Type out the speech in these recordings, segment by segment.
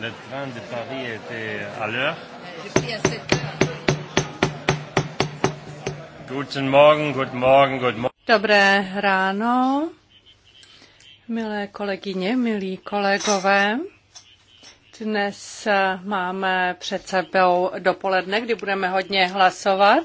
le train de Paris était à l'heure. Guten Morgen, guten Morgen, guten Morgen. Dobré ráno, milé kolegyně, milí kolegové. Dnes eh, máme před sebou dopoledne, kdy budeme hodně hlasovat.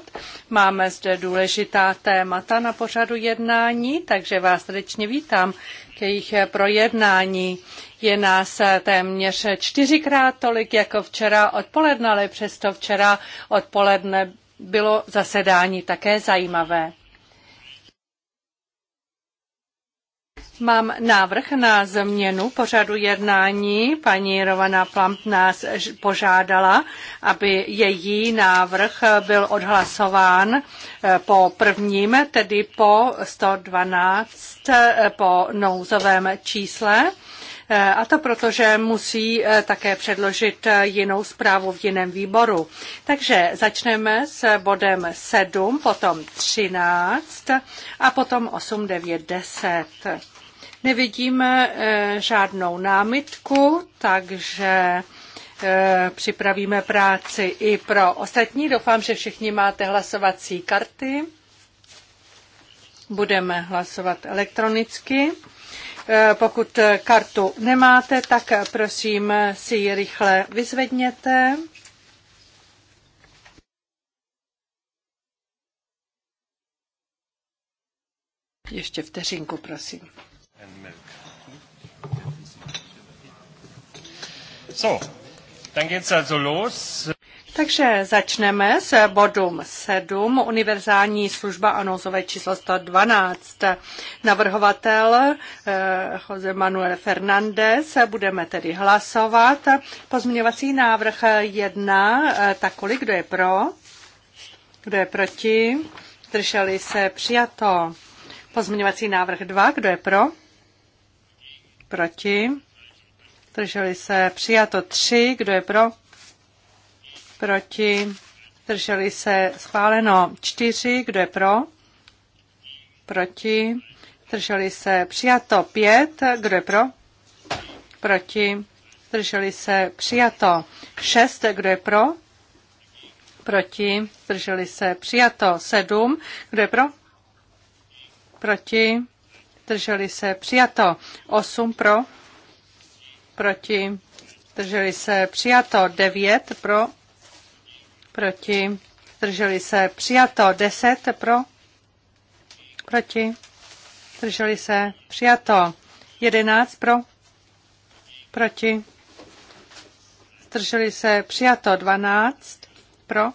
Máme zde důležitá témata na pořadu jednání, takže vás srdečně vítám k jejich projednání. Je nás téměř čtyřikrát tolik jako včera odpoledne, ale přesto včera odpoledne bylo zasedání také zajímavé. Mám návrh na změnu pořadu jednání. Paní Rovana Plamp nás požádala, aby její návrh byl odhlasován eh, po prvním, tedy po 112, eh, po nouzovém čísle. Eh, a to proto, že musí také předložit jinou zprávu v jiném výboru. Takže začneme s bodem 7, potom 13 a potom 8, 9, 10. Nevidím eh, žádnou námitku, takže eh, připravíme práci i pro ostatní. Doufám, že všichni máte hlasovací karty. Budeme hlasovat elektronicky. Eh, pokud kartu nemáte, tak prosím si ji rychle vyzvedněte. Ještě vteřinku, prosím. So, dann geht's also los. Takže začneme s bodem 7, univerzální služba a nouzové číslo 112. Navrhovatel eh, Jose Manuel Fernández, budeme tedy hlasovat. Pozměňovací návrh 1, eh, tak kolik, kdo je pro? Kdo je proti? Drželi se přijato. Pozměňovací návrh 2, kdo je pro? Proti? Zdrželi se přijato tři, Kdo je pro? Proti? Zdrželi se schváleno čtyři, Kdo je pro? Proti? Zdrželi se přijato pět, Kdo je pro? Proti? Zdrželi se přijato šest, Kdo je pro? Proti? Zdrželi se přijato sedm, Kdo je pro? Proti? Zdrželi se přijato osm, pro proti, zdrželi se přijato 9 pro, proti, zdrželi se přijato 10 pro, proti, zdrželi se přijato 11 pro, proti, zdrželi se přijato 12 pro,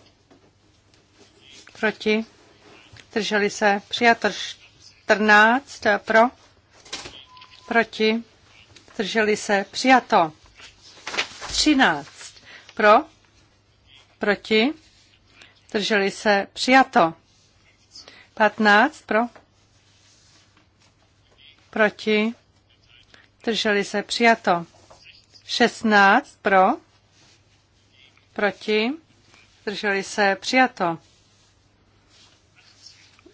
proti, zdrželi se přijato 14 pro, proti, zdrželi se, přijato. 13 pro, proti, zdrželi se, přijato. 15 pro, proti, zdrželi se, přijato. 16 pro, proti, zdrželi se, přijato.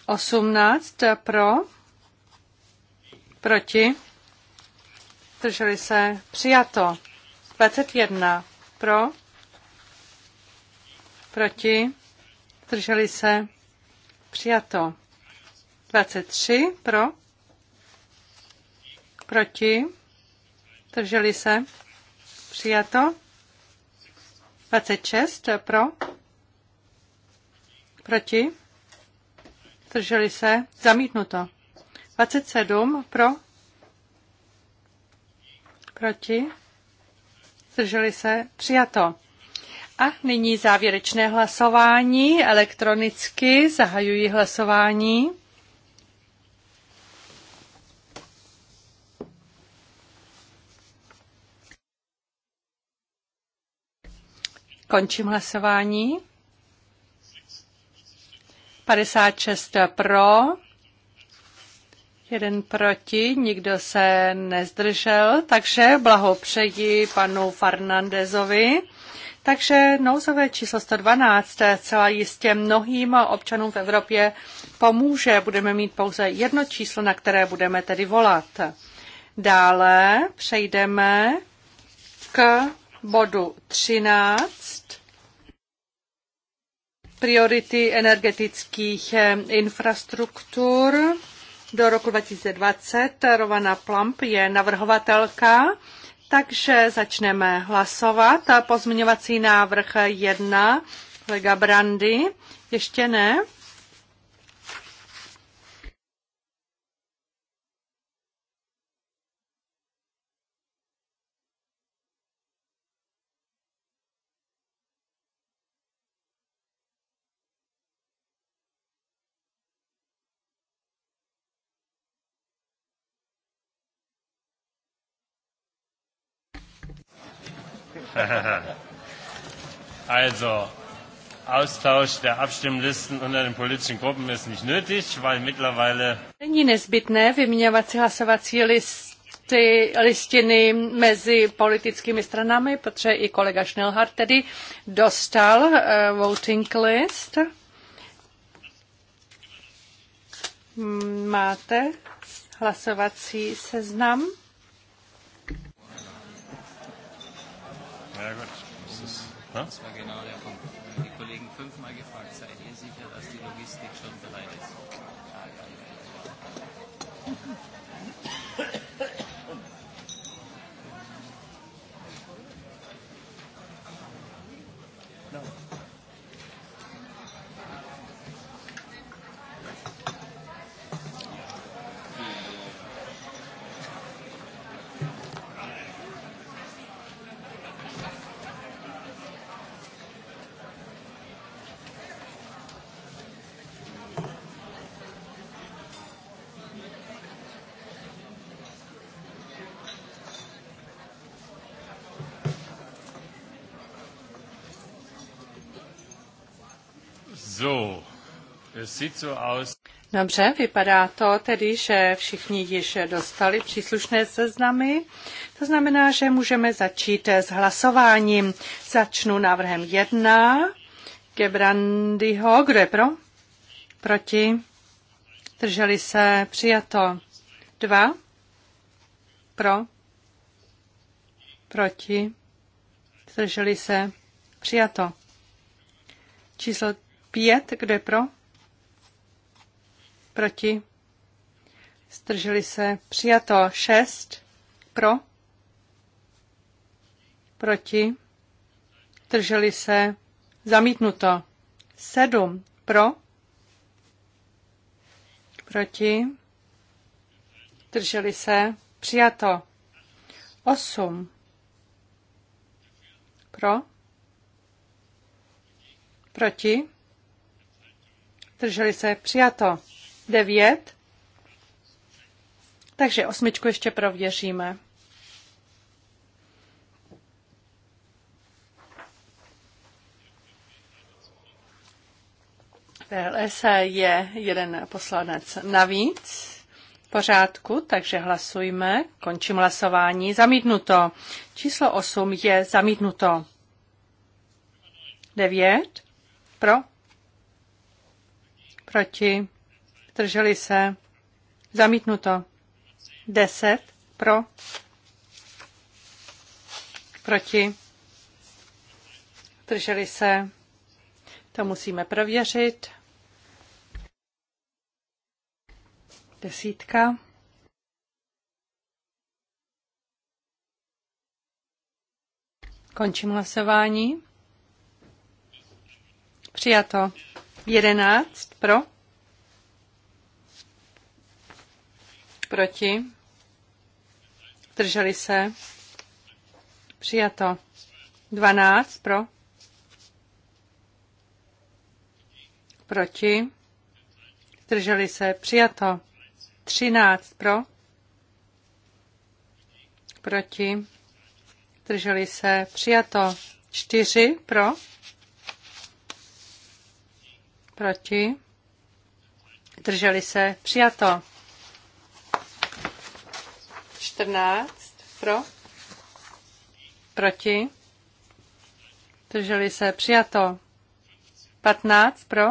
18 pro, proti, zdrželi se, přijato. 21 pro, proti, zdrželi se, přijato. 23 pro, proti, zdrželi se, přijato. 26 pro, proti, zdrželi se, zamítnuto. 27 pro, Proti? Zdrželi se? Přijato. A nyní závěrečné hlasování elektronicky. Zahajuji hlasování. Končím hlasování. 56 pro, Jeden proti, nikdo se nezdržel, takže blahopřeji panu Fernandezovi. Takže nouzové číslo 112 celá jistě mnohým občanům v Evropě pomůže. Budeme mít pouze jedno číslo, na které budeme tedy volat. Dále přejdeme k bodu 13 priority energetických eh, infrastruktur do roku 2020. Rovana Plump je navrhovatelka, takže začneme hlasovat. Pozměňovací návrh 1, kolega Brandy, ještě ne. also, Austausch der Abstimmlisten unter den politischen Gruppen ist nicht nötig, weil mittlerweile... Není nezbytné vyměňovat si hlasovací listy, listiny mezi politickými stranami, protože i kolega Schnellhardt tedy dostal uh, voting list. Hmm, máte hlasovací seznam? Ja gut. Das, ist, das war genau der Punkt. Die Kollegen fünfmal gefragt, seid ihr sicher, dass die Logistik schon bereit ist? No. So, es sieht so aus. Dobře, vypadá to tedy, že všichni již dostali příslušné seznamy. To znamená, že můžeme začít s hlasováním. Začnu návrhem 1. Gebrandyho. Kdo je pro? Proti? Drželi se? Přijato. 2. Pro? Proti? Drželi se? Přijato. Číslo Pět, kdo je pro? Proti? Zdrželi se. Přijato. Šest. Pro? Proti? Zdrželi se. Zamítnuto. Sedm. Pro? Proti? Zdrželi se. Přijato. Osm. Pro? Proti? Drželi se přijato. 9. Takže osmičku ještě prověříme. PLS je jeden poslanec navíc. V pořádku, takže hlasujme. Končím hlasování. Zamítnuto. Číslo 8 je zamítnuto. 9. Pro proti, zdrželi se, zamítnuto. 10 pro, proti, zdrželi se, to musíme prověřit. Desítka. Končím hlasování. Přijato. 11 pro, proti, drželi se, přijato. 12 pro, proti, drželi se, přijato. 13 pro, proti, drželi se, přijato. 4 pro, Proti? Drželi se? Přijato. 14. Pro? Proti? Drželi se? Přijato. 15. Pro?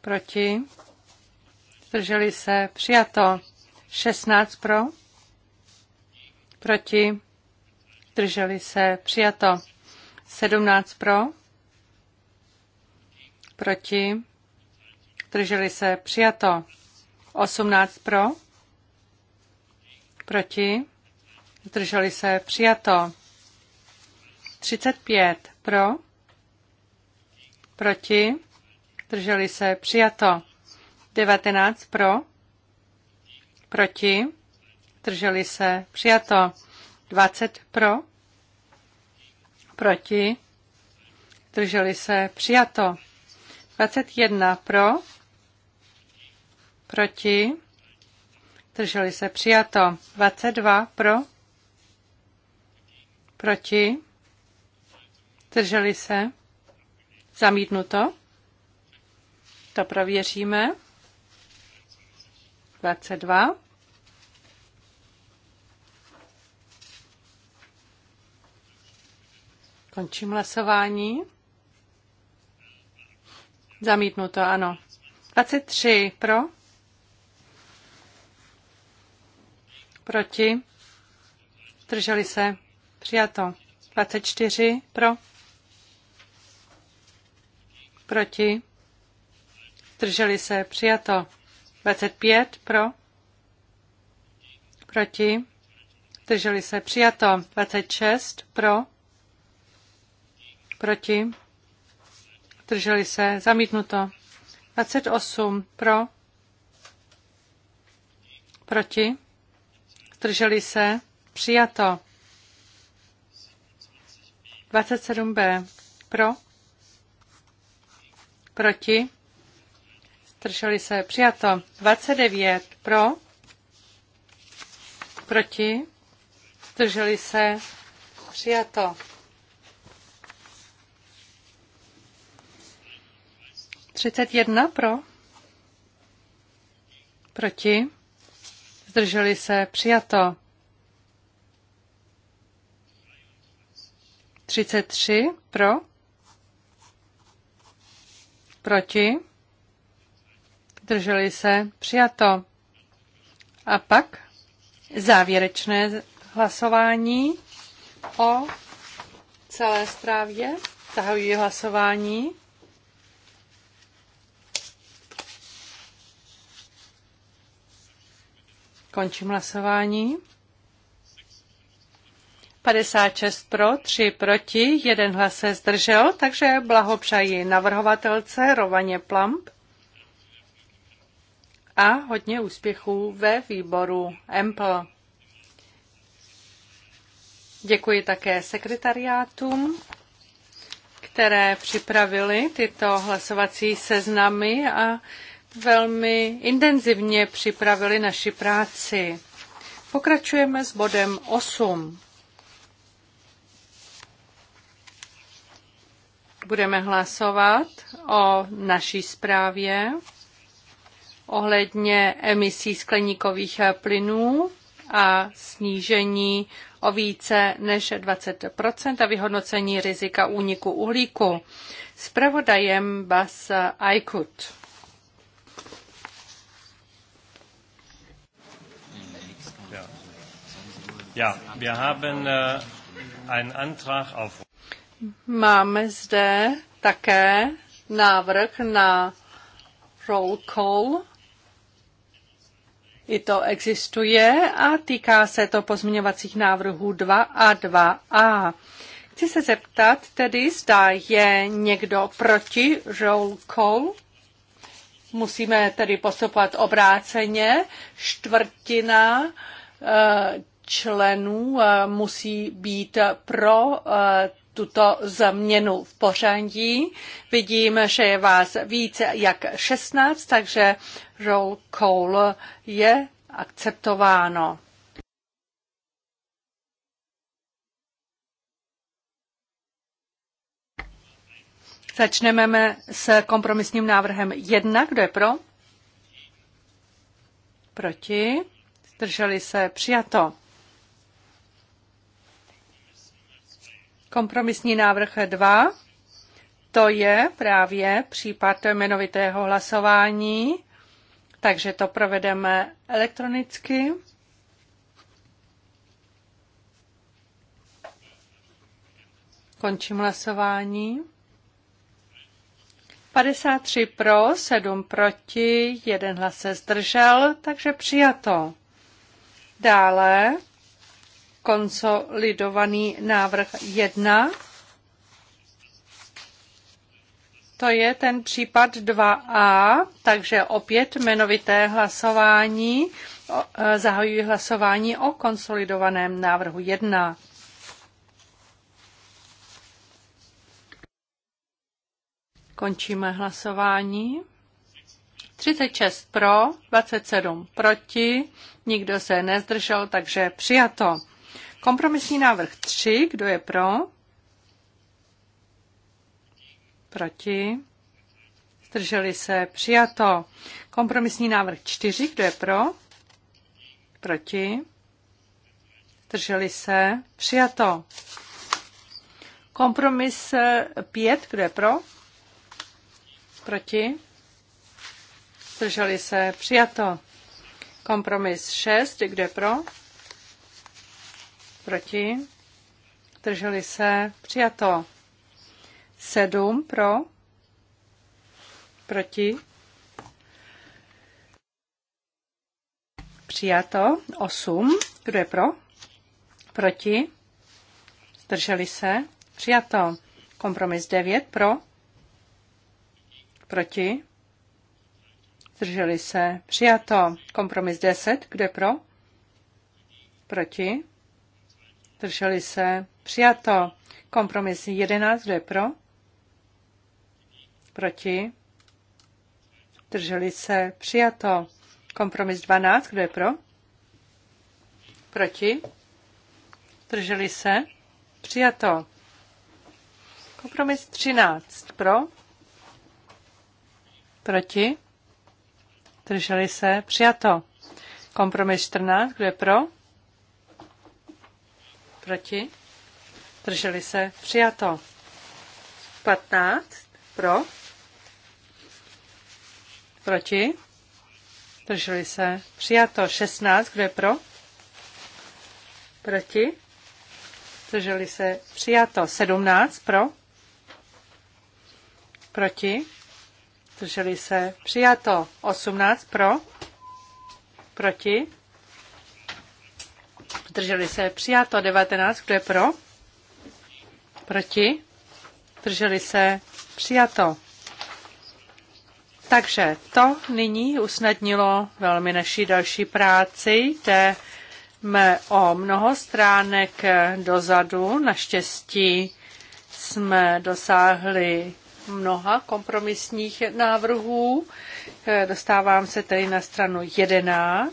Proti? Drželi se? Přijato. 16. Pro? Proti? Drželi se? Přijato. 17. Pro? proti, drželi se, přijato. 18 pro, proti, drželi se, přijato. 35 pro, proti, drželi se, přijato. 19 pro, proti, drželi se, přijato. 20 pro, proti, drželi se, přijato. 21 pro, proti, drželi se přijato. 22 pro, proti, drželi se, zamítnuto. To prověříme. 22. Končím hlasování. Zamítnuto, ano. 23 pro. Proti. Drželi se. Přijato. 24 pro. Proti. Drželi se. Přijato. 25 pro. Proti. Drželi se. Přijato. 26 pro. Proti. Drželi se. Zamítnuto. 28 pro. Proti. Drželi se. Přijato. 27b. Pro. Proti. Zdrželi se. Přijato. 29. Pro. Proti. Zdrželi se. Přijato. 31 pro. Proti. Zdrželi se. Přijato. 33 pro. Proti. Zdrželi se. Přijato. A pak závěrečné hlasování o celé zprávě. Zahajuji hlasování. Končím hlasování. 56 pro, 3 proti, jeden hlas se zdržel, takže blahopřeji navrhovatelce Rovaně Plump a hodně úspěchů ve výboru EMPL. Děkuji také sekretariátům, které připravili tyto hlasovací seznamy a velmi intenzivně připravili naši práci. Pokračujeme s bodem 8. Budeme hlasovat o naší zprávě ohledně emisí skleníkových plynů a snížení o více než 20 a vyhodnocení rizika úniku uhlíku. Spravodajem Bas Aikut. Ja, wir haben äh, einen Antrag auf. Máme zde také návrh na roll call. I to existuje a týká se to pozměňovacích návrhů 2 a 2a. Chci se zeptat tedy, zda je někdo proti roll call? Musíme tedy postupovat obráceně. Čtvrtina členů eh, musí být pro eh, tuto změnu v pořadí. Vidím, že je vás více jak 16, takže roll call je akceptováno. Začneme s kompromisním návrhem 1. Kdo je pro? Proti? Zdrželi se? Přijato. Kompromisní návrh 2, to je právě případ jmenovitého hlasování, takže to provedeme elektronicky. Končím hlasování. 53 pro, 7 proti, jeden hlas se zdržel, takže přijato. Dále konsolidovaný návrh 1. To je ten případ 2a, takže opět jmenovité hlasování. E, zahajuji hlasování o konsolidovaném návrhu 1. Končíme hlasování. 36 pro, 27 proti, nikdo se nezdržel, takže přijato. Kompromisní návrh 3, kdo je pro? Proti? Zdrželi se? Přijato. Kompromisní návrh 4, kdo je pro? Proti? Zdrželi se? Přijato. Kompromis 5, eh, kdo je pro? Proti? Zdrželi se? Přijato. Kompromis 6, kdo je pro? Proti? Drželi se? Přijato. 7 pro? Proti? Přijato. 8. Kdo je pro? Proti? Zdrželi se? Přijato. Kompromis 9 pro? Proti? Zdrželi se. Přijato. Kompromis 10. Kdo je pro? Proti? Drželi se? Přijato. Kompromis 11. Kdo je pro? Proti? Drželi se? Přijato. Kompromis 12. Kdo je pro? Proti? Drželi se? Přijato. Kompromis 13. Pro? Proti? Drželi se? Přijato. Kompromis 14. Kdo je pro? Proti? Drželi se? Přijato. 15. Pro? Proti? Drželi se? Přijato. 16. Kdo je pro? Proti? Drželi se? Přijato. 17. Pro? Proti? Drželi se? Přijato. 18. Pro? Proti? Zdrželi se. Přijato 19. Kdo je pro? Proti? Zdrželi se. Přijato. Takže to nyní usnadnilo velmi naší další práci. Jde o mnoho stránek dozadu. Naštěstí jsme dosáhli mnoha kompromisních návrhů. Dostávám se tedy na stranu 11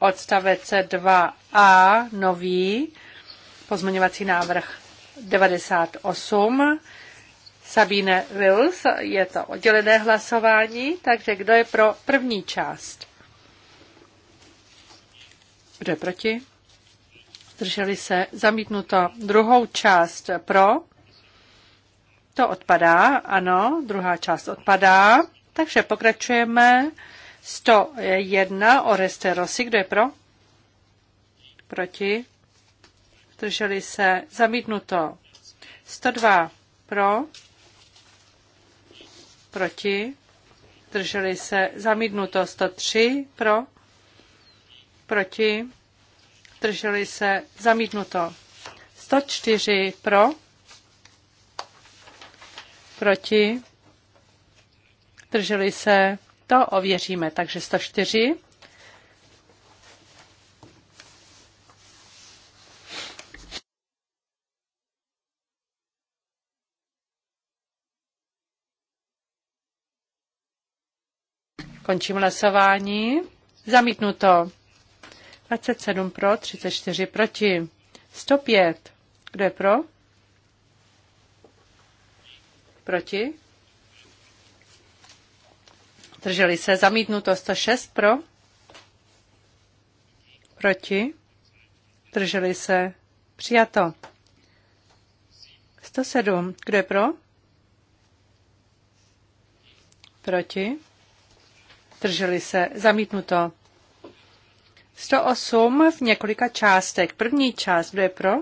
odstavec 2a, nový pozměňovací návrh 98. Sabine Wills, je to oddělené hlasování, takže kdo je pro první část? Kdo je proti? Zdrželi se zamítnuto druhou část pro. To odpadá, ano, druhá část odpadá. Takže pokračujeme 101 Oreste Rossi, kdo je pro? Proti? Drželi se? Zamítnuto. 102 pro? Proti? Drželi se? Zamítnuto. 103 pro? Proti? Drželi se? Zamítnuto. 104 pro? Proti? Drželi se? To ověříme. Takže 104. Končím hlasování. Zamítnuto. 27 pro, 34 proti. 105. Kdo je pro? Proti? Drželi se zamítnuto 106 pro. Proti. Drželi se přijato. 107. Kdo je pro? Proti. Drželi se zamítnuto. 108 v několika částech. První část, kdo je pro?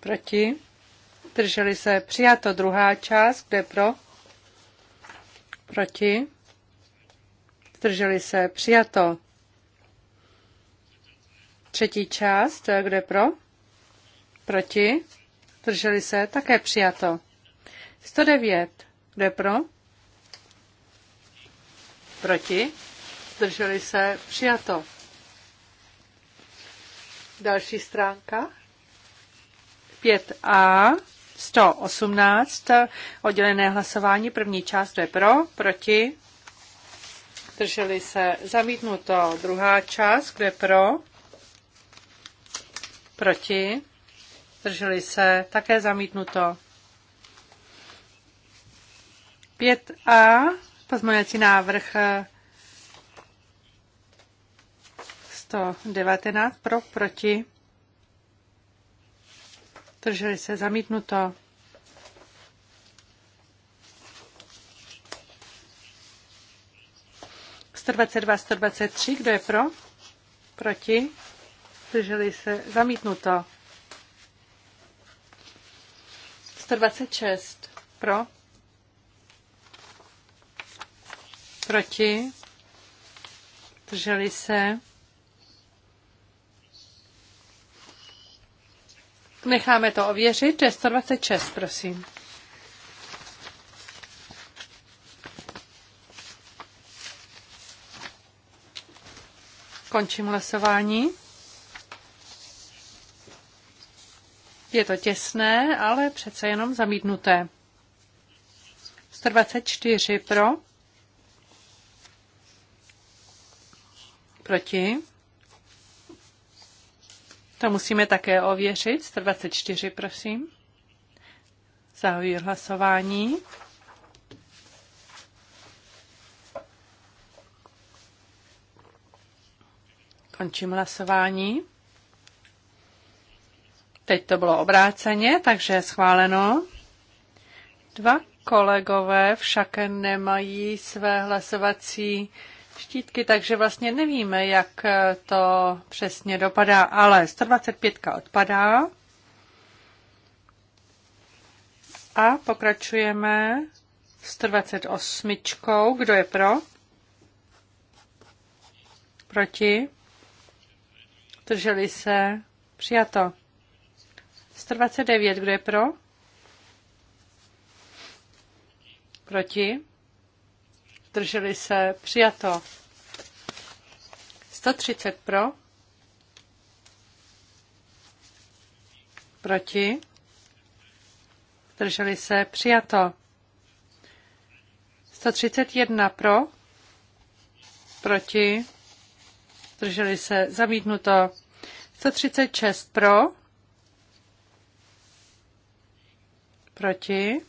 Proti. Drželi se přijato. Druhá část, kdo je pro? Proti? Zdrželi se. Přijato. Třetí část. Kdo je pro? Proti? Zdrželi se. Také přijato. 109. Kdo je pro? Proti? Zdrželi se. Přijato. Další stránka. 5a. 118, oddělené hlasování, první část, kdo je pro, proti, drželi se, zamítnuto, druhá část, kde pro, proti, drželi se, také zamítnuto. 5a, pozměňovací návrh 119 pro, proti, Drželi se zamítnuto. Sto dva, sto Kdo je pro? Proti? Drželi se zamítnuto. 126 pro, proti, drželi se, Necháme to ověřit. 126, prosím. Končím hlasování. Je to těsné, ale přece jenom zamítnuté. 124 pro. Proti. To musíme také ověřit. 124, prosím. Zahajuji hlasování. Končím hlasování. Teď to bylo obráceně, takže schváleno. Dva kolegové však nemají své hlasovací štítky, takže vlastně nevíme, jak to přesně dopadá, ale 125 odpadá. A pokračujeme 128. Kdo je pro? Proti? Drželi se? Přijato. 129. Kdo je pro? Proti? zdrželi se, přijato. 130 pro, proti, zdrželi se, přijato. 131 pro, proti, zdrželi se, zamítnuto. 136 pro, proti,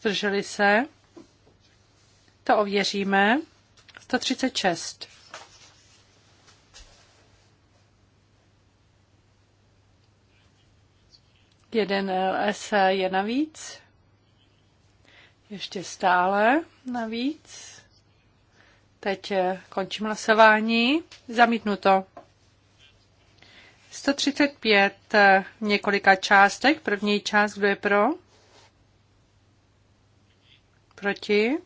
zdrželi se, to ověříme. 136. Jeden LS je navíc. Ještě stále navíc. Teď eh, končím hlasování. Zamítnuto. 135 eh, několika částek. První část, kdo je pro? Proti?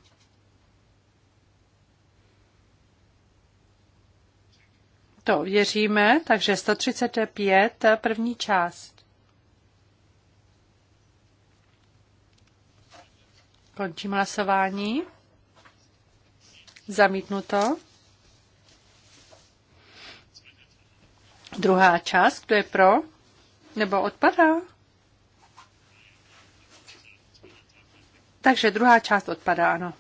To věříme. takže 135, první část. Končím hlasování. Zamítnuto. Druhá část, kdo je pro? Nebo odpadá? Takže druhá část odpadá, ano.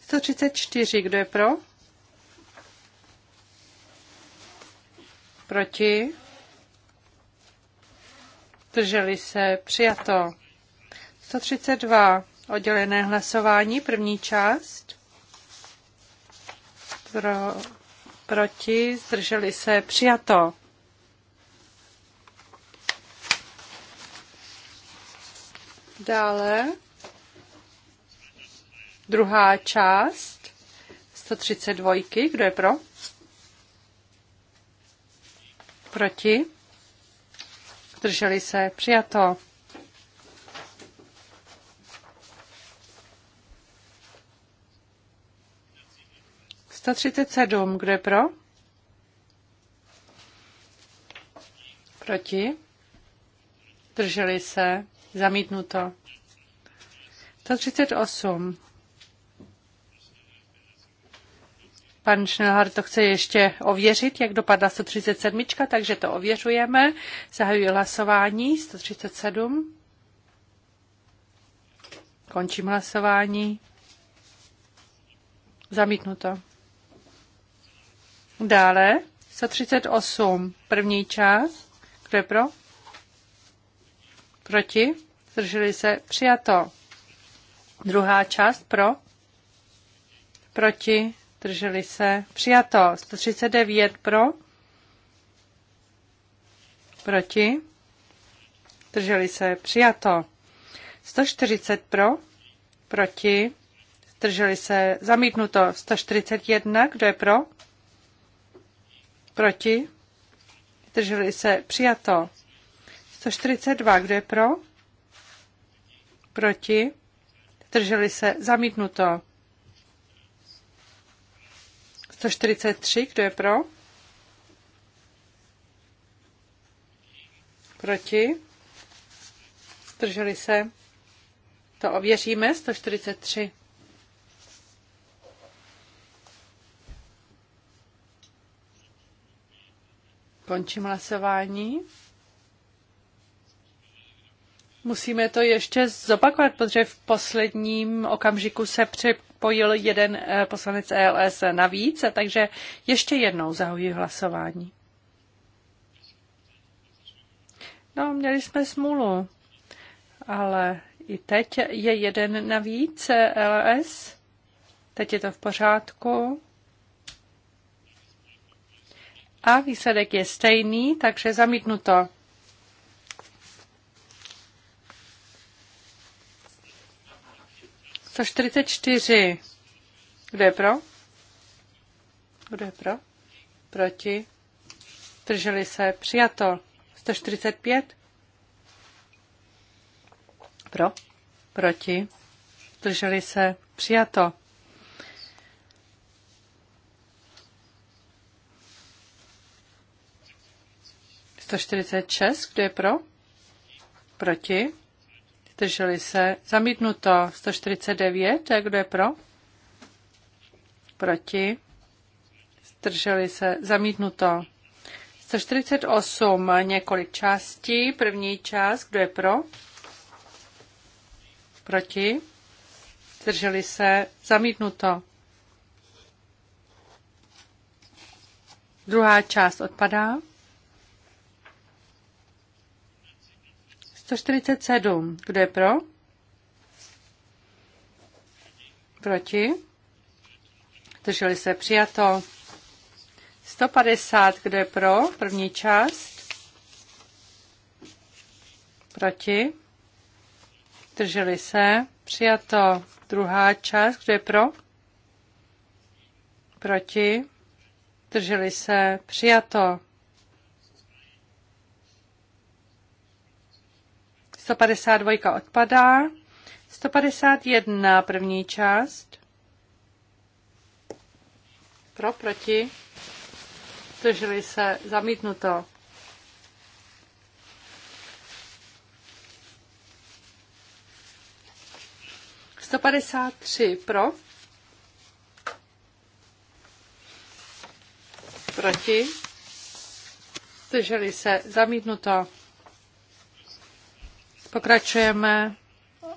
134, kdo je pro? Proti? Drželi se. Přijato. 132. Oddělené hlasování. První část. Pro, proti? Zdrželi se. Přijato. Dále. Druhá část. 132. Kdo je pro? Proti? drželi se? Přijato. Sto třicet sedm. Kdo je pro? Proti? Drželi se? Zamítnuto. 138. Pan Schnellhardt to chce ještě ověřit, jak dopadla 137, takže to ověřujeme. Zahajuji hlasování 137. Končím hlasování. Zamítnuto. Dále 138, první část. Kdo je pro? Proti? Zdrželi se? Přijato. Druhá část pro? Proti? zdrželi se, přijato. 139 pro, proti, zdrželi se, přijato. 140 pro, proti, zdrželi se, zamítnuto. 141, kdo je pro, proti, zdrželi se, přijato. 142, kdo je pro, proti, zdrželi se, zamítnuto. 143, kdo je pro? Proti? Zdrželi se? To ověříme, 143. Končím hlasování. Musíme to ještě zopakovat, protože v posledním okamžiku se při připojil jeden eh, poslanec ELS navíc, takže ještě jednou zahoji hlasování. No, měli jsme smůlu, ale i teď je jeden navíc ELS. Teď je to v pořádku. A výsledek je stejný, takže zamítnuto. 144. Kdo je pro? Kdo je pro? Proti? Drželi se? Přijato. 145. Pro? Proti? Drželi se? Přijato. Sto čtyřicet šest, kdo je pro? Proti? Zdrželi se. Zamítnuto 149. Kdo je pro? Proti. Zdrželi se. Zamítnuto 148. Několik částí. První část. Kdo je pro? Proti. Zdrželi se. Zamítnuto. Druhá část odpadá. 147. Kdo je pro? Proti? Drželi se přijato. 150. Kdo je pro? První část. Proti? Drželi se. Přijato. Druhá část. Kdo je pro? Proti? Drželi se. Přijato. 152 odpadá. 151 první část. Pro, proti. Zdrželi se, zamítnuto. Sto padesát tři pro. Proti. Zdrželi se, zamítnuto. Pokračujeme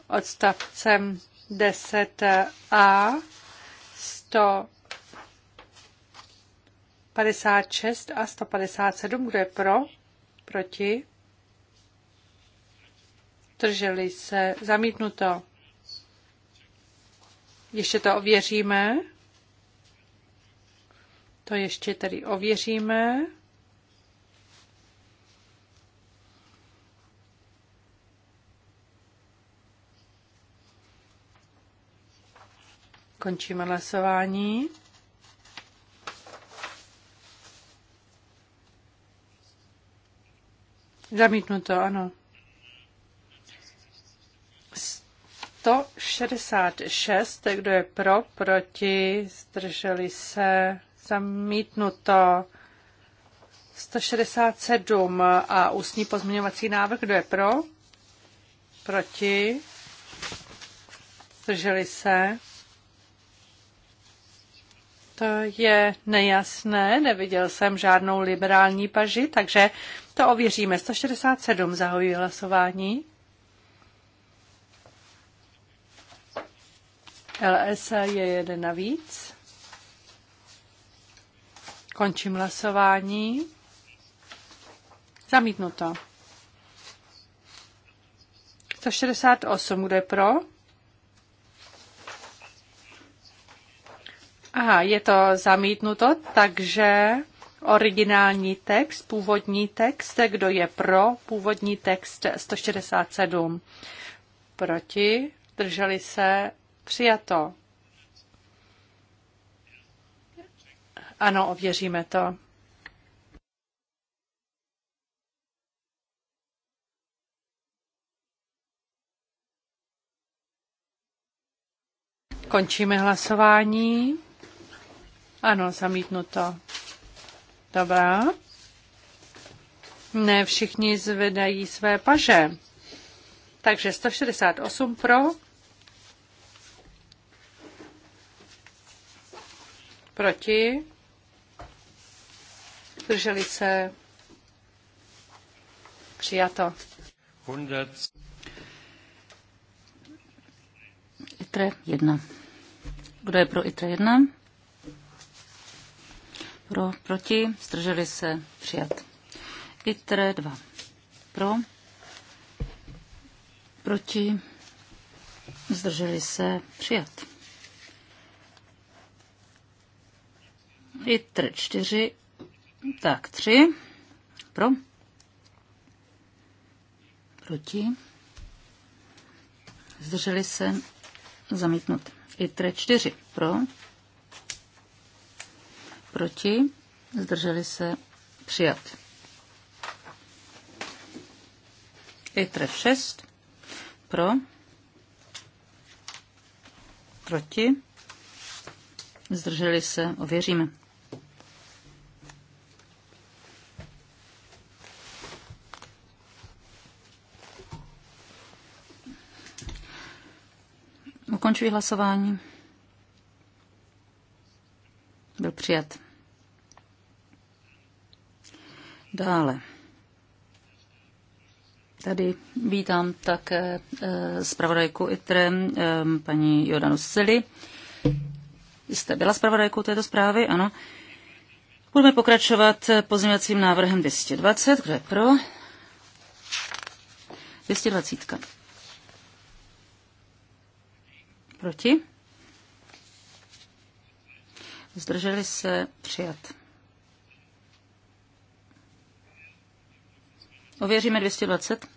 odstavcem 10a 156 a 157. Kdo je pro? Proti? Drželi se. Zamítnuto. Ještě to ověříme. To ještě tedy ověříme. Končíme hlasování. to, ano. 166, kdo je pro, proti, zdrželi se, zamítnuto. 167 a ústní pozměňovací návrh, kdo je pro, proti, zdrželi se, to je nejasné, neviděl jsem žádnou liberální paži, takže to ověříme. 167 zahojí hlasování. LS je jeden navíc. Končím hlasování. Zamítnuto. 168, kdo je pro? Aha, je to zamítnuto, takže originální text, původní text, kdo je pro původní text 167. Proti, drželi se, přijato. Ano, ověříme to. Končíme hlasování. Ano, zamítnuto. Dobrá. Ne všichni zvedají své paže. Takže 168 pro. Proti. Drželi se. Přijato. 100. ITRE 1. Kdo je pro ITRE 1? Pro, proti, zdrželi se, přijat. ITRE 2. Pro, proti, zdrželi se, přijat. ITRE 4. Tak, 3. Pro, proti, zdrželi se, zamítnut. ITRE 4. Pro, proti, zdrželi se, přijat. ITRE 6, pro, proti, zdrželi se, ověříme. Ukončuji hlasování. Byl přijat. Dále. Tady vítám také eh, eh, zpravodajku ITRE, eh, paní Jodanu Sely. Jste byla zpravodajkou této zprávy? Ano. Budeme pokračovat pozměňovacím návrhem 220. Kdo je pro? 220. Proti? Zdrželi se přijat. Ověříme 220.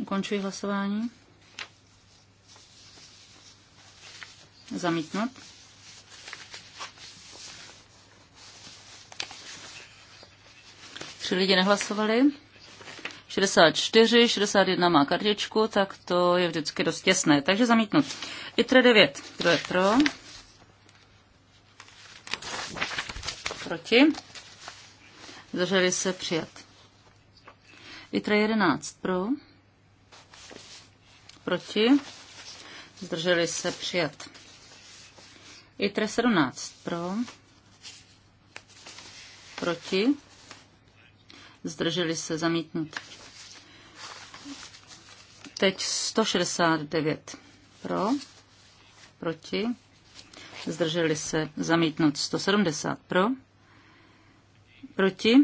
Ukončuji hlasování. Zamítnout. Tři lidi nehlasovali. 64, 61 má kartičku, tak to je vždycky dost těsné. Takže zamítnut. ITRE 9, kdo je pro? Proti? Zdrželi se přijat. ITRE 11, pro? Proti? Zdrželi se přijat. ITRE 17, pro? Proti? Zdrželi se zamítnut. Teď 169 pro, proti, zdrželi se, zamítnout 170 pro, proti,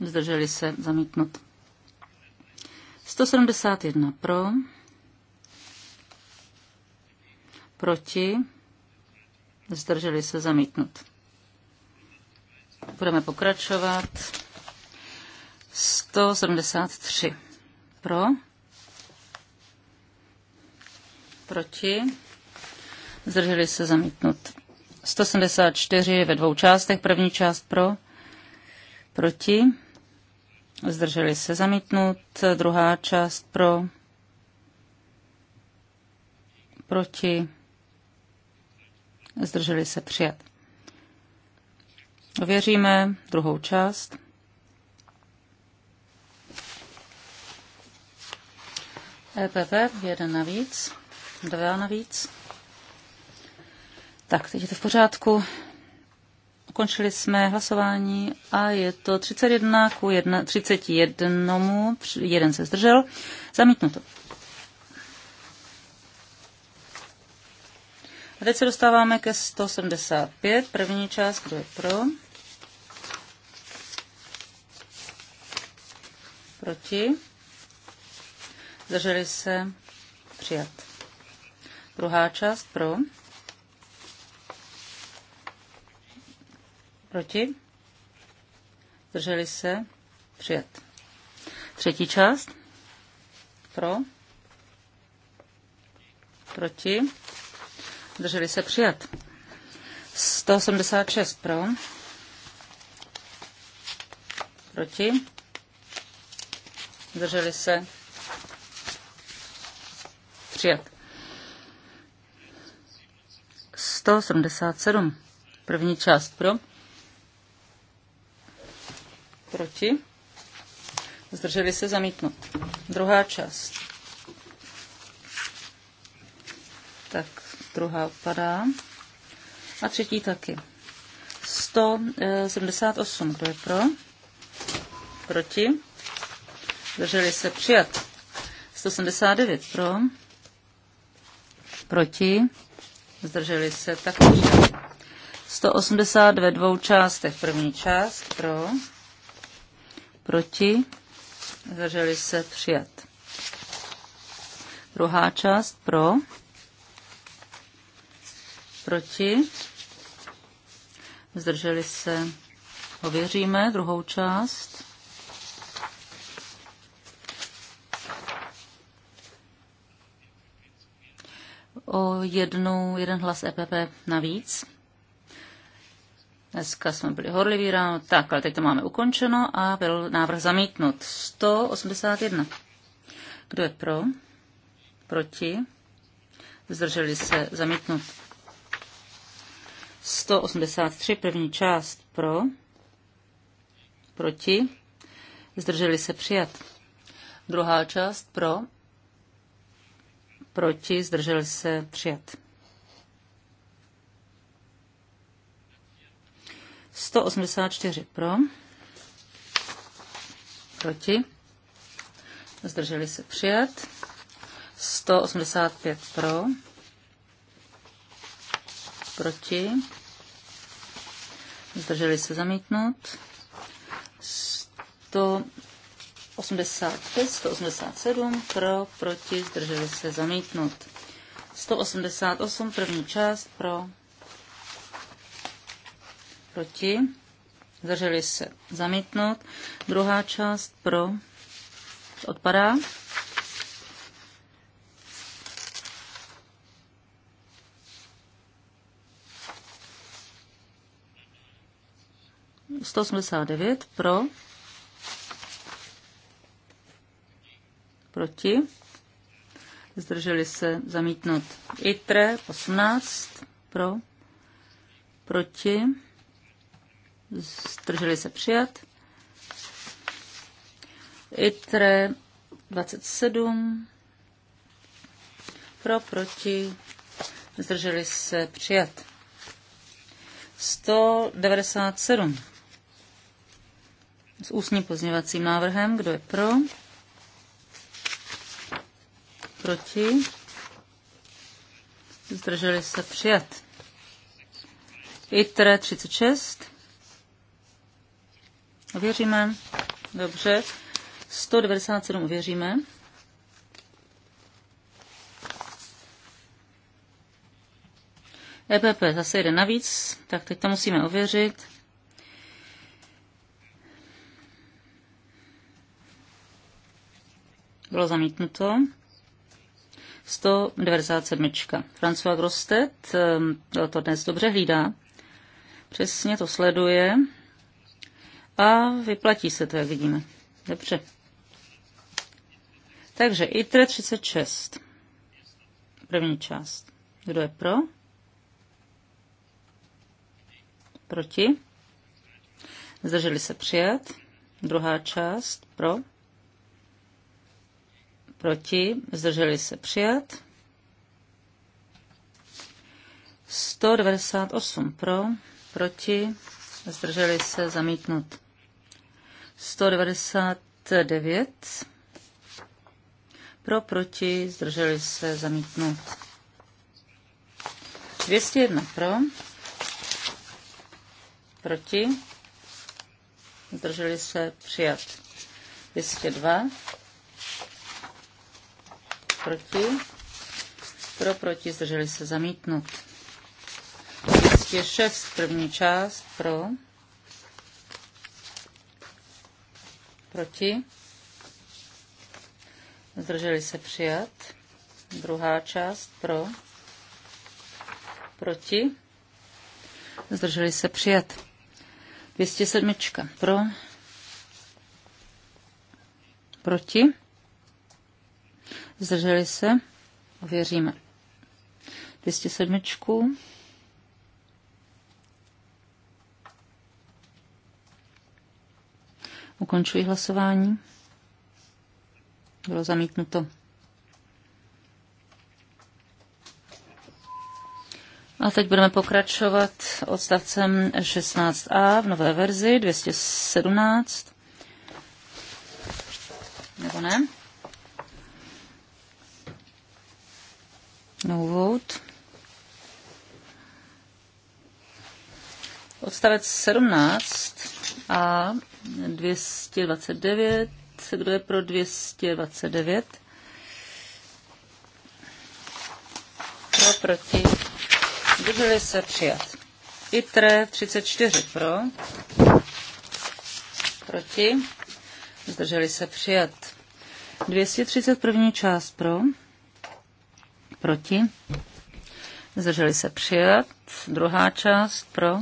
zdrželi se, zamítnout 171 pro, proti, zdrželi se, zamítnout Budeme pokračovat. 173 pro, proti, zdrželi se zamítnut. 174 ve dvou částech, první část pro, proti, zdrželi se zamítnut, druhá část pro, proti, zdrželi se přijat. Věříme druhou část. EPP, jeden navíc. Dva navíc. Tak, teď je to v pořádku. Ukončili jsme hlasování a je to 31 ku 1, 31, jeden se zdržel. Zamítnuto. A teď se dostáváme ke 175, první část, kdo je pro. Proti. Zdrželi se. Přijat. Druhá část pro. Proti. drželi se. Přijat. Třetí část. Pro. Proti. drželi se. Přijat. 186 pro. Proti. drželi se. Přijat. 177. První část pro. Proti. Zdrželi se zamítnout. Druhá část. Tak druhá odpadá. A třetí taky. 178. Kdo je pro? Proti. Zdrželi se přijat. 179 pro. Proti zdrželi se taky. 180 ve dvou částech. První část pro, proti, zdrželi se přijat. Druhá část pro, proti, zdrželi se, ověříme druhou část. o jednu, jeden hlas EPP navíc. Dneska jsme byli horliví ráno, tak, ale teď to máme ukončeno a byl návrh zamítnut. 181. Kdo je pro? Proti? Zdrželi se zamítnut. 183, první část pro, proti, zdrželi se přijat. Druhá část pro, proti, zdržel se, přijat. 184 pro, proti, zdrželi se, přijat. 185 pro, proti, zdrželi se, zamítnout. 100 185, 187 pro, proti, zdrželi se zamítnut. 188, první část pro, proti, zdrželi se zamítnout. Druhá část pro, odpadá. Sto pro, proti, zdrželi se zamítnout. ITRE 18 pro, proti, zdrželi se přijat. ITRE 27 pro, proti, zdrželi se přijat. 197 s ústním pozměvacím návrhem, kdo je pro, proti, zdrželi se přijat. ITRE 36, věříme, dobře, 197 věříme. EPP zase jde navíc, tak teď to musíme ověřit. Bylo zamítnuto. 197. François Grostet ehm, to dnes dobře hlídá, přesně to sleduje a vyplatí se to, jak vidíme. Dobře. Takže ITRE 36. První část. Kdo je pro? Proti? Zdrželi se přijat. Druhá část pro proti, zdrželi se přijat. 198 pro, proti, zdrželi se zamítnut. 199 pro, proti, zdrželi se zamítnut. 201 pro, proti, zdrželi se přijat. 202 proti, pro, proti, zdrželi se zamítnut. 206, první část, pro, proti, zdrželi se přijat. Druhá část, pro, proti, zdrželi se přijat. 207, pro, proti, Zdrželi se? Ověříme. 207. Ukončuji hlasování. Bylo zamítnuto. A teď budeme pokračovat odstavcem 16a v nové verzi 217. Nebo ne? No vote. Odstavec 17 a 229. Kdo je pro 229? Pro, proti. Zdrželi se přijat. ITRE 34 pro. Proti. Zdrželi se přijat. 231. část pro. Proti? Zdrželi se přijat. Druhá část pro.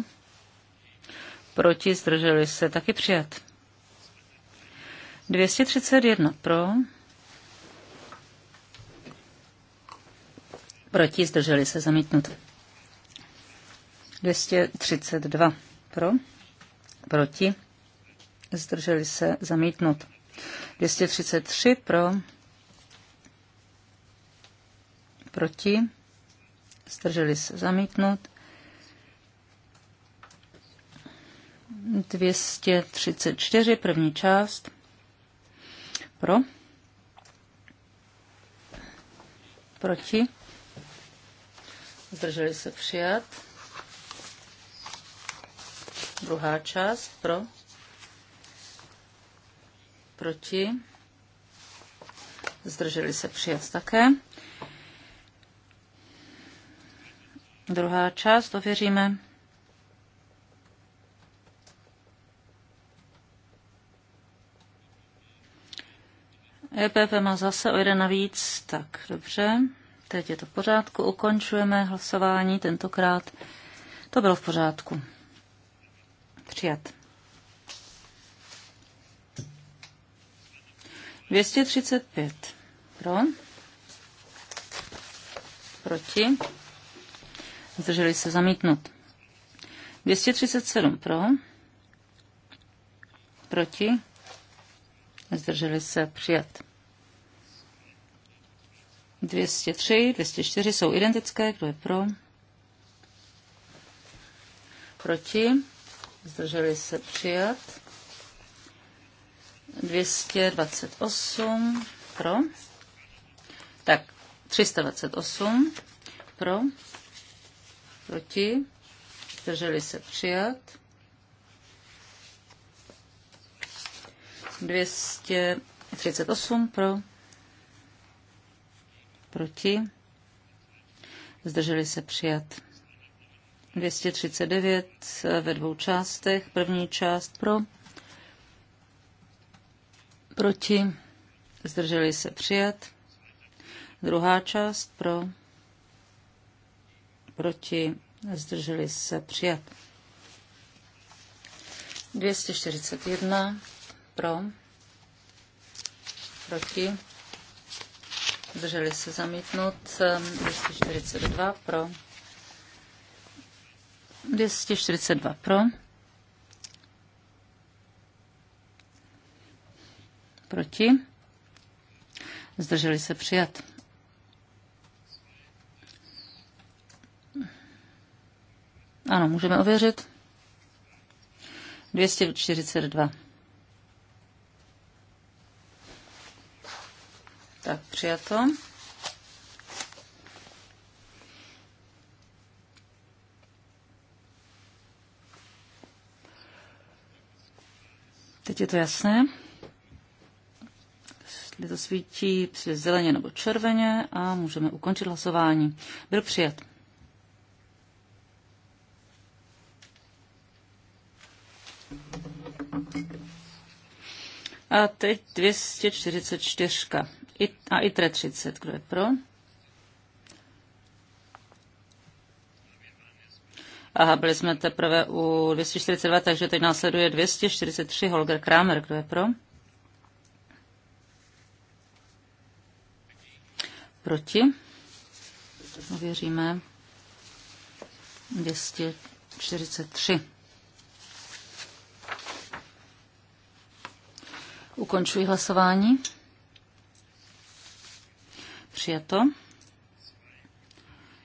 Proti zdrželi se taky přijat. 231 pro. Proti zdrželi se zamítnut. 232 pro. Proti zdrželi se zamítnut. 233 pro proti, zdrželi se zamítnout. 234, první část, pro, proti, zdrželi se přijat. Druhá část, pro, proti, zdrželi se přijat také. Druhá část to věříme. EPP má zase o jeden navíc, tak dobře. Teď je to v pořádku, ukončujeme hlasování tentokrát. To bylo v pořádku. Přijat. 235. Pro. Proti zdrželi se zamítnut. 237 pro, proti, zdrželi se přijat. 203, 204 jsou identické, kdo je pro, proti, zdrželi se přijat. 228 pro, tak 328 pro, proti, zdrželi se přijat. 238 pro, proti, zdrželi se přijat. 239 ve dvou částech, první část pro, proti, zdrželi se přijat. Druhá část pro, proti, zdrželi se přijat. 241 pro, proti, zdrželi se zamítnout, 242 pro, 242 pro, proti, zdrželi se přijat. Ano, můžeme ověřit. 242. Tak, přijato. Teď je to jasné. Jestli to svítí zeleně nebo červeně a můžeme ukončit hlasování. Byl přijat. A teď 244. A i 30. Kdo je pro? Aha, byli jsme teprve u 242, takže teď následuje 243 Holger Kramer. Kdo je pro? Proti? Uvěříme 243. Ukončuji hlasování. Přijato.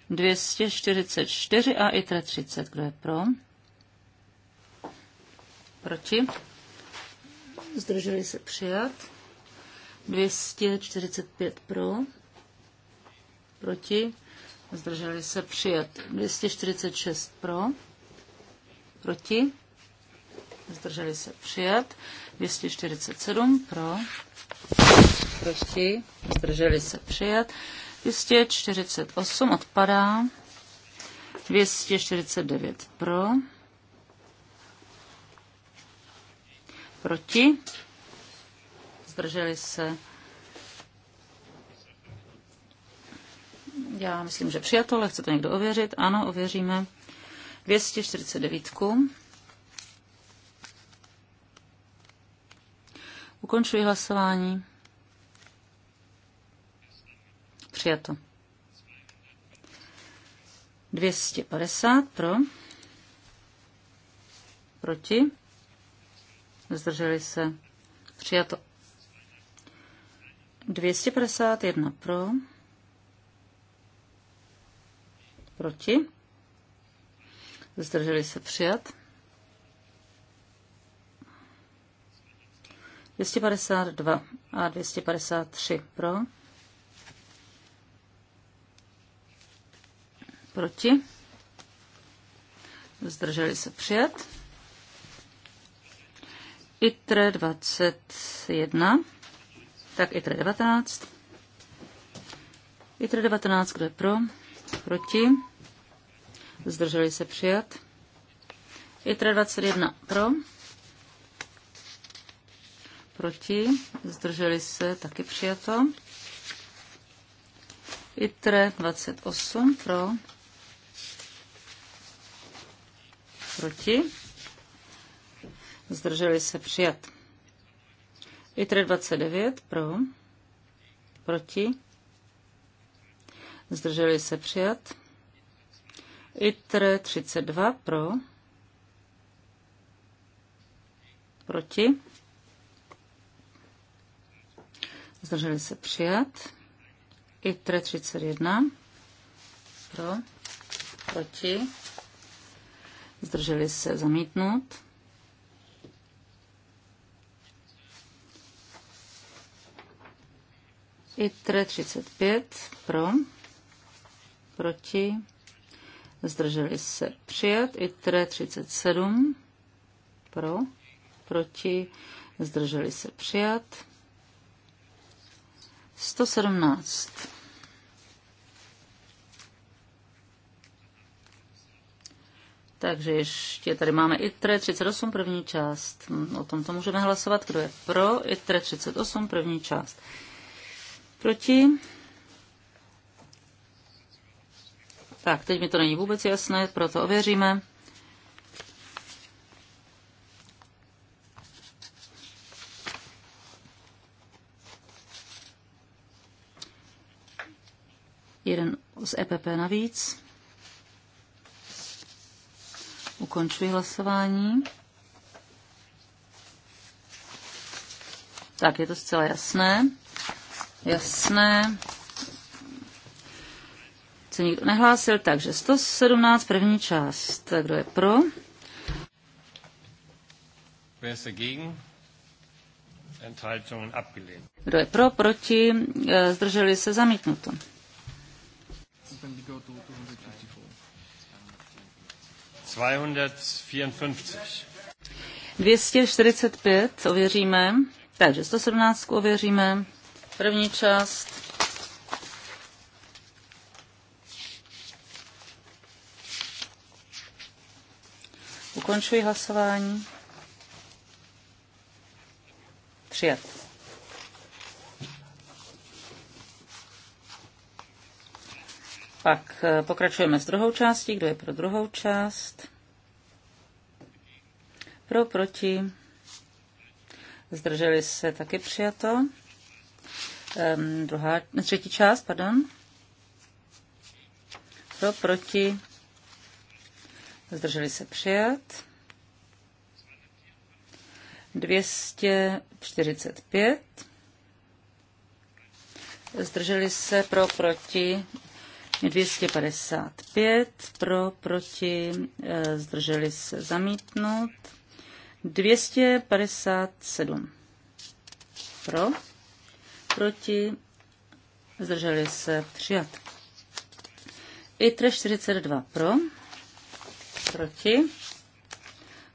244 a i 30. Kdo je pro? Proti? Zdrželi se přijat. 245 pro. Proti? Zdrželi se přijat. 246 pro. Proti? zdrželi se přijat, 247 pro, proti, zdrželi se přijat, 248 odpadá, 249 pro, proti, zdrželi se Já myslím, že přijato, ale chce to někdo ověřit. Ano, ověříme. 249. Ukončuji hlasování. Přijato. 250 pro. Proti. Zdrželi se. Přijato. 251 pro. Proti. Zdrželi se přijat. 252 a 253 pro. Proti. Zdrželi se přijat. ITRE 21. Tak ITRE 19. ITRE 19, kdo je pro? Proti. Zdrželi se přijat. ITRE 21 pro proti, zdrželi se, taky přijato. ITRE 28 pro, proti, zdrželi se, přijat. ITRE 29 pro, proti, zdrželi se, přijat. ITRE 32 pro, proti, zdrželi se přijat. ITRE 31 pro, proti, zdrželi se zamítnout. ITRE 35 pro, proti, zdrželi se přijat. ITRE 37 pro, proti, zdrželi se přijat. 117. Takže ještě tady máme ITRE 38, první část. O tomto můžeme hlasovat, kdo je pro ITRE 38, první část. Proti? Tak, teď mi to není vůbec jasné, proto ověříme. Jeden z EPP navíc. Ukončuji hlasování. Tak, je to zcela jasné. Jasné. Se nikdo nehlásil, takže 117, první část. Kdo je pro? Kdo je pro, proti, eh, zdrželi se, zamítnuto. 254. 254. 245 ověříme, takže 117 ověříme, první část. Ukončuji hlasování. Přijat. Pak eh, pokračujeme s druhou částí. Kdo je pro druhou část? Pro, proti. Zdrželi se taky přijato. Um, druhá, třetí část, pardon. Pro, proti. Zdrželi se přijat. 245. Zdrželi se pro, proti. 255 pro, proti, eh, zdrželi se zamítnout. 257 pro, proti, zdrželi se přijat. ITRE 42 pro, proti,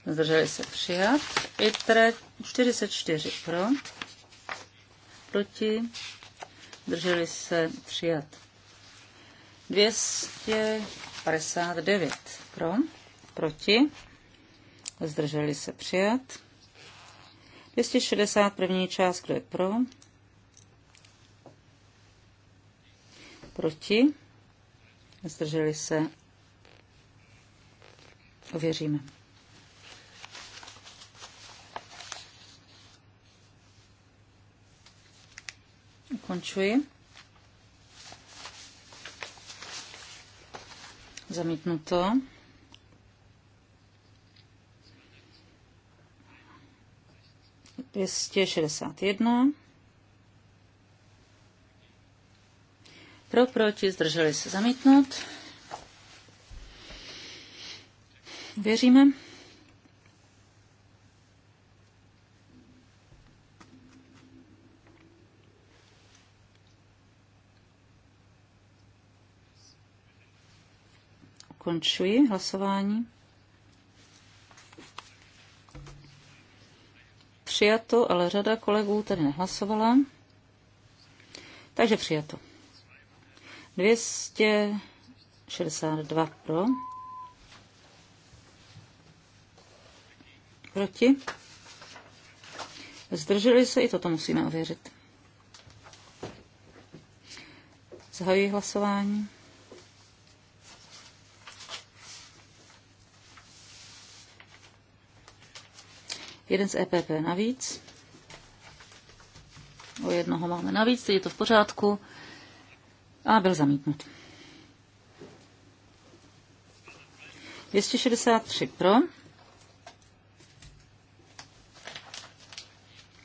zdrželi se přijat. ITRE 44 pro, proti, zdrželi se přijat. 259 pro, proti, zdrželi se přijat. 260 první část, kdo je pro, proti, zdrželi se, ověříme. Ukončuji. Zamítnuto. Dvěstě šedesát jedna. Pro, proti, zdrželi se zamítnout. Věříme. Ukončuji hlasování. Přijato, ale řada kolegů tady nehlasovala. Takže přijato. 262 pro. Proti. Zdrželi se, i toto musíme ověřit. Zahajuji hlasování. Jeden z EPP navíc. O jednoho máme navíc, teď je to v pořádku. A byl zamítnut. 263 pro.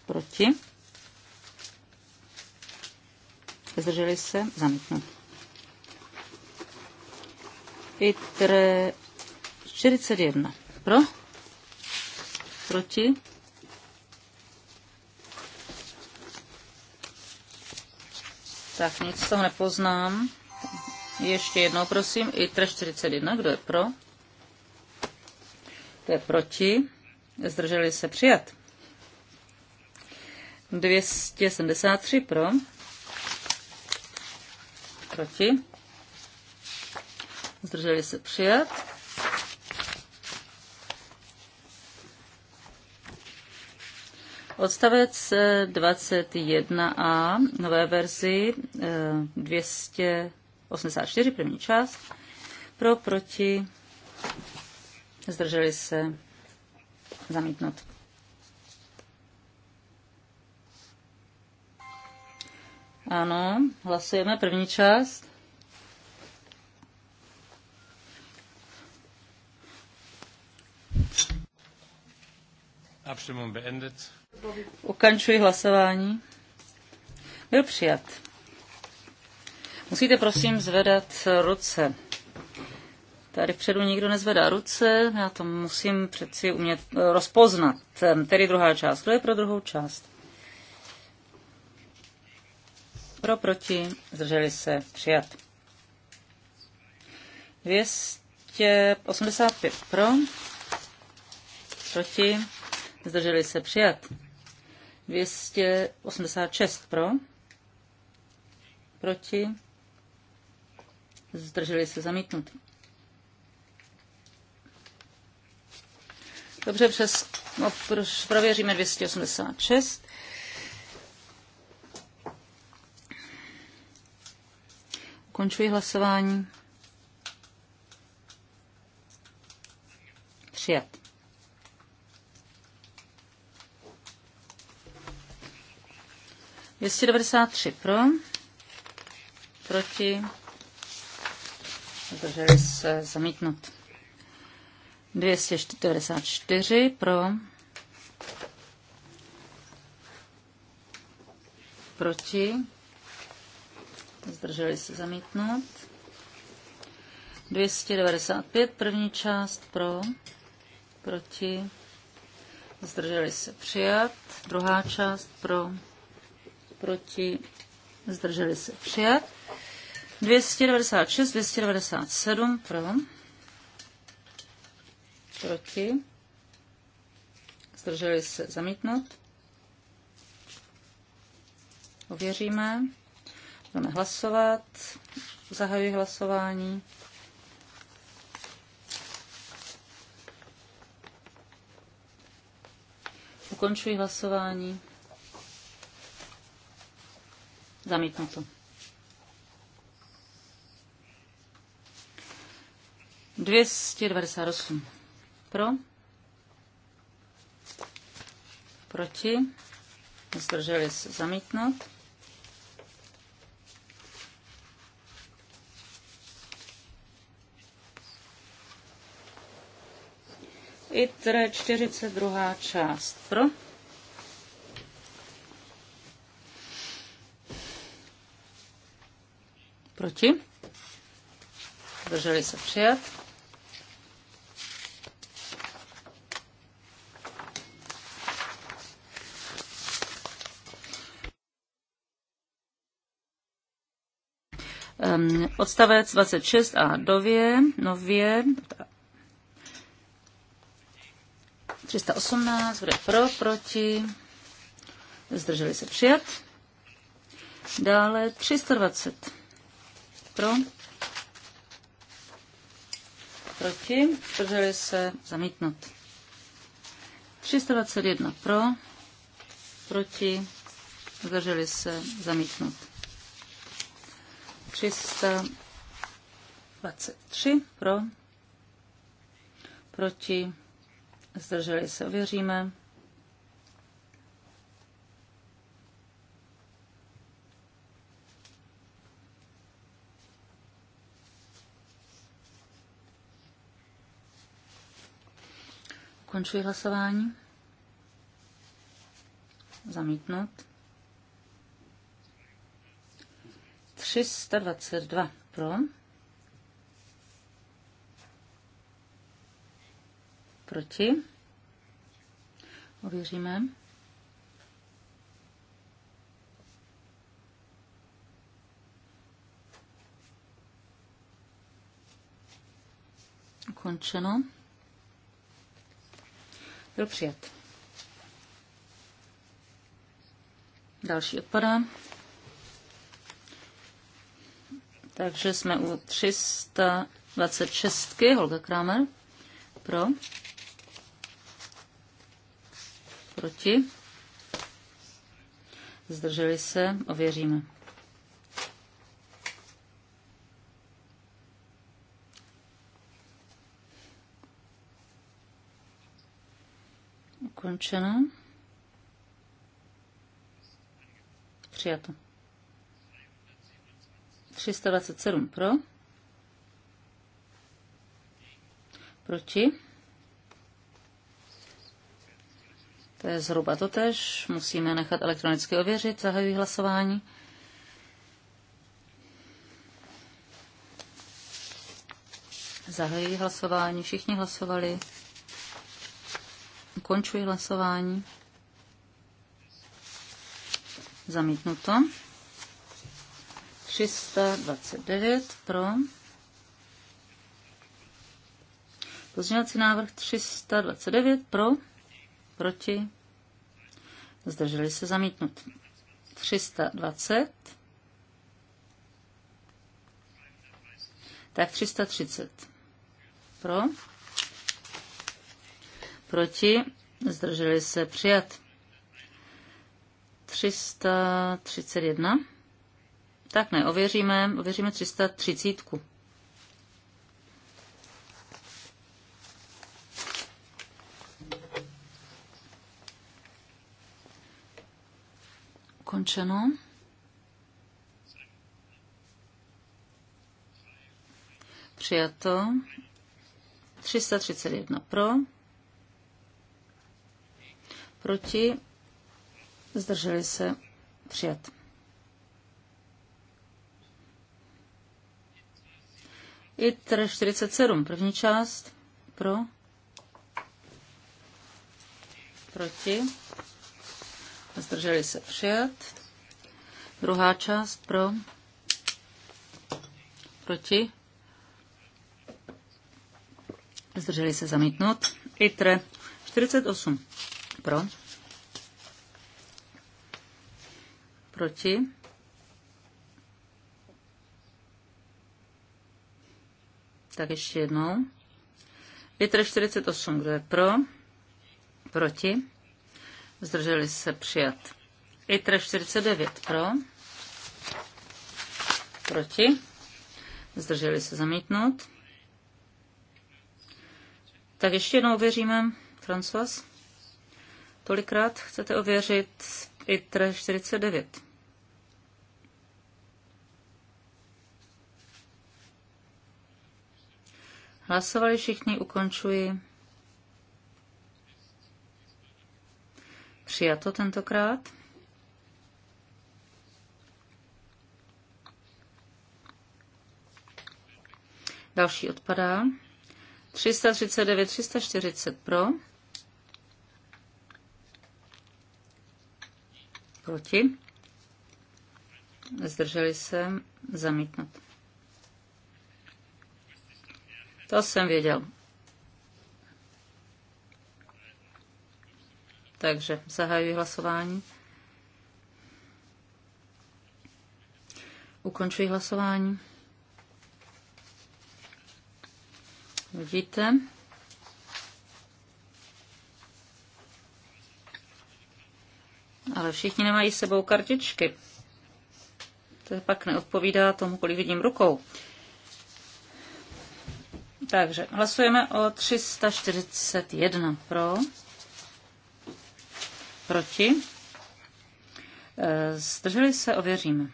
Proti. Zdrželi se. Zamítnut. ITRE 41 pro proti. Tak nic z toho nepoznám. Ještě jednou prosím, ITRA 41, kdo je pro? To je proti? Zdrželi se přijat. 273 pro. Proti. Zdrželi se přijat. Odstavec 21a, eh, nové verzi 284, eh, první část, pro, proti, zdrželi se, zamítnout. Ano, hlasujeme první část. Abstimmung beendet. Ukončuji hlasování. Byl přijat. Musíte prosím zvedat ruce. Tady vpředu nikdo nezvedá ruce, já to musím přeci umět eh, rozpoznat. Ehm, tedy druhá část. Kdo je pro druhou část? Pro, proti, zdrželi se, přijat. 285 pro, proti, zdrželi se, přijat. 286 pro, proti, zdrželi se zamítnut. Dobře, přes, no, prověříme 286. Ukončuji hlasování. Přijat. 293 pro, proti, zdrželi se zamítnout. 294 pro, proti, zdrželi se zamítnout. 295, první část pro, proti, zdrželi se přijat, druhá část pro, proti, zdrželi se přijat. 296, 297 pro, proti, zdrželi se zamítnout. Ověříme. Budeme hlasovat. Zahajuji hlasování. Ukončuji hlasování. Zamítnuto. 298. Pro? Proti? Zdrželi se zamítnout. ITR 42. část. Pro? Proti? Zdrželi se přijat. Odstavec 26 a dově, nově, 318, bude pro, proti, zdrželi se přijat. Dále 320. Pro? Proti? Zdrželi se zamítnout. 321 pro, proti, zdrželi se zamítnout. 323 pro, proti, zdrželi se, ověříme. Ukončuji hlasování. Zamítnout. 322 pro. Proti. Ověříme. Ukončeno. Byl přijat. Další odpadá. Takže jsme u 326. Holga Kramer. Pro. Proti. Zdrželi se. Ověříme. Ukončeno. Přijato. 327 pro. Proti. To je zhruba to tež. Musíme nechat elektronicky ověřit. Zahajuji hlasování. Zahajuji hlasování. Všichni hlasovali. Ukončuji hlasování. Zamítnuto. 329 pro. Pozměňovací návrh 329 pro. Proti. Zdrželi se zamítnut. 320. Tak 330. Pro. Proti? Zdrželi se přijat. 331. Tak ne, ověříme, ověříme 330. Končeno. Přijato. 331 pro proti, zdrželi se, přijat. I 47, první část, pro, proti, zdrželi se, přijat. Druhá část, pro, proti, zdrželi se, zamítnout. Itre 48 pro? Proti? Tak ještě jednou. Větr 48, kdo je pro? Proti? Zdrželi se přijat. Větr 49, pro? Proti? Zdrželi se zamítnout. Tak ještě jednou věříme, François. Tolikrát chcete ověřit ITRE 49. Hlasovali všichni, ukončuji. Přijato tentokrát. Další odpadá. 339, 340 pro. Proti? Zdrželi se zamítnout. To jsem věděl. Takže zahajuji hlasování. Ukončuji hlasování. Vidíte, ale všichni nemají s sebou kartičky. To pak neodpovídá tomu, kolik vidím rukou. Takže hlasujeme o 341 pro, proti. E, zdrželi se, ověříme.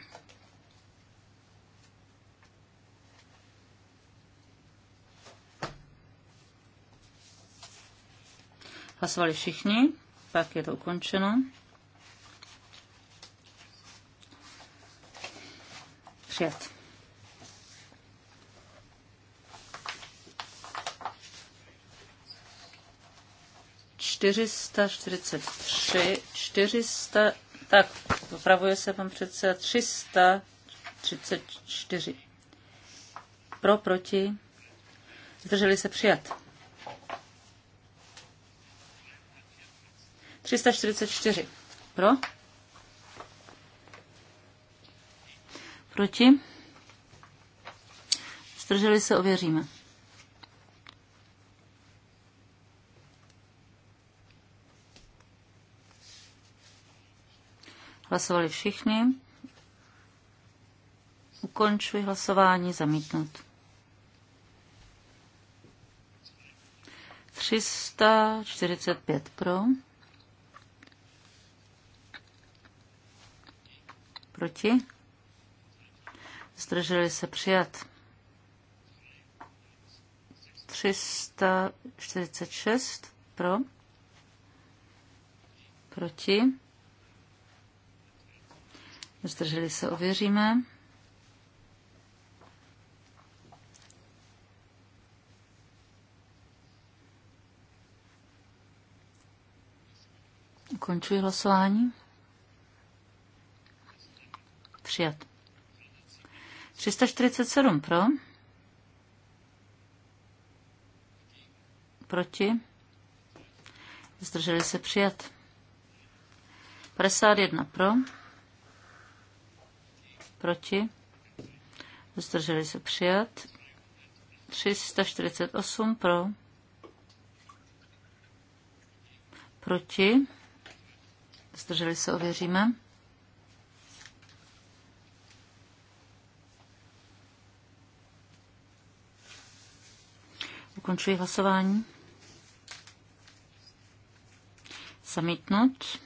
Hlasovali všichni, pak je to ukončeno. přijat. Čtyřista čtyřicet tři, čtyřista, tak, opravuje se pan předseda, třista třicet čtyři. Pro, proti, zdrželi se přijat. 344. Pro? Proti? Zdrželi se, ověříme. Hlasovali všichni. Ukončuji hlasování, zamítnout. 345 pro. Proti zdrželi se přijat. 346 pro, proti, zdrželi se, ověříme. Ukončuji hlasování. Přijat. 347 pro. Proti. Zdrželi se přijat. 51 pro. Proti. Zdrželi se přijat. 348 pro. Proti. Zdrželi se, ověříme. Ukončuji hlasování. Zamítnout.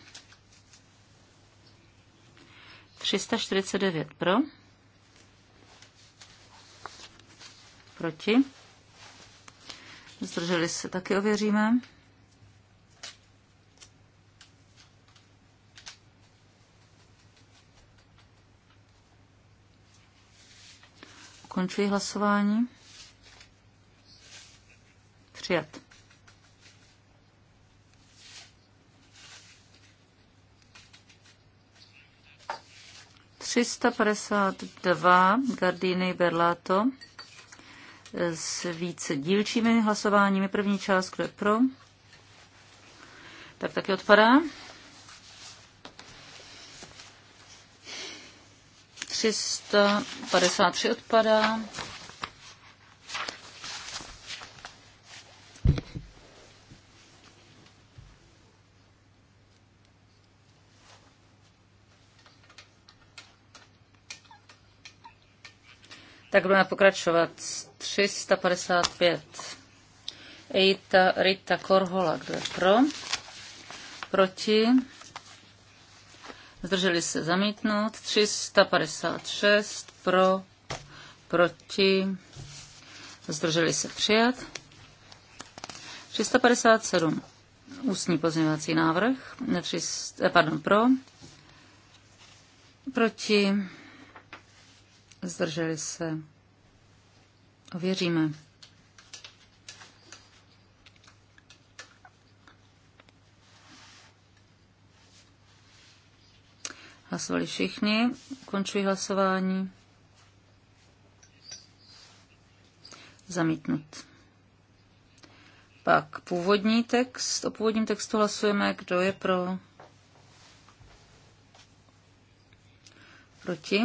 349 pro. Proti. Zdrželi se, taky ověříme. Končuji hlasování. Přijat. Třista padesát dva Gardiny Berlato s více dílčími hlasováními. První část, kdo je pro, tak taky odpadá. 353 odpadá. Tak budeme pokračovat. 355. Ejta Rita Korhola, kdo je pro? Proti? Zdrželi se zamítnout. 356 pro, proti. Zdrželi se přijat. 357 ústní pozměňovací návrh, ne 300, eh, pardon, pro, proti zdrželi se. Věříme. Hlasovali všichni. Končuji hlasování. Zamítnut. Pak původní text. O původním textu hlasujeme, kdo je pro. Proti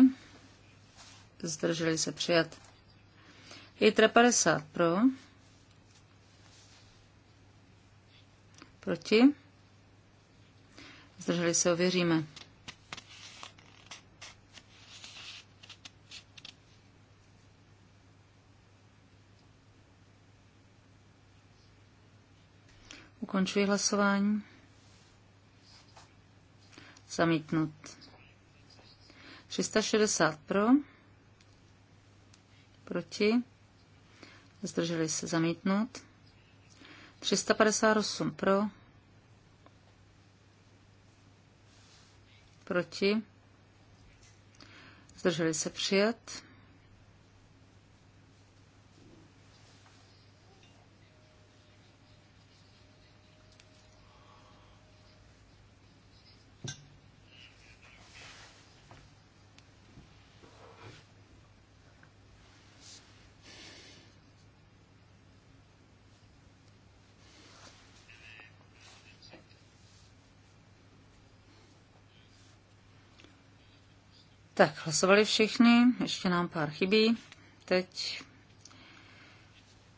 zdrželi se přijat. Jitra 50 pro, proti, zdrželi se, ověříme. Ukončuji hlasování. Zamítnut. 360 pro proti, zdrželi se zamítnout. 358 pro, proti, zdrželi se přijat. Tak, hlasovali všichni, ještě nám pár chybí. Teď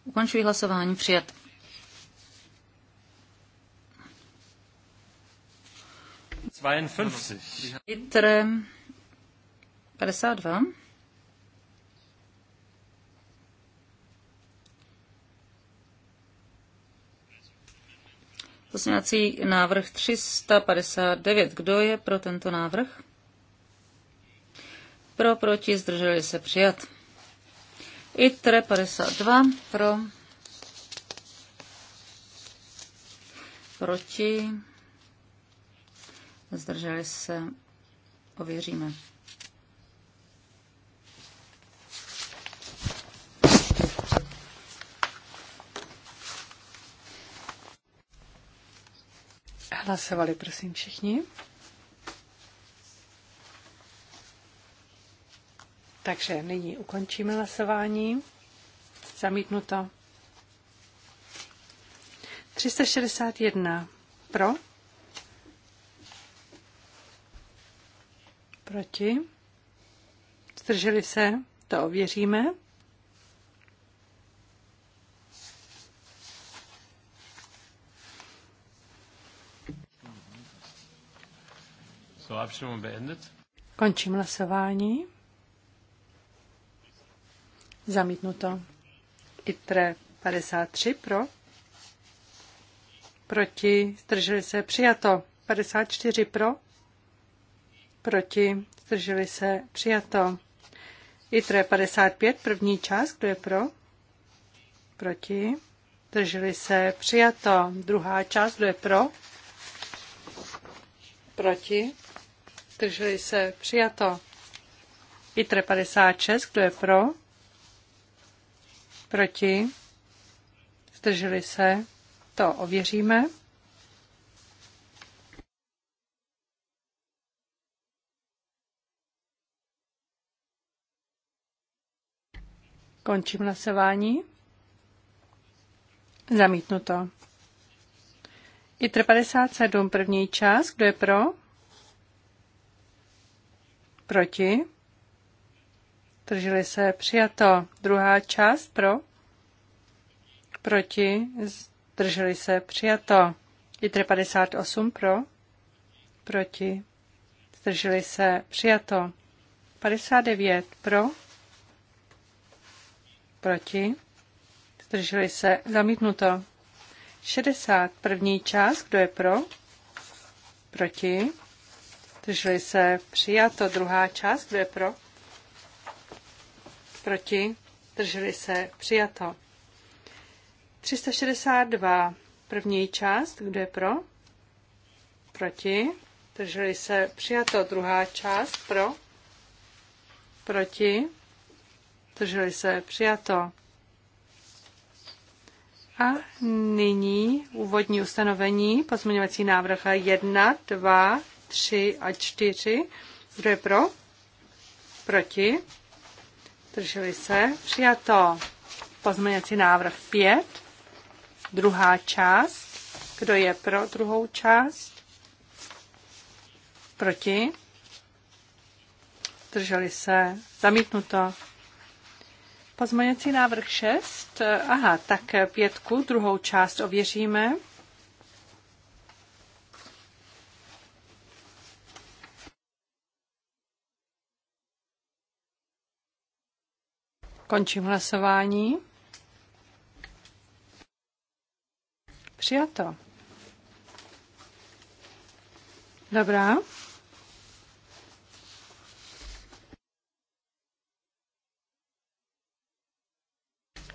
ukončuji hlasování, přijat. Litr 52. Poslanecí návrh 359. Kdo je pro tento návrh? Pro, proti, zdrželi se přijat. ITRE 52 pro, proti, zdrželi se, ověříme. Hlasovali, prosím, všichni. Takže nyní ukončíme hlasování. Zamítnuto. 361 pro. Proti. Zdrželi se, to ověříme. Končím hlasování. Zamítnuto. ITRE 53 pro. Proti. Zdrželi se. Přijato. 54 pro. Proti. Zdrželi se. Přijato. ITRE 55 první část. Kdo je pro? Proti. Zdrželi se. Přijato. Druhá část. Kdo je pro? Proti. Zdrželi se. Přijato. ITRE 56. Kdo je pro? Proti? Zdrželi se? To ověříme. Končím hlasování. Zamítnuto. ITR 57, první část. Kdo je pro? Proti? zdrželi se přijato. Druhá část pro. Proti. zdrželi se přijato. Jitre 58 pro. Proti. Zdrželi se přijato. 59 pro. Proti. Zdrželi se zamítnuto. 60 první část. Kdo je pro? Proti. Zdrželi se přijato. Druhá část. Kdo je pro? proti, drželi se, přijato. 362, první část, kdo je pro, proti, drželi se, přijato. Druhá část, pro, proti, drželi se, přijato. A nyní úvodní ustanovení, pozměňovací návrh 1, 2, 3 a 4. Kdo je pro? Proti? Drželi se. Přijato pozměňovací návrh 5. Druhá část. Kdo je pro druhou část? Proti? Drželi se. Zamítnuto. Pozměňovací návrh 6. Aha, tak pětku, druhou část ověříme. Končím hlasování. Přijato. Dobrá.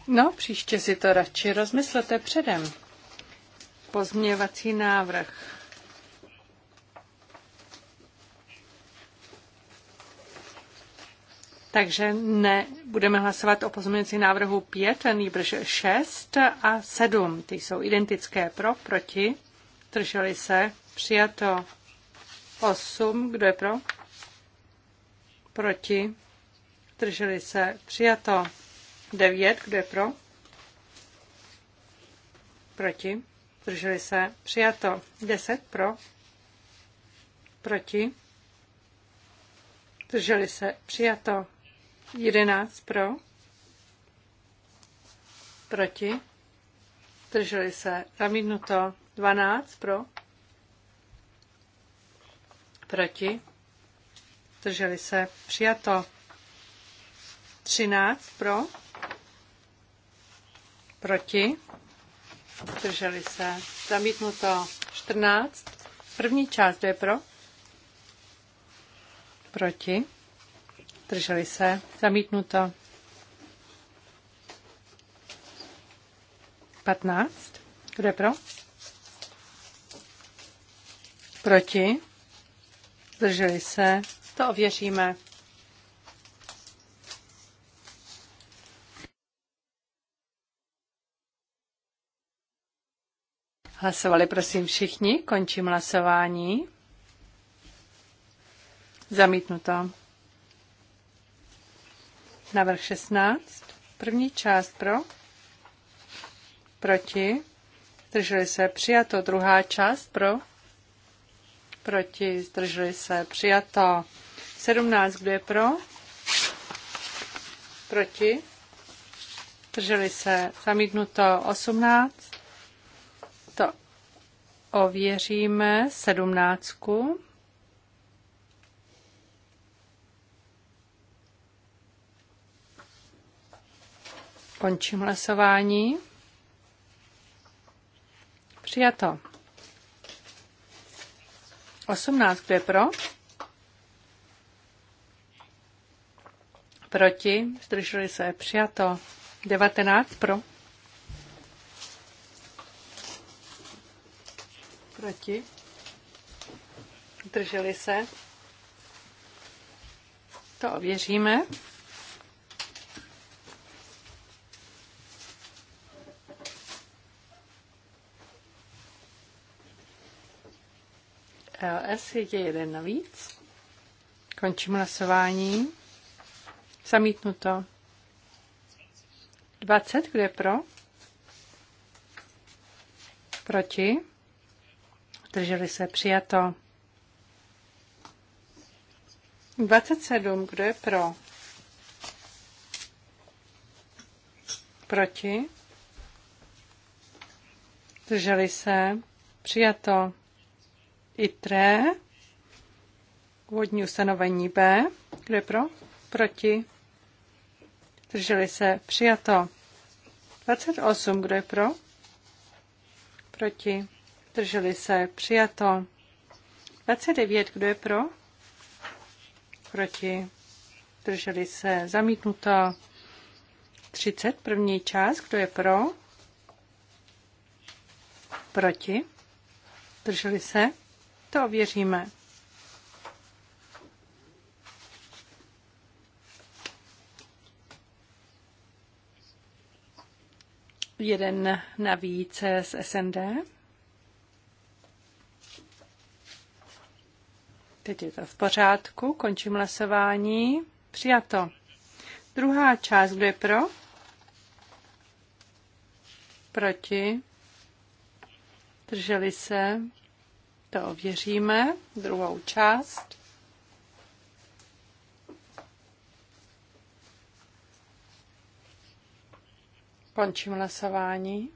No, příště si to radši rozmyslete předem. Pozměvací návrh Takže ne, budeme hlasovat o pozměňující návrhu 5, nejbrž 6 a 7. Ty jsou identické pro, proti. Drželi se. Přijato 8. Kdo je pro? Proti. Drželi se. Přijato 9. Kdo je pro? Proti. Drželi se. Přijato 10. Pro. Proti. Drželi se. Přijato 11 pro, proti, Drželi se, zamítnuto 12 pro, proti, Drželi se, přijato 13 pro, proti, Drželi se, zamítnuto 14, první část, je pro, proti, Drželi se. Zamítnuto. 15. Kdo je pro? Proti? drželi se? To ověříme. Hlasovali prosím všichni. Končím hlasování. Zamítnuto navrh 16. První část pro. Proti. Zdrželi se přijato. Druhá část pro. Proti. Zdrželi se přijato. 17. Kdo je pro? Proti. Zdrželi se zamítnuto 18. To ověříme. 17. Končím hlasování. Přijato. 18, kdo je pro? Proti, zdrželi se, přijato. 19 pro. Proti. Zdrželi se. To ověříme. ELS je jeden navíc. Končím hlasování. Zamítnuto. 20, kde pro? Proti? Drželi se přijato. 27, kdo je pro? Proti? Drželi se. Přijato. ITRE, vodní ustanovení B, kde pro, proti, drželi se, přijato. 28, kdo je pro, proti, drželi se, přijato. 29, kdo je pro, proti, drželi se, zamítnuto. 30, první část, kdo je pro, proti, drželi se, to ověříme. Jeden navíc z SND. Teď je to v pořádku, končím hlasování. Přijato. Druhá část, kdo je pro? Proti? Drželi se? To ověříme, druhou část. Končím hlasování.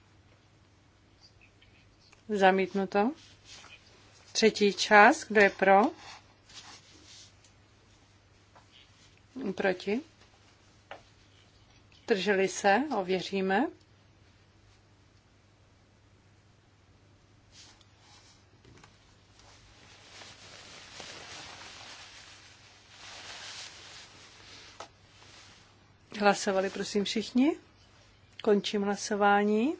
to. Třetí část, kdo je pro? Proti? Drželi se, ověříme. Hlasovali prosím všichni. Končím hlasování.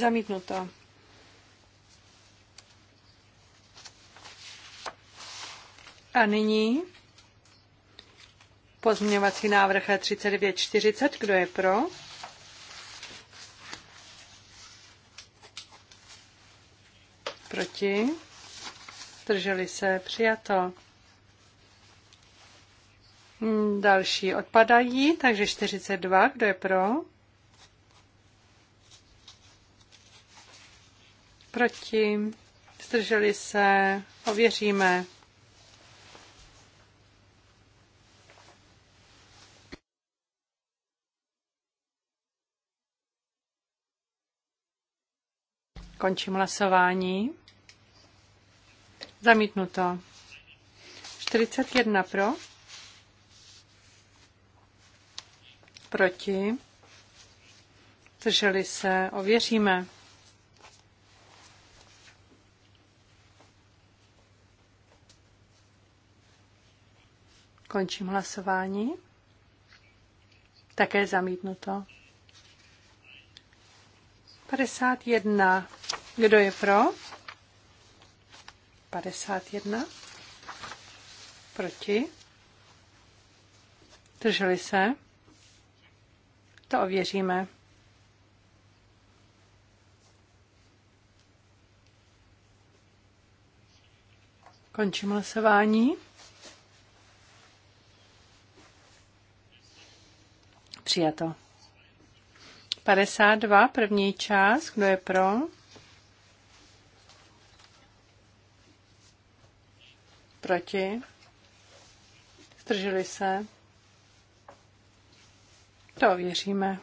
Zamítnuto. A nyní pozměňovací návrh 3940. Kdo je pro? Proti? Drželi se. Přijato. Mm, další odpadají, takže 42, kdo je pro? Proti? Zdrželi se? Ověříme. Končím hlasování. Zamítnuto. 41 pro. proti, zdrželi se, ověříme. Končím hlasování. Také zamítnuto. 51. Kdo je pro? 51. Proti? Drželi se? to ověříme. Končím hlasování. Přijato. 52, první část, kdo je pro? Proti? Zdrželi se? To věříme.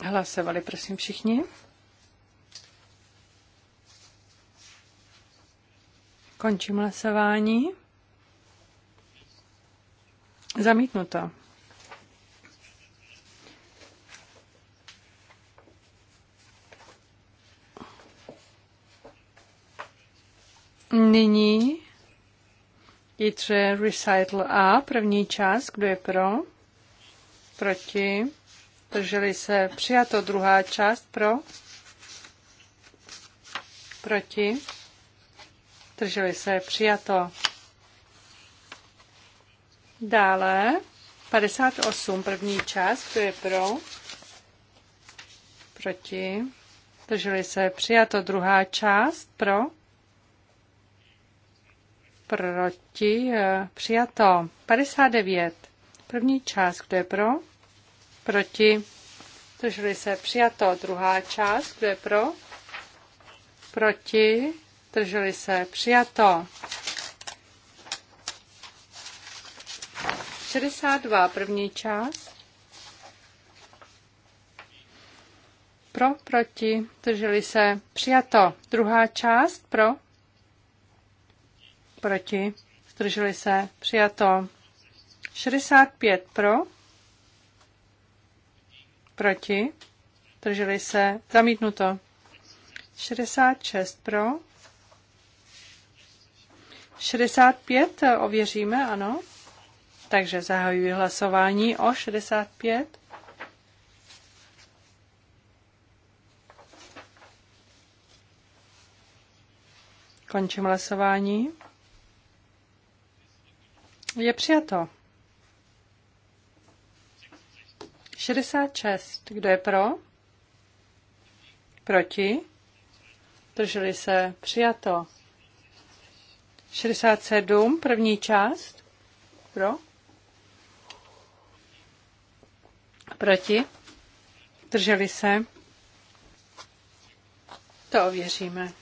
Hlasovali prosím všichni. Končím hlasování. Zamítnuto. Nyní Jitře Recital A, první část, kdo je pro? Proti? Drželi se přijato druhá část pro? Proti? Drželi se přijato. Dále 58, první část, kdo je pro? Proti? Drželi se přijato druhá část pro? proti, eh, přijato. 59. První část, kdo je pro, proti, drželi se, přijato. Druhá část, kdo je pro, proti, drželi se, přijato. 62, první část. Pro, proti, drželi se, přijato. Druhá část, pro, proti, zdrželi se, přijato. 65 pro, proti, zdrželi se, zamítnuto. 66 pro, 65 ověříme, ano. Takže zahajuji hlasování o 65. Končím hlasování. Je přijato. 66. Kdo je pro? Proti? Drželi se. Přijato. 67. První část. Pro? Proti? Drželi se. To ověříme.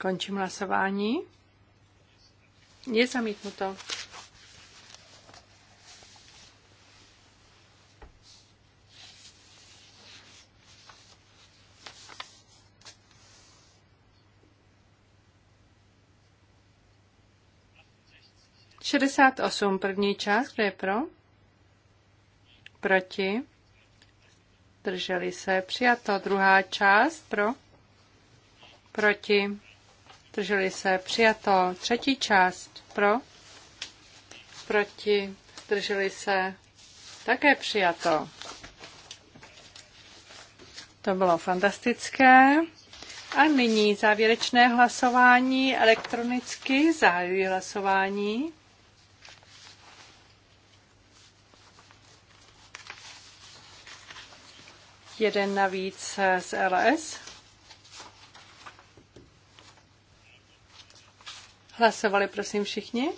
Končím hlasování. Je zamítnuto. Šedesát osm, první část, kdo je pro? Proti? Drželi se. Přijato. Druhá část pro? Proti? Drželi se přijato. Třetí část pro. Proti. Drželi se také přijato. To bylo fantastické. A nyní závěrečné hlasování elektronicky. Zahajuji hlasování. Jeden navíc z LS. Hlasovali prosím všichni?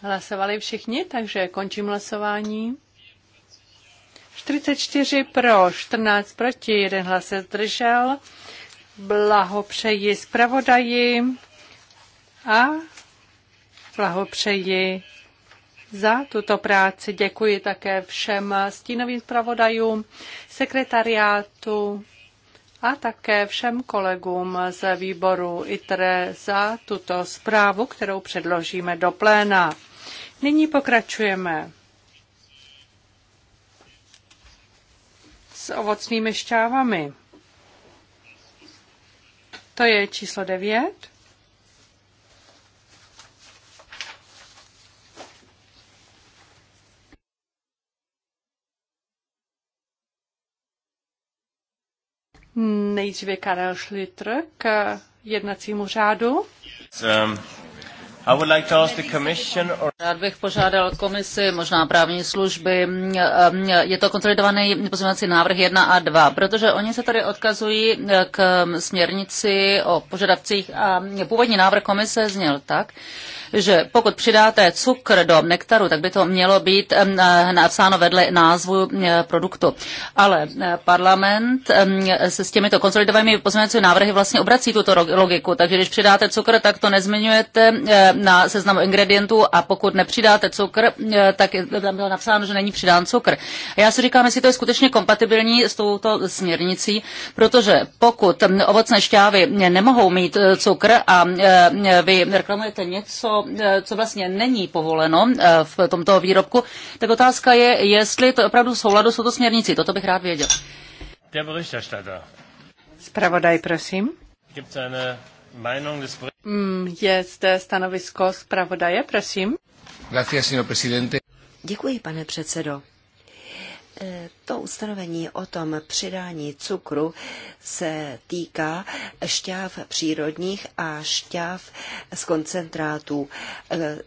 Hlasovali všichni, takže končím hlasování. 44 pro, 14 proti, jeden hlas se zdržel. Blahopřeji zpravodaji a blahopřeji za tuto práci. Děkuji také všem stínovým zpravodajům, sekretariátu, a také všem kolegům z výboru ITRE za tuto zprávu, kterou předložíme do pléna. Nyní pokračujeme s ovocnými šťávami. To je číslo 9. Nejdříve Karel Šlitr k jednacímu řádu. Um. I would like to ask the commission or... Rád bych požádal komisi, možná právní služby. Um, je to konsolidovaný pozměňovací návrh 1 a 2, protože oni se tady odkazují k směrnici o požadavcích a původní návrh komise zněl tak, že pokud přidáte cukr do nektaru, tak by to mělo být eh, napsáno vedle názvu eh, produktu. Ale eh, parlament se s těmito konsolidovanými pozměňovacími návrhy vlastně obrací tuto logiku. Takže když přidáte cukr, tak to nezmiňujete na seznamu ingredientů a pokud nepřidáte cukr, tak tam bylo napsáno, že není přidán cukr. A já si říkám, jestli to je skutečně kompatibilní s touto směrnicí, protože pokud ovocné šťávy nemohou mít cukr a vy reklamujete něco, E, co, vlastně není povoleno e, v tomto výrobku, tak otázka je, jestli to je opravdu v souladu s touto směrnicí. Toto bych rád věděl. Spravodaj, prosím. Mm, je zde stanovisko zpravodaje, prosím. Děkuji, pane předsedo. Eh, to ustanovení o tom přidání cukru se týká šťáv přírodních a šťáv z koncentrátů. Eh,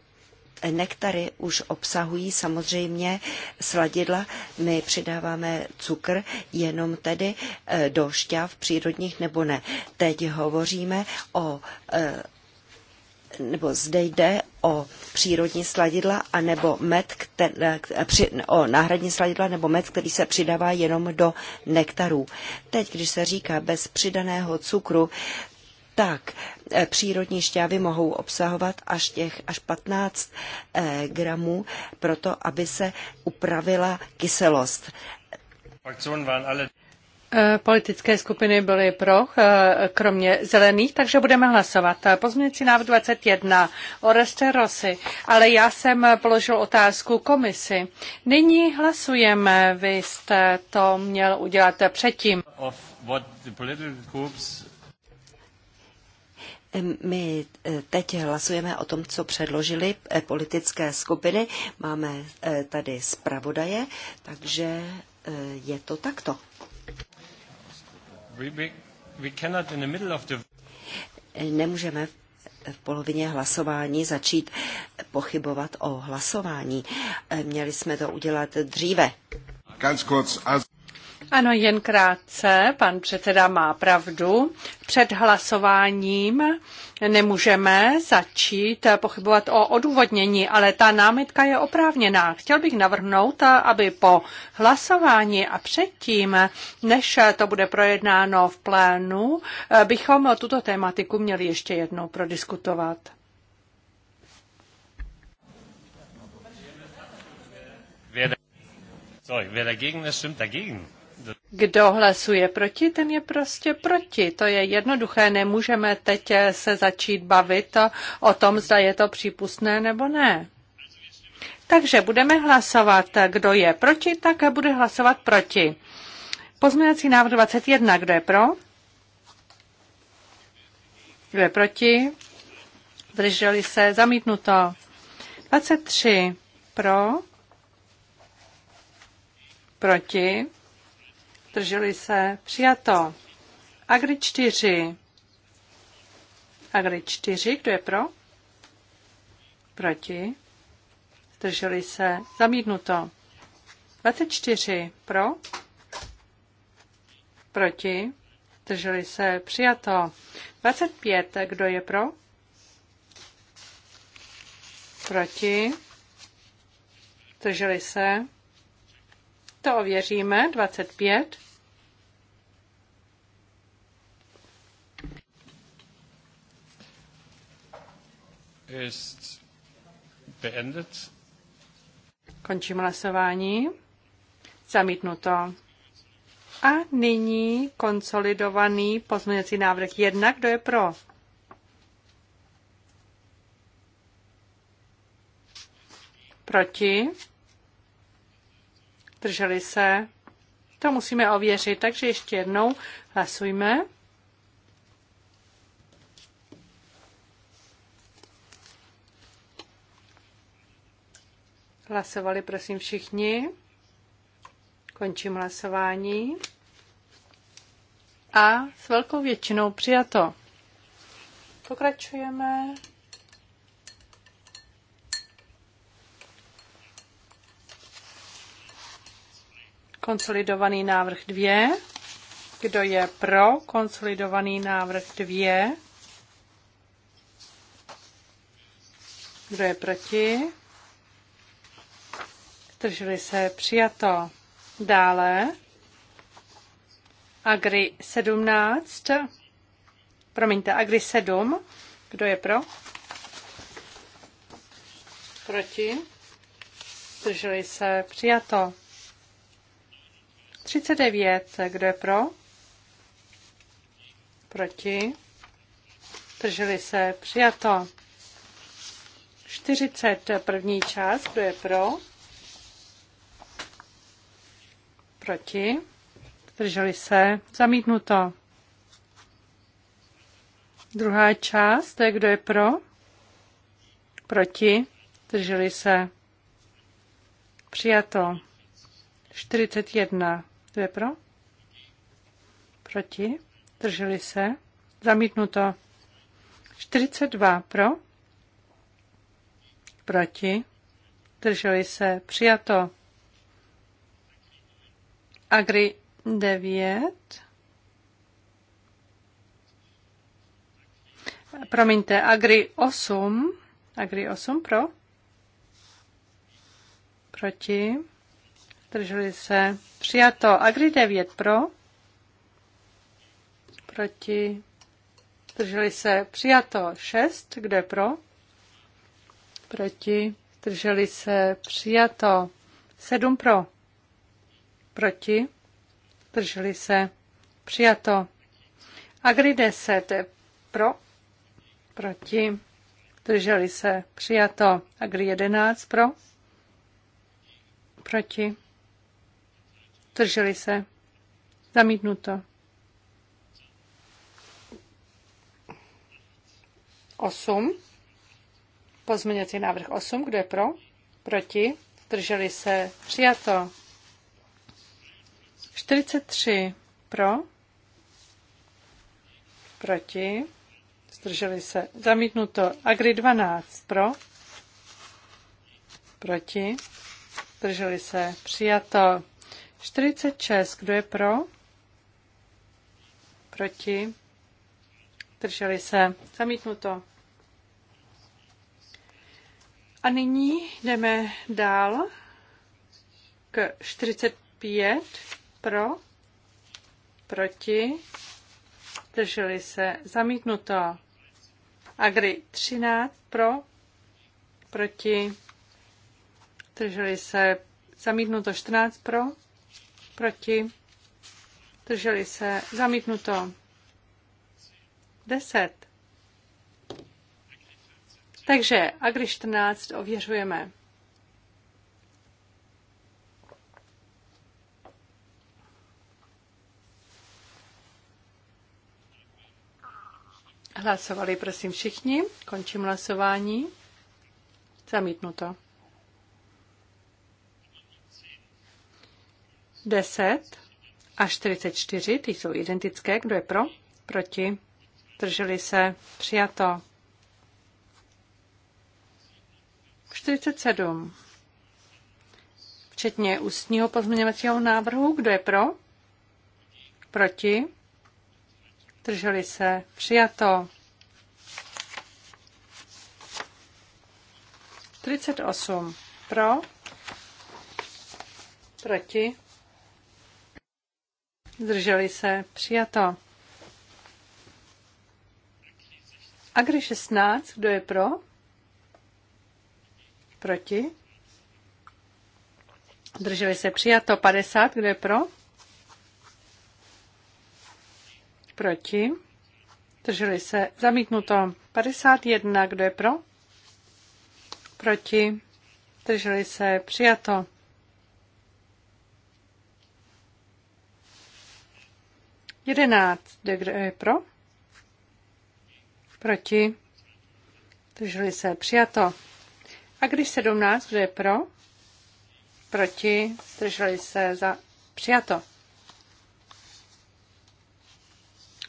nektary už obsahují samozřejmě sladidla, my přidáváme cukr jenom tedy eh, do šťáv přírodních nebo ne. Teď hovoříme o nebo zde jde o přírodní sladidla a nebo med, eh, eh, o náhradní sladidla nebo med, který se přidává jenom do nektarů. Teď, když se říká bez přidaného cukru, tak eh, přírodní šťávy mohou obsahovat až těch až 15 gramů proto, aby se upravila kyselost. Eh, politické skupiny byly pro, eh, kromě zelených, takže budeme hlasovat. Eh, pozměňující návrh 21, Oreste Rosy, ale já jsem položil otázku komisi. Nyní hlasujeme, vy jste to měl udělat předtím. My teď hlasujeme o tom, co předložili politické skupiny. Máme tady zpravodaje, takže je to takto. Nemůžeme v polovině hlasování začít pochybovat o hlasování. Měli jsme to udělat dříve. Ganz kurz, also... Ano, jen krátce, pan předseda má pravdu. Před hlasováním nemůžeme začít pochybovat o odůvodnění, ale ta námitka je oprávněná. Chtěl bych navrhnout, aby po hlasování a předtím, než to bude projednáno v plénu, bychom tuto tématiku měli ještě jednou prodiskutovat. Sorry, wer dagegen ist, stimmt dagegen. Kdo hlasuje proti, ten je prostě proti. To je jednoduché. Nemůžeme teď se začít bavit o tom, zda je to přípustné nebo ne. Takže budeme hlasovat, kdo je proti, tak bude hlasovat proti. Pozměňovací návrh 21, kdo je pro? Kdo je proti? Zdrželi se, zamítnuto. 23 pro, proti, zdrželi se, přijato. Agri 4. Agri 4, kdo je pro? Proti. Zdrželi se, zamítnuto. 24 pro. Proti. Zdrželi se, přijato. 25, kdo je pro? Proti. Zdrželi se. To ověříme. 25. ist beendet. Končím hlasování. Zamítnuto. A nyní konsolidovaný pozměňovací návrh 1. Kdo je pro? Proti? Drželi se? To musíme ověřit, takže ještě jednou hlasujme. Hlasovali prosím všichni. Končím hlasování. A s velkou většinou přijato. Pokračujeme. Konsolidovaný návrh 2. Kdo je pro konsolidovaný návrh 2? Kdo je proti? zdrželi se, přijato. Dále Agri 17, promiňte, Agri 7, kdo je pro? Proti? Zdrželi se, přijato. 39, kdo je pro? Proti? Zdrželi se, přijato. 40, první část, kdo je pro? Proti? Zdrželi se? Zamítnuto. Druhá část, to je kdo je pro? Proti? Zdrželi se? Přijato. 41. Kdo je pro? Proti? Drželi se? Zamítnuto. 42. Pro? Proti? Drželi se? Přijato. Agri 9. Promiňte, Agri 8. Agri 8 pro. Proti. Drželi se. Přijato. Agri 9 pro. Proti. Drželi se. Přijato 6. Kdo je pro? Proti. Drželi se. Přijato 7 pro. Proti? Drželi se. Přijato. Agri 10. Pro? Proti? Drželi se. Přijato. Agri 11. Pro? Proti? Drželi se. Zamítnuto. 8. Pozměňovací návrh 8. Kdo je pro? Proti? Drželi se. Přijato. 43 pro, proti, zdrželi se, zamítnuto. Agri 12 pro, proti, zdrželi se, přijato. 46, kdo je pro, proti, zdrželi se, zamítnuto. A nyní jdeme dál k 45. Pro? Proti? Drželi se. Zamítnuto. Agri 13. Pro? Proti? Drželi se. Zamítnuto 14. Pro? Proti? Drželi se. Zamítnuto. 10. Takže Agri 14 ověřujeme. Hlasovali prosím všichni. Končím hlasování. Zamítnuto. 10 a 44, ty jsou identické. Kdo je pro? Proti? Drželi se? Přijato. 47. Včetně ústního pozměňovacího návrhu. Kdo je pro? Proti? zdrželi se, přijato. 38 pro, proti, zdrželi se, přijato. Agri 16, kdo je pro? Proti. zdrželi se přijato 50, kdo je pro? Proti? Drželi se. Zamítnuto. 51. Kdo je pro? Proti? Drželi se. Přijato. Jedenáct. Kdo je pro? Proti? Drželi se. Přijato. A když sedmnáct. kdo je pro? Proti? Drželi se za přijato.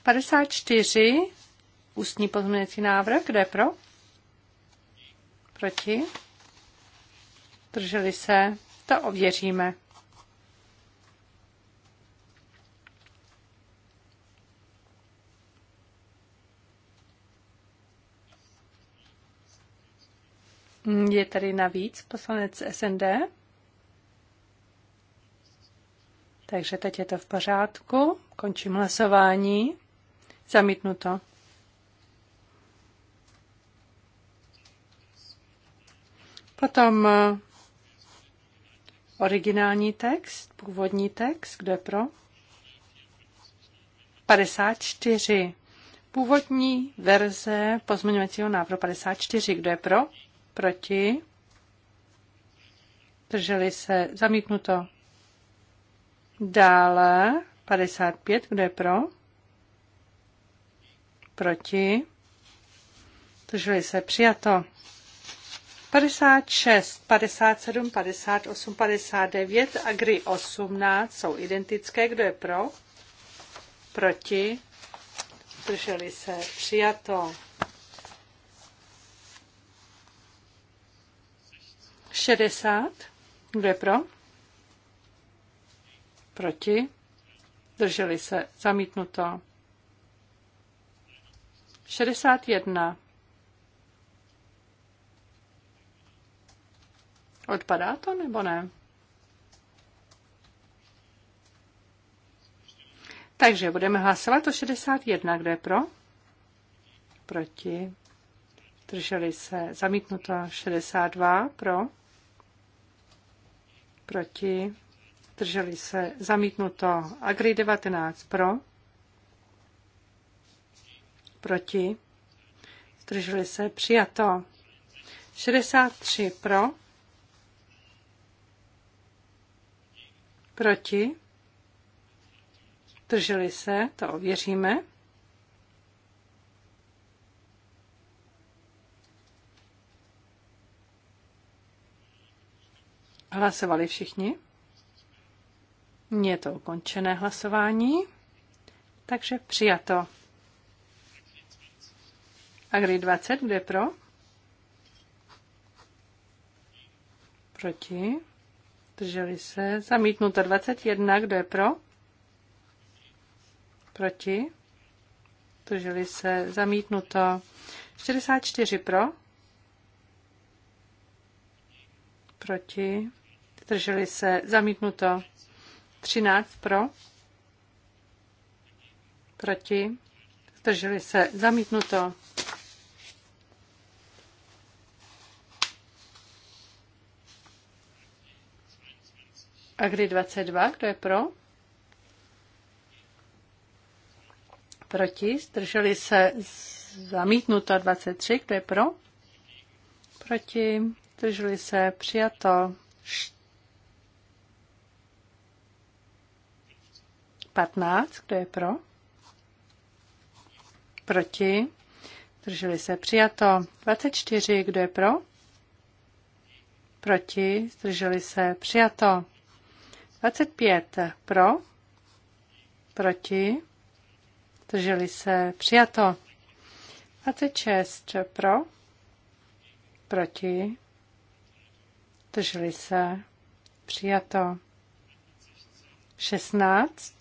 54, ústní pozměňovací návrh, kde pro? Proti? Drželi se? To ověříme. Je tady navíc poslanec SND. Takže teď je to v pořádku. Končím hlasování. Zamítnuto. Potom eh, originální text, původní text, kde pro? 54. Původní verze pozměňovacího návrhu 54. Kdo je pro? Proti? Drželi se? Zamítnuto. Dále 55. Kdo je pro? Proti? Drželi se. Přijato. 56, 57, 58, 59 a gry 18 jsou identické. Kdo je pro? Proti? Drželi se. Přijato. 60. Kdo je pro? Proti? Drželi se. Zamítnuto. 61. Odpadá to nebo ne? Takže budeme hlasovat o 61. Kdo je pro? Proti. Drželi se. Zamítnuto 62. Pro. Proti. Drželi se. Zamítnuto. Agri 19. Pro proti, zdrželi se, přijato. 63 pro, proti, zdrželi se, to ověříme. Hlasovali všichni? Je to ukončené hlasování, takže přijato. Agri 20, kde pro? Proti. Drželi se. Zamítnuto 21, kdo je pro? Proti. Drželi se. Zamítnuto 44 pro. Proti. Drželi se. Zamítnuto 13 pro. Proti. Drželi se. Zamítnuto. A kdy 22, kdo je pro? Proti, zdrželi se zamítnuto 23, kdo je pro? Proti, zdrželi se přijato 15, kdo je pro? Proti, zdrželi se přijato 24, kdo je pro? Proti, zdrželi se přijato 25 pro, proti, drželi se, přijato. 26 pro, proti, drželi se, přijato. 16,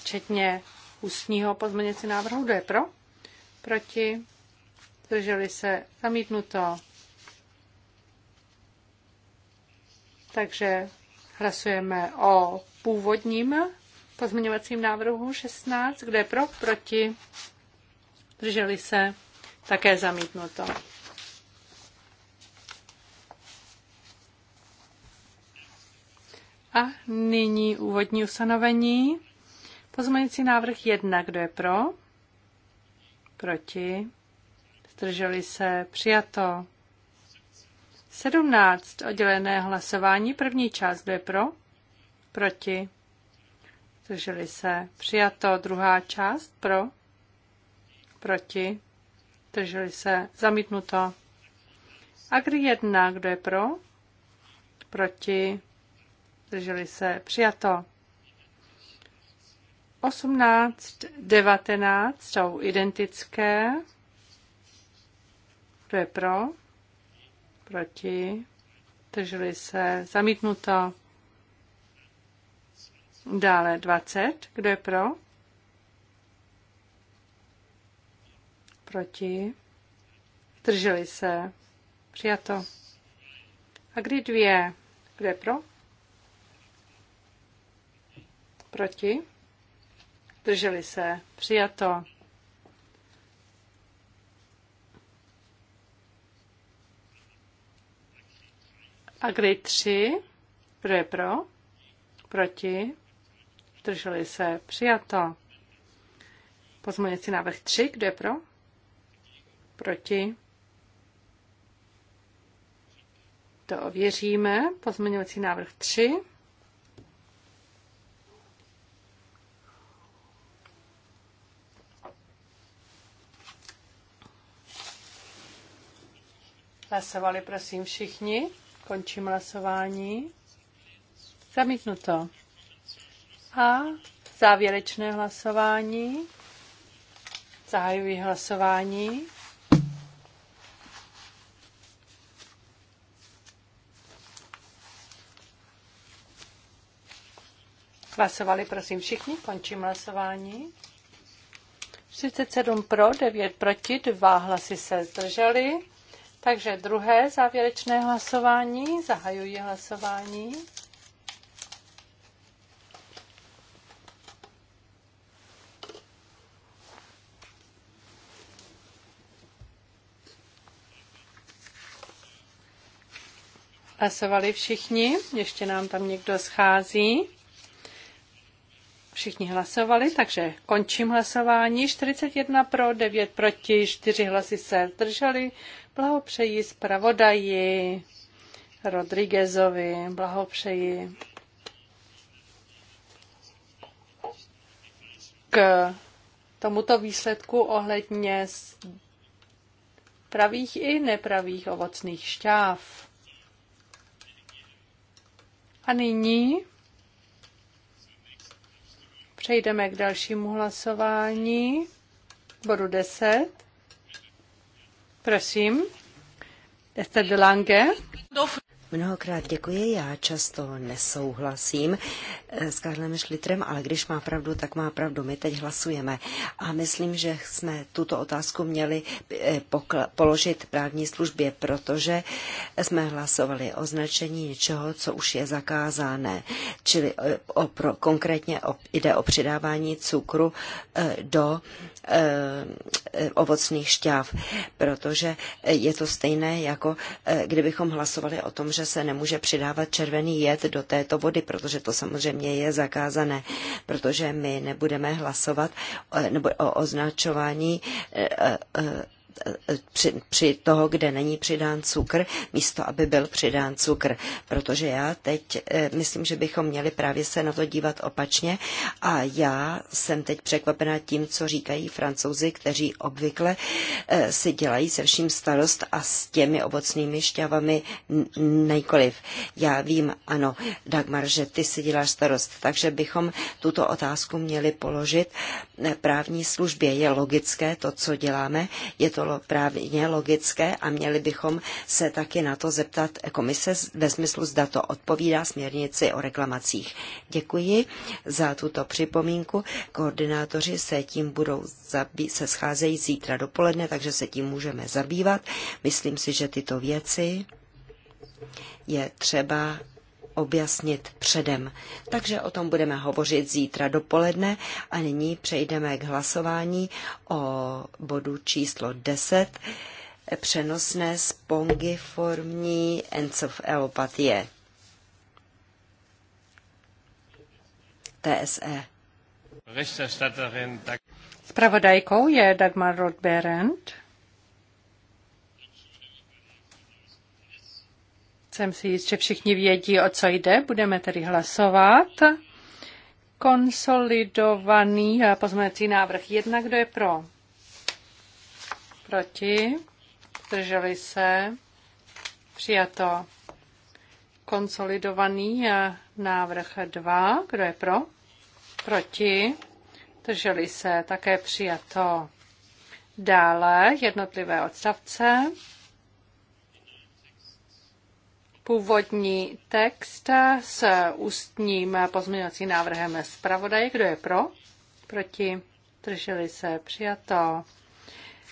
včetně ústního pozměněci návrhu, kdo je pro, proti, drželi se, zamítnuto. Takže Hlasujeme o původním pozměňovacím návrhu 16. Kdo je pro? Proti? Drželi se? Také zamítnuto. A nyní úvodní ustanovení. Pozměňující návrh 1. Kdo je pro? Proti? Zdrželi se? Přijato. 17. Oddělené hlasování. První část. Kdo je pro? Proti? Zdrželi se. Přijato. Druhá část. Pro? Proti? Zdrželi se. Zamítnuto. Agri 1. Kdo je pro? Proti? Zdrželi se. Přijato. 18, 19 jsou identické. Kdo je pro? proti, drželi se, zamítnuto. Dále 20, kdo je pro? Proti, drželi se, přijato. A kdy dvě, kdo je pro? Proti, drželi se, přijato. Agri 3. Kdo je pro? Proti? Drželi se. Přijato. Pozměňující návrh 3. Kdo je pro? Proti? To ověříme. Pozměňovací návrh 3. Hlasovali prosím všichni. Končím hlasování. Zamítnuto. A závěrečné hlasování. Zahajuji hlasování. Hlasovali prosím všichni, končím hlasování. 37 pro, 9 proti, 2 hlasy se zdrželi. Takže druhé závěrečné hlasování. Zahajuji hlasování. Hlasovali všichni, ještě nám tam někdo schází. Všichni hlasovali, takže končím hlasování. 41 pro, 9 proti, 4 hlasy se zdrželi. Blahopřeji zpravodaji Rodriguezovi. Blahopřeji k tomuto výsledku ohledně pravých i nepravých ovocných šťáv. A nyní Přejdeme k dalšímu hlasování, bodu 10. Prosím, Esther de Lange. Mnohokrát děkuji, já často nesouhlasím eh, s Karlem Šlitrem, ale když má pravdu, tak má pravdu. My teď hlasujeme a myslím, že jsme tuto otázku měli eh, položit právní službě, protože jsme hlasovali o značení něčeho, co už je zakázané, čili eh, o, pro, konkrétně o, jde o přidávání cukru do Eh, ovocných šťáv, protože je to stejné, jako eh, kdybychom hlasovali o tom, že se nemůže přidávat červený jed do této vody, protože to samozřejmě je zakázané, protože my nebudeme hlasovat eh, nebo o označování při, při toho, kde není přidán cukr, místo aby byl přidán cukr. Protože já teď eh, myslím, že bychom měli právě se na to dívat opačně a já jsem teď překvapená tím, co říkají francouzi, kteří obvykle eh, si dělají se vším starost a s těmi ovocnými šťavami nejkoliv. Já vím, ano, Dagmar, že ty si děláš starost, takže bychom tuto otázku měli položit eh, právní službě. Je logické to, co děláme, je to bylo právě logické a měli bychom se taky na to zeptat komise ve smyslu, zda to odpovídá směrnici o reklamacích. Děkuji za tuto připomínku. Koordinátoři se tím budou zabí- se scházejí zítra dopoledne, takže se tím můžeme zabývat. Myslím si, že tyto věci je třeba objasnit předem. Takže o tom budeme hovořit zítra dopoledne a nyní přejdeme k hlasování o bodu číslo 10 přenosné spongiformní encefalopatie. TSE. Spravodajkou je Dagmar Rodberend. Jsem si jist, že všichni vědí, o co jde. Budeme tedy hlasovat. Konsolidovaný eh, pozměňovací návrh Jedna, Kdo je pro? Proti? Zdrželi se? Přijato. Konsolidovaný eh, návrh 2. Kdo je pro? Proti? Zdrželi se? Také přijato. Dále jednotlivé odstavce původní text s ústním pozměňovacím návrhem zpravodaje. Kdo je pro? Proti? Drželi se? Přijato.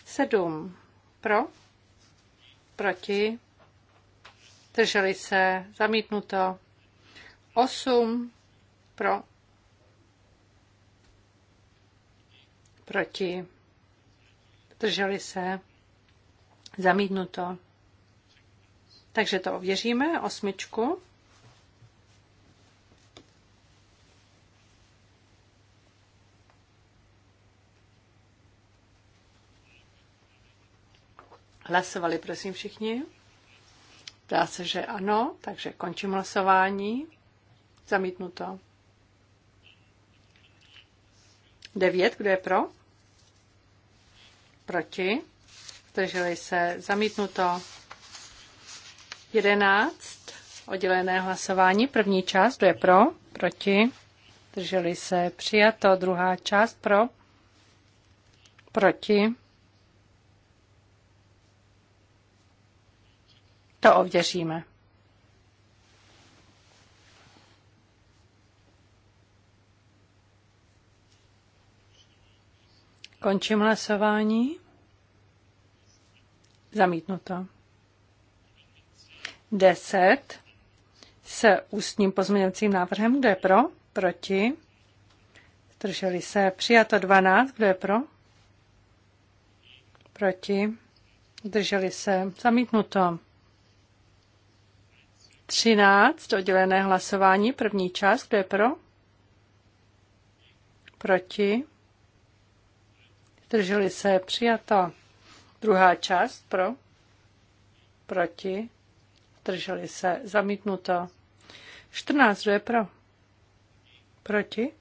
Sedm. Pro? Proti? Drželi se? Zamítnuto. Osm. Pro? Proti? Drželi se? Zamítnuto. Takže to ověříme, osmičku. Hlasovali, prosím, všichni. Dá se, že ano, takže končím hlasování. Zamítnuto. Devět, Kdo je pro? Proti? Zdrželi se. Zamítnuto. 11. Oddělené hlasování. První část, kdo je pro? Proti? Drželi se přijato. Druhá část pro? Proti? To ověříme. Končím hlasování. Zamítnuto. 10 s ústním pozměňovacím návrhem. Kdo je pro? Proti? Drželi se. Přijato 12. Kdo je pro? Proti? Drželi se. Zamítnuto. 13. Oddělené hlasování. První část. Kdo je pro? Proti? Drželi se. Přijato. Druhá část. Pro? Proti? zdrželi se, zamítnuto. 14, kdo je pro? Proti?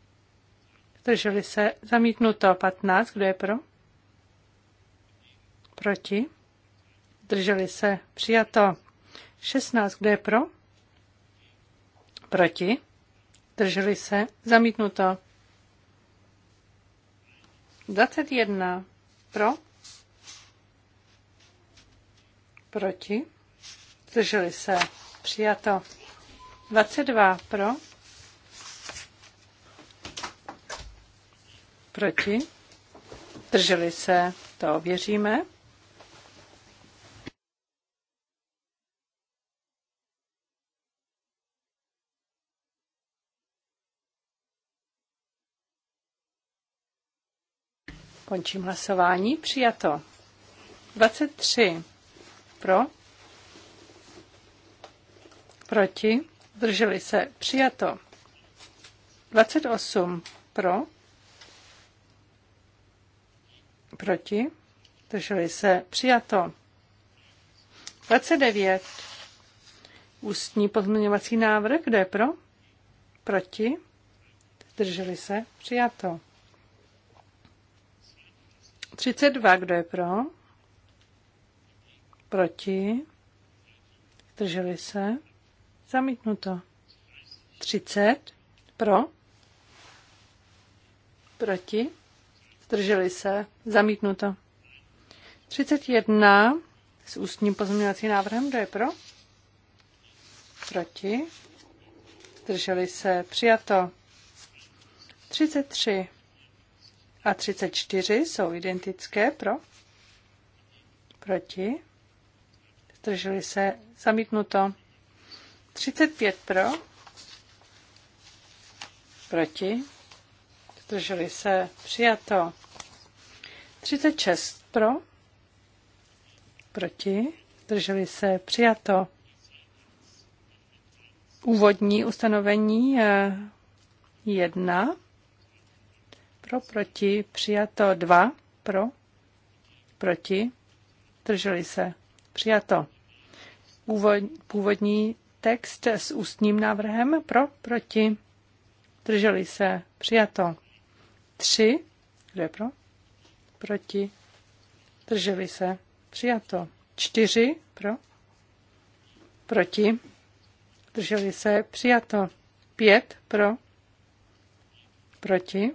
Zdrželi se, zamítnuto. 15, kdo je pro? Proti? Zdrželi se, přijato. 16, kdo je pro? Proti? Zdrželi se, zamítnuto. 21, pro? Proti? Zdrželi se. Přijato. 22 pro. Proti. Zdrželi se. To ověříme. Končím hlasování. Přijato. 23 pro. Proti? Zdrželi se. Přijato. 28 pro. Proti? Zdrželi se. Přijato. 29. Ústní pozměňovací návrh. Kdo je pro? Proti? Zdrželi se. Přijato. 32. Kdo je pro? Proti? Zdrželi se. Zamítnuto. 30. Pro. Proti. Zdrželi se. Zamítnuto. 31. S ústním pozměňovacím návrhem. Kdo je pro? Proti. Zdrželi se. Přijato. 33 a 34 jsou identické. Pro? Proti. Zdrželi se. Zamítnuto. 35 pro, proti, zdrželi se, přijato. 36 pro, proti, zdrželi se, přijato. Úvodní ustanovení eh, je 1, pro, proti, přijato 2, pro, proti, drželi se, přijato. Původní text s ústním návrhem pro, proti, drželi se, přijato. Tři, kdo je pro, proti, drželi se, přijato. Čtyři, pro, proti, drželi se, přijato. Pět, pro, proti,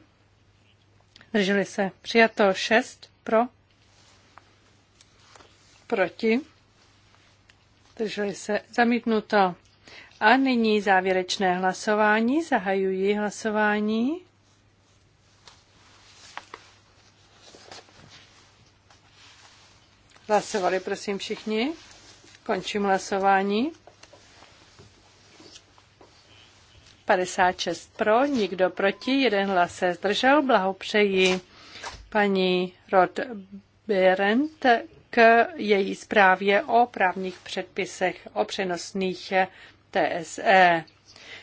drželi se, přijato. Šest, pro, proti, zdrželi se, zamítnuto. A nyní závěrečné hlasování. Zahajuji hlasování. Hlasovali prosím všichni. Končím hlasování. 56 pro, nikdo proti, jeden hlas se zdržel. Blahopřeji paní Rod Berend k její zprávě o právních předpisech o přenosných TSE.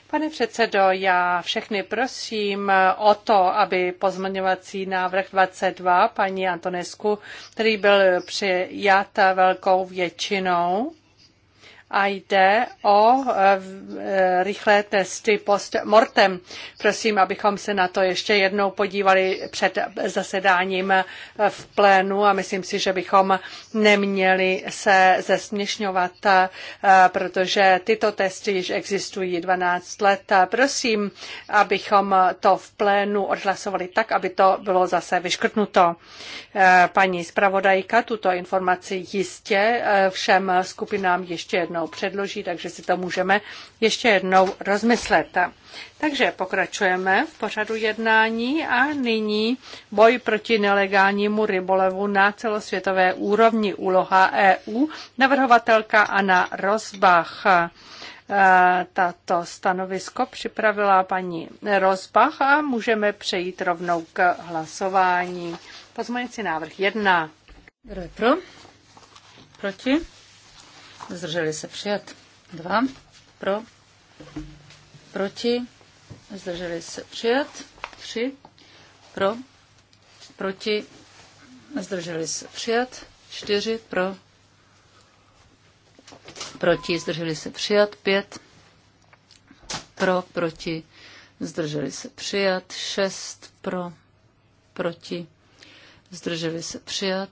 Pane předsedo, já všechny prosím o to, aby pozměňovací návrh 22 paní Antonesku, který byl přijat velkou většinou, a jde o e, e, rychlé testy post mortem. Prosím, abychom se na to ještě jednou podívali před zasedáním e, v plénu a myslím si, že bychom neměli se zesměšňovat, protože tyto testy již existují 12 let. Prosím, abychom to v plénu odhlasovali tak, aby to bylo zase vyškrtnuto. Paní zpravodajka tuto informaci jistě všem skupinám ještě jednou jednou předloží, takže si to můžeme ještě jednou rozmyslet. Takže pokračujeme v pořadu jednání a nyní boj proti nelegálnímu rybolovu na celosvětové úrovni úloha EU, navrhovatelka Anna Rozbach e, tato stanovisko připravila paní Rozbach a můžeme přejít rovnou k hlasování. Pozměňující návrh 1. Kdo je pro? Proti? zdrželi se přijat. Dva pro, proti, zdrželi se přijat. Tři pro, proti, zdrželi se přijat. Čtyři pro, proti, zdrželi se přijat. Pět pro, proti, zdrželi se přijat. Šest pro, proti, zdrželi se přijat.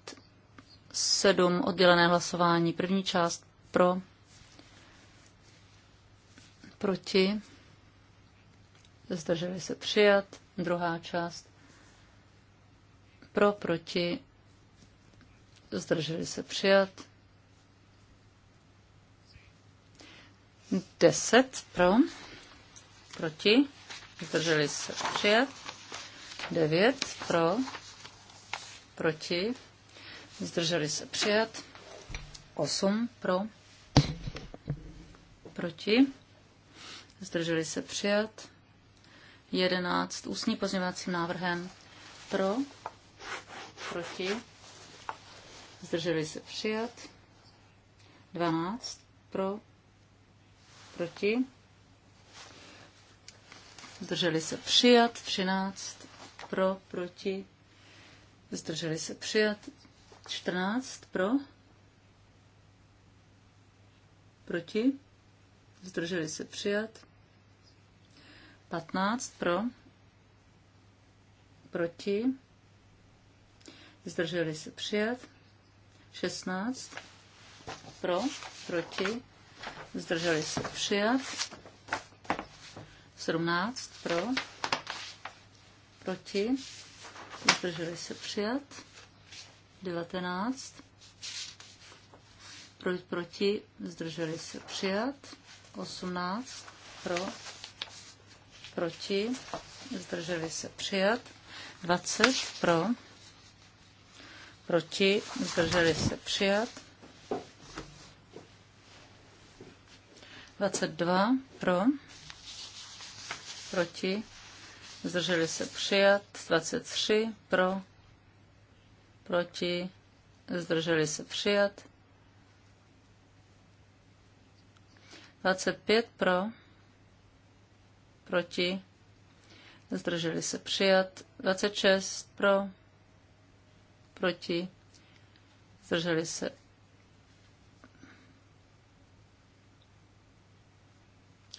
Sedm oddělené hlasování, první část pro, proti, zdrželi se přijat, druhá část, pro, proti, zdrželi se přijat, deset pro, proti, zdrželi se přijat, devět pro, proti, zdrželi se přijat, osm pro, proti, zdrželi se přijat, 11 ústní pozměňovacím návrhem pro, proti, zdrželi se přijat, 12 pro, proti, zdrželi se přijat, 13 pro, proti, zdrželi se přijat, 14 pro, proti, zdrželi se přijat. 15 pro, proti, zdrželi se přijat. 16 pro, proti, zdrželi se přijat. 17 pro, proti, zdrželi se přijat. 19 proti, zdrželi se přijat. 18 pro, proti, zdrželi se přijat, 20 pro, proti, zdrželi se přijat, 22 pro, proti, zdrželi se přijat, 23 pro, proti, zdrželi se přijat, 25 pro, proti, zdrželi se přijat. 26 pro, proti, zdrželi se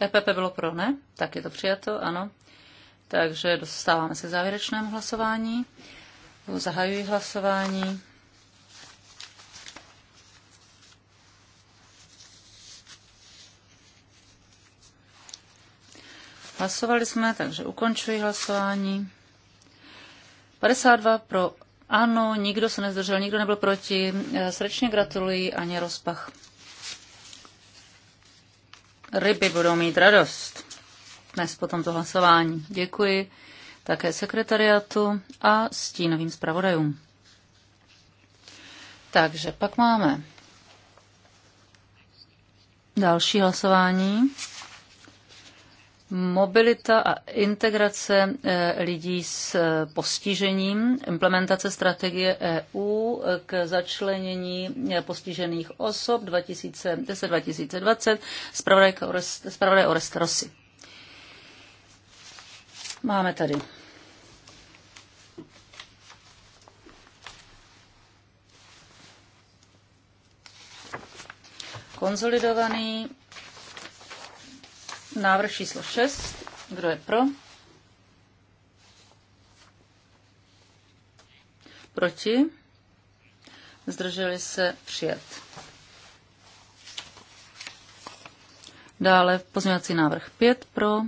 EPP bylo pro, ne? Tak je to přijato, ano. Takže dostáváme se k závěrečnému hlasování. Zahajuji hlasování. Hlasovali jsme, takže ukončuji hlasování. 52 pro ano, nikdo se nezdržel, nikdo nebyl proti. Eh, srdečně gratuluji Aně Rozpach. Ryby budou mít radost dnes po tomto hlasování. Děkuji také sekretariatu a stínovým zpravodajům. Takže pak máme další hlasování. Mobilita a integrace eh, lidí s eh, postižením, implementace strategie EU eh, k začlenění postižených osob 2010-2020, zpravodaj Orest Rossi. Máme tady konsolidovaný Návrh číslo 6. Kdo je pro? Proti? Zdrželi se přijat. Dále pozměňovací návrh 5 pro.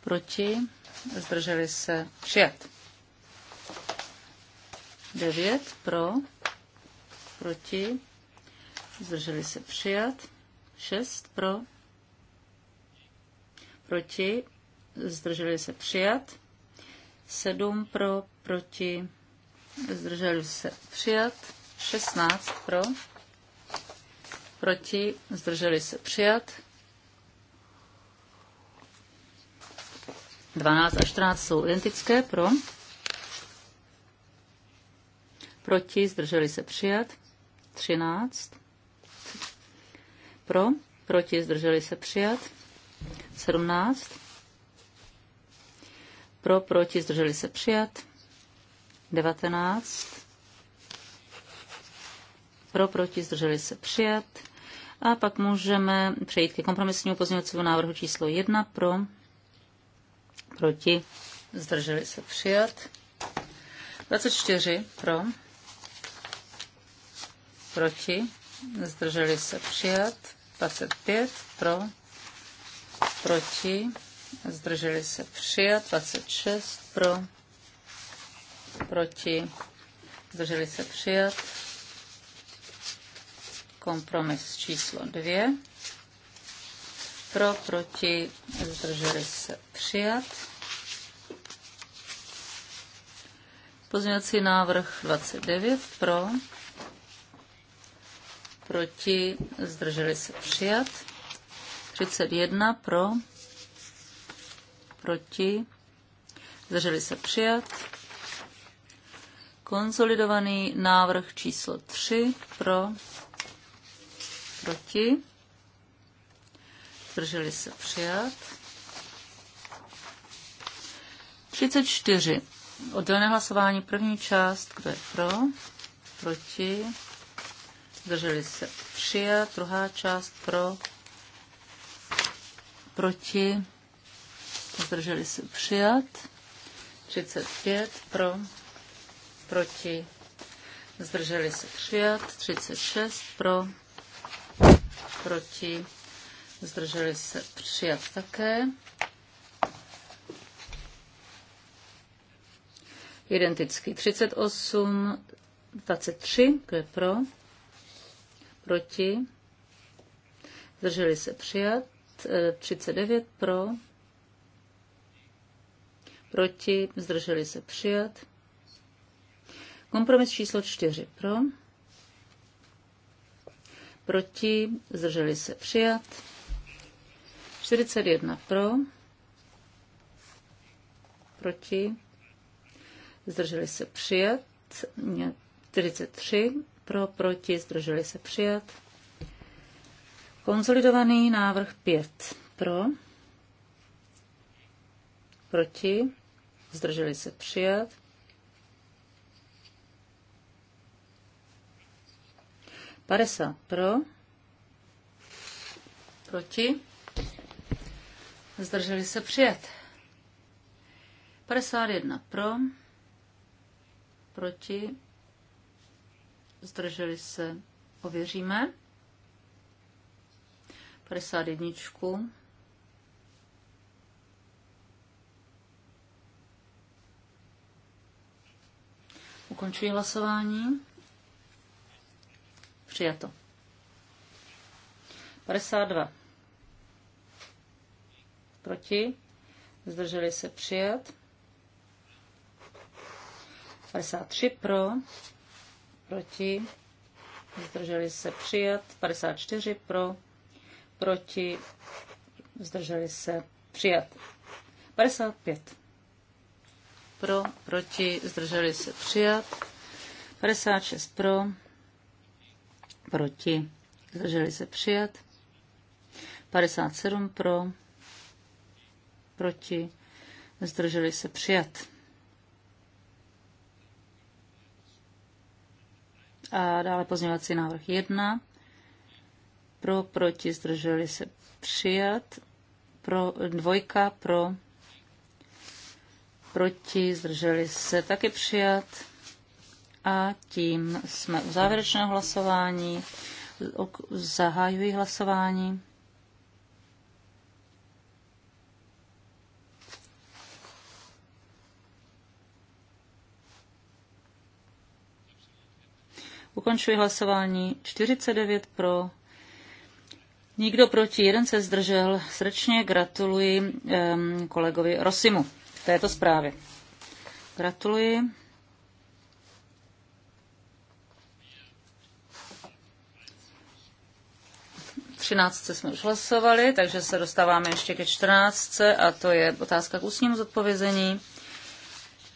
Proti? Zdrželi se přijat. 9 pro. Proti? Zdrželi se přijat. 6 pro, proti, zdrželi se přijat. 7 pro, proti, zdrželi se přijat. 16 pro, proti, zdrželi se přijat. 12 a 14 jsou identické pro, proti, zdrželi se přijat. 13 pro, proti, zdrželi se přijat. 17. Pro, proti, zdrželi se přijat. 19. Pro, proti, zdrželi se přijat. A pak můžeme přejít ke kompromisnímu pozměňovacímu návrhu číslo 1 pro, proti, zdrželi se přijat. 24 pro, proti, zdrželi se přijat. 25 pro, proti, zdrželi se přijat, 26 pro, proti, zdrželi se přijat, kompromis číslo 2, pro, proti, zdrželi se přijat, pozměňovací návrh 29 pro, proti, zdrželi se přijat. 31 pro, proti, zdrželi se přijat. Konsolidovaný návrh číslo 3 pro, proti, zdrželi se přijat. 34. Oddělené hlasování první část, kdo je pro, proti, zdrželi se přijat, druhá část pro, proti, zdrželi se přijat, 35 pro, proti, zdrželi se přijat, 36 pro, proti, zdrželi se přijat také. Identický 38, 23, kdo je pro? proti, zdrželi se přijat, 39 eh, pro, proti, zdrželi se přijat. Kompromis číslo 4 pro, proti, zdrželi se přijat. 41 pro, proti, zdrželi se přijat. 43 pro, proti, zdrželi se přijat. Konsolidovaný návrh 5 pro, proti, zdrželi se přijat. Padesát pro, proti, zdrželi se přijat. 51 pro, proti, zdrželi se, ověříme. 51. Ukončuji hlasování. Přijato. 52. Proti. Zdrželi se přijat. 53 pro proti, zdrželi se přijat, 54 pro, proti, zdrželi se přijat, 55 pro, proti, zdrželi se přijat, 56 pro, proti, zdrželi se přijat, 57 pro, proti, zdrželi se přijat. A dále pozměňovací návrh 1. Pro, proti, zdrželi se přijat. Pro, dvojka, pro, proti, zdrželi se taky přijat. A tím jsme u závěrečného hlasování. Zahajuji hlasování. Ukončuji hlasování. 49 pro, nikdo proti, jeden se zdržel. Srdečně gratuluji um, kolegovi Rosimu v této zprávě. Gratuluji. třináctce jsme už hlasovali, takže se dostáváme ještě ke čtrnáctce a to je otázka k ústnímu zodpovězení.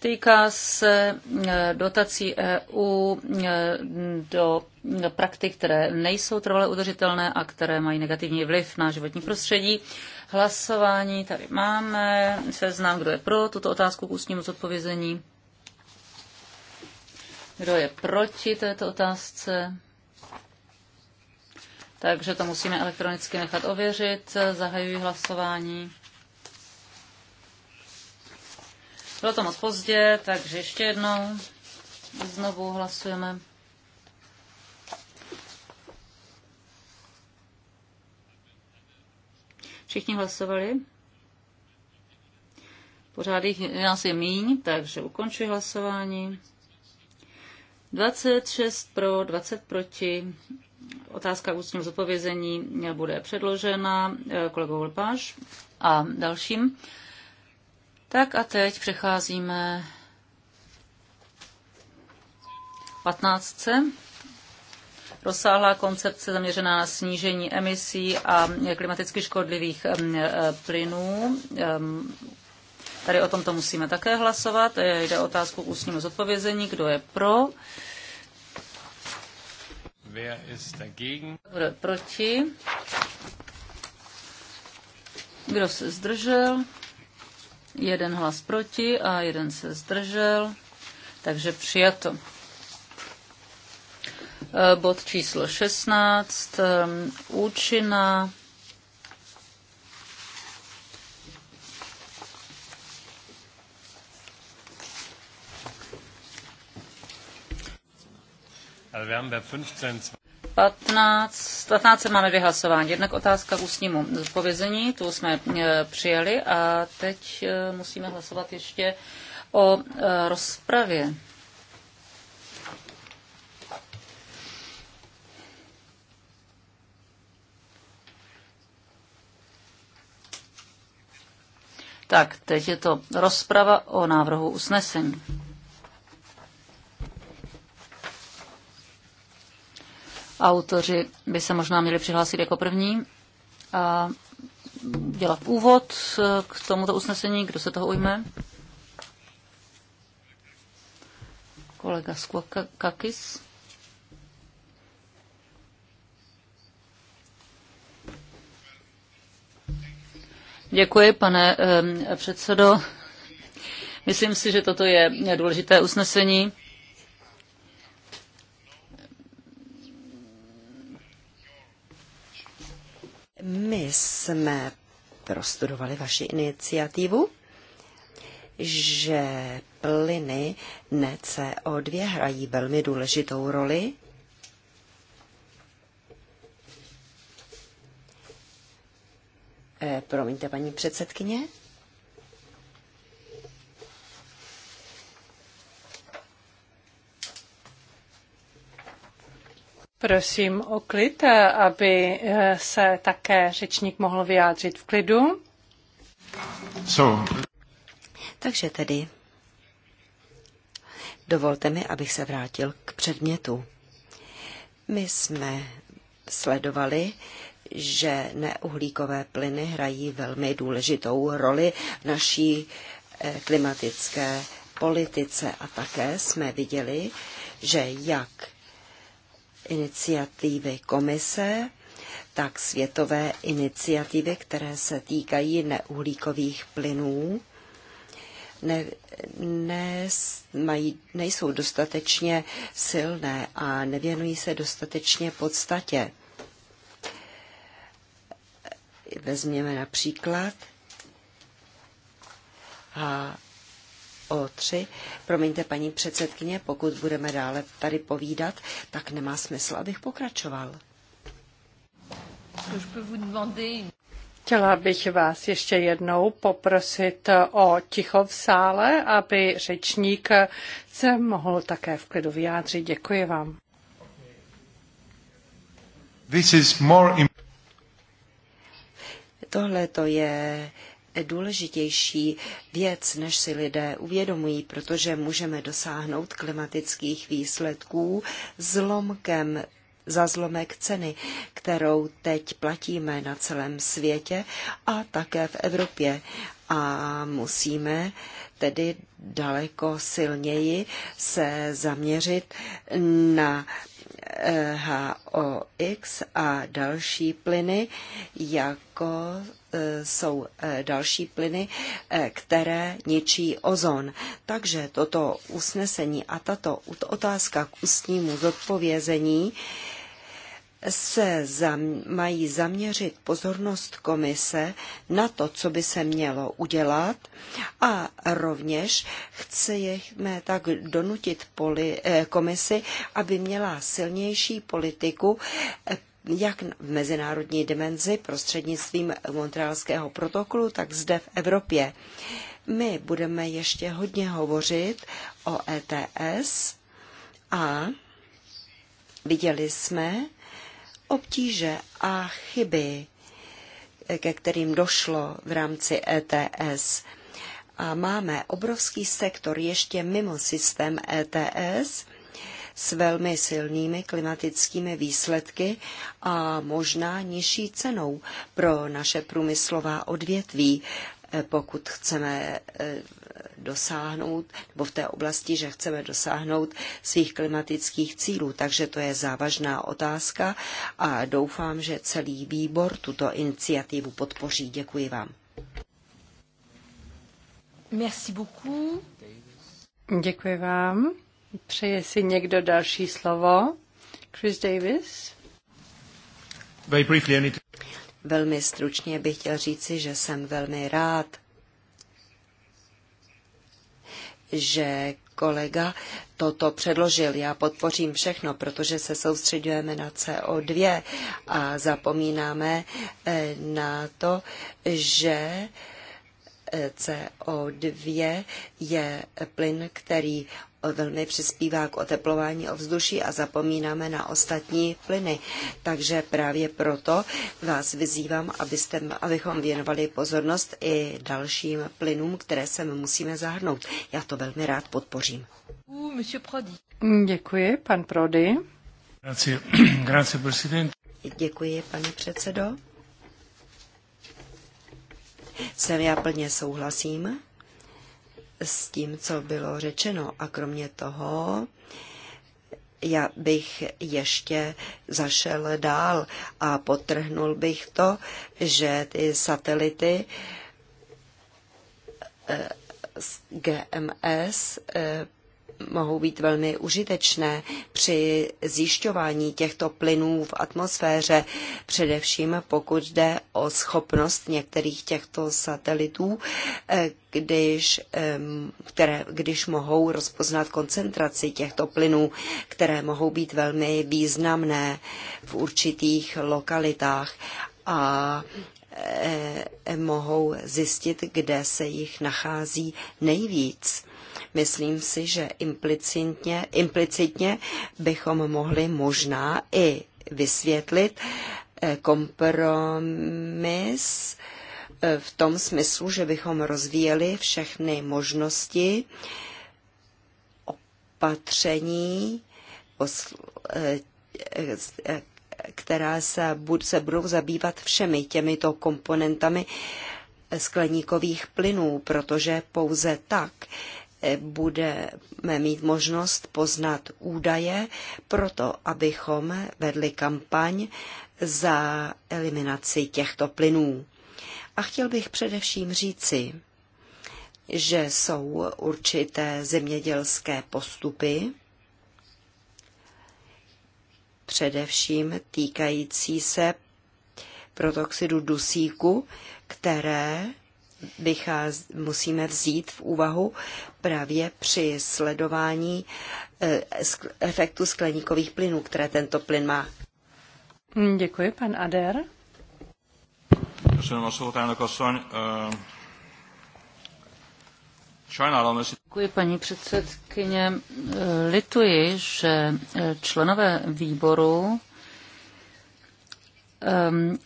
Týká se eh, dotací EU eh, do praktik, které nejsou trvale udržitelné a které mají negativní vliv na životní prostředí. Hlasování tady máme. Seznam, kdo je pro tuto otázku k ústnímu zodpovězení. Kdo je proti této otázce? Takže to musíme elektronicky nechat ověřit. Zahajuji hlasování. Bylo to moc pozdě, takže ještě jednou znovu hlasujeme. Všichni hlasovali? Pořád jich nás je míň, takže ukončuji hlasování. 26 pro, 20 proti. Otázka ústního zodpovězení bude předložena eh, kolegou Lpáš a dalším. Tak a teď přecházíme 15. Rozsáhlá koncepce zaměřená na snížení emisí a klimaticky škodlivých e, plynů. Tady o tomto musíme také hlasovat. E, jde o otázku ústního zodpovězení. Kdo je pro? Wer ist dagegen? Kdo je proti? Kdo se zdržel? Jeden hlas proti a jeden se zdržel, takže přijato. E, bod číslo 16. E, Účina. Also wir haben bei 15, 15, 15 máme dvě hlasování. Jednak otázka k ústnímu zodpovězení, tu jsme e, přijeli a teď e, musíme hlasovat ještě o e, rozpravě. Tak, teď je to rozprava o návrhu usnesení. Autoři by se možná měli přihlásit jako první a dělat úvod k tomuto usnesení. Kdo se toho ujme? Kolega Skakis. Děkuji, pane eh, předsedo. Myslím si, že toto je důležité usnesení My jsme prostudovali vaši iniciativu, že plyny NCO2 hrají velmi důležitou roli eh, Promiňte, paní předsedkyně. Prosím o klid, aby eh, se také řečník mohl vyjádřit v klidu. So. Takže tedy dovolte mi, abych se vrátil k předmětu. My jsme sledovali, že neuhlíkové plyny hrají velmi důležitou roli v naší eh, klimatické politice a také jsme viděli, že jak iniciativy komise, tak světové iniciativy, které se týkají neuhlíkových plynů, ne, ne, mají, nejsou dostatečně silné a nevěnují se dostatečně podstatě. Vezměme například a o tři. Promiňte, paní předsedkyně, pokud budeme dále tady povídat, tak nemá smysl, abych pokračoval. Chtěla bych vás ještě jednou poprosit o ticho v sále, aby řečník se mohl také v klidu vyjádřit. Děkuji vám. This is more Tohle to je důležitější věc, než si lidé uvědomují, protože můžeme dosáhnout klimatických výsledků zlomkem za zlomek ceny, kterou teď platíme na celém světě a také v Evropě. A musíme tedy daleko silněji se zaměřit na HOX eh, a další plyny, jako eh, jsou eh, další plyny, které ničí ozon. Takže toto usnesení a tato otázka k ústnímu zodpovězení se zam, mají zaměřit pozornost komise na to, co by se mělo udělat a rovněž chceme tak donutit poli, eh, komisi, aby měla silnější politiku eh, jak v mezinárodní dimenzi prostřednictvím Montrealského protokolu, tak zde v Evropě. My budeme ještě hodně hovořit o ETS a viděli jsme, Obtíže a chyby, ke kterým došlo v rámci ETS. A máme obrovský sektor ještě mimo systém ETS s velmi silnými klimatickými výsledky a možná nižší cenou pro naše průmyslová odvětví, e, pokud chceme e, dosáhnout, nebo v té oblasti, že chceme dosáhnout svých klimatických cílů. Takže to je závažná otázka a doufám, že celý výbor tuto iniciativu podpoří. Děkuji vám. Merci beaucoup. Děkuji vám. Přeje si někdo další slovo? Chris Davis? Very briefly, Velmi stručně bych chtěl říci, že jsem velmi rád, že kolega toto předložil. Já podpořím všechno, protože se soustředujeme na CO2 a zapomínáme eh, na to, že eh, CO2 je plyn, který odrny přispívá k oteplování ovzduší a zapomínáme na ostatní plyny. Takže právě proto vás vyzývám, abyste, abychom věnovali pozornost i dalším plynům, které se musíme zahrnout. Já to velmi rád podpořím. Děkuji, pan Prody. Grazie, grazie, Děkuji, pane předsedo. Jsem já plně souhlasím s tím, co bylo řečeno. A kromě toho já bych ještě zašel dál a potrhnul bych to, že ty satelity GMS eh, mohou být velmi užitečné při zjišťování těchto plynů v atmosféře, především pokud jde o schopnost některých těchto satelitů, eh, když, které, když mohou rozpoznat koncentraci těchto plynů, které mohou být velmi významné v určitých lokalitách a eh, mohou zjistit, kde se jich nachází nejvíc. Myslím si, že implicitně, implicitně bychom mohli možná i vysvětlit eh, kompromis eh, v tom smyslu, že bychom rozvíjeli všechny možnosti opatření, eh, která se, bud, se budou zabývat všemi těmito komponentami skleníkových plynů, protože pouze tak budeme mít možnost poznat údaje proto, abychom vedli kampaň za eliminaci těchto plynů. A chtěl bych především říci, že jsou určité zemědělské postupy, především týkající se protoxidu dusíku, které vycház, eh, musíme vzít v úvahu právě při sledování eh, efektu skleníkových plynů, které tento plyn má. Mm, děkuji, pan Ader. Eh, děkuji, paní předsedkyně. Lituji, že členové výboru ehm,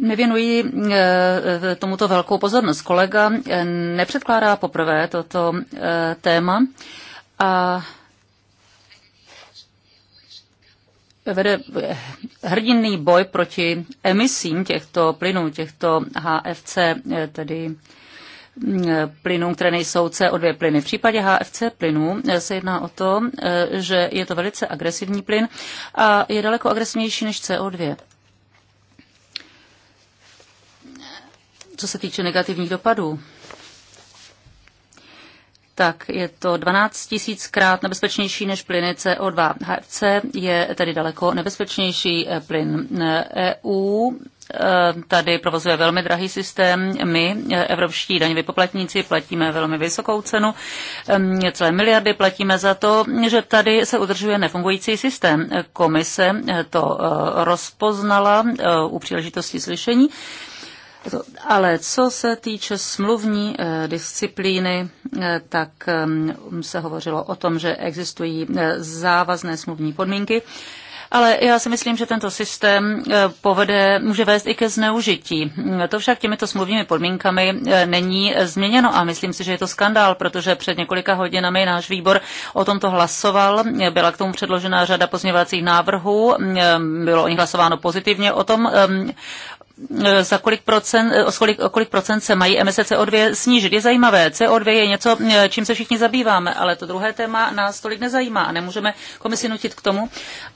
nevěnují e, tomuto velkou pozornost. Kolega e, nepředkládá poprvé toto e, téma a vede hrdinný boj proti emisím těchto plynů, těchto HFC, tedy plynů, které nejsou CO2 plyny. V případě HFC plynů se jedná o to, že je to velice agresivní plyn a je daleko agresivnější než CO2. co se týče negativních dopadů, tak je to 12 tisíckrát nebezpečnější než plyny CO2. HFC je tedy daleko nebezpečnější eh, plyn EU. Eh, e eh, tady provozuje velmi drahý systém. My, evropští daňoví poplatníci, platíme velmi vysokou cenu. Celé miliardy platíme za to, že tady se udržuje nefungující systém. Komise to rozpoznala u příležitosti slyšení ale co se týče smluvní eh, disciplíny, eh, tak ehm, se hovořilo o tom, že existují eh, závazné smluvní podmínky. Ale já si myslím, že tento systém povede, může vést i ke zneužití. Mm, to však těmito smluvními podmínkami není změněno a myslím si, že je to skandál, protože před několika hodinami náš výbor o tomto hlasoval. Byla k tomu předložena řada pozměňovacích návrhů, mm, bylo o nich hlasováno pozitivně. O tom ehm, E, za kolik procent, e, o, kolik, o kolik procent se mají emise CO2 snížit. Je zajímavé, CO2 je něco, e, čím se všichni zabýváme, ale to druhé téma nás tolik nezajímá a nemůžeme komisi nutit k tomu,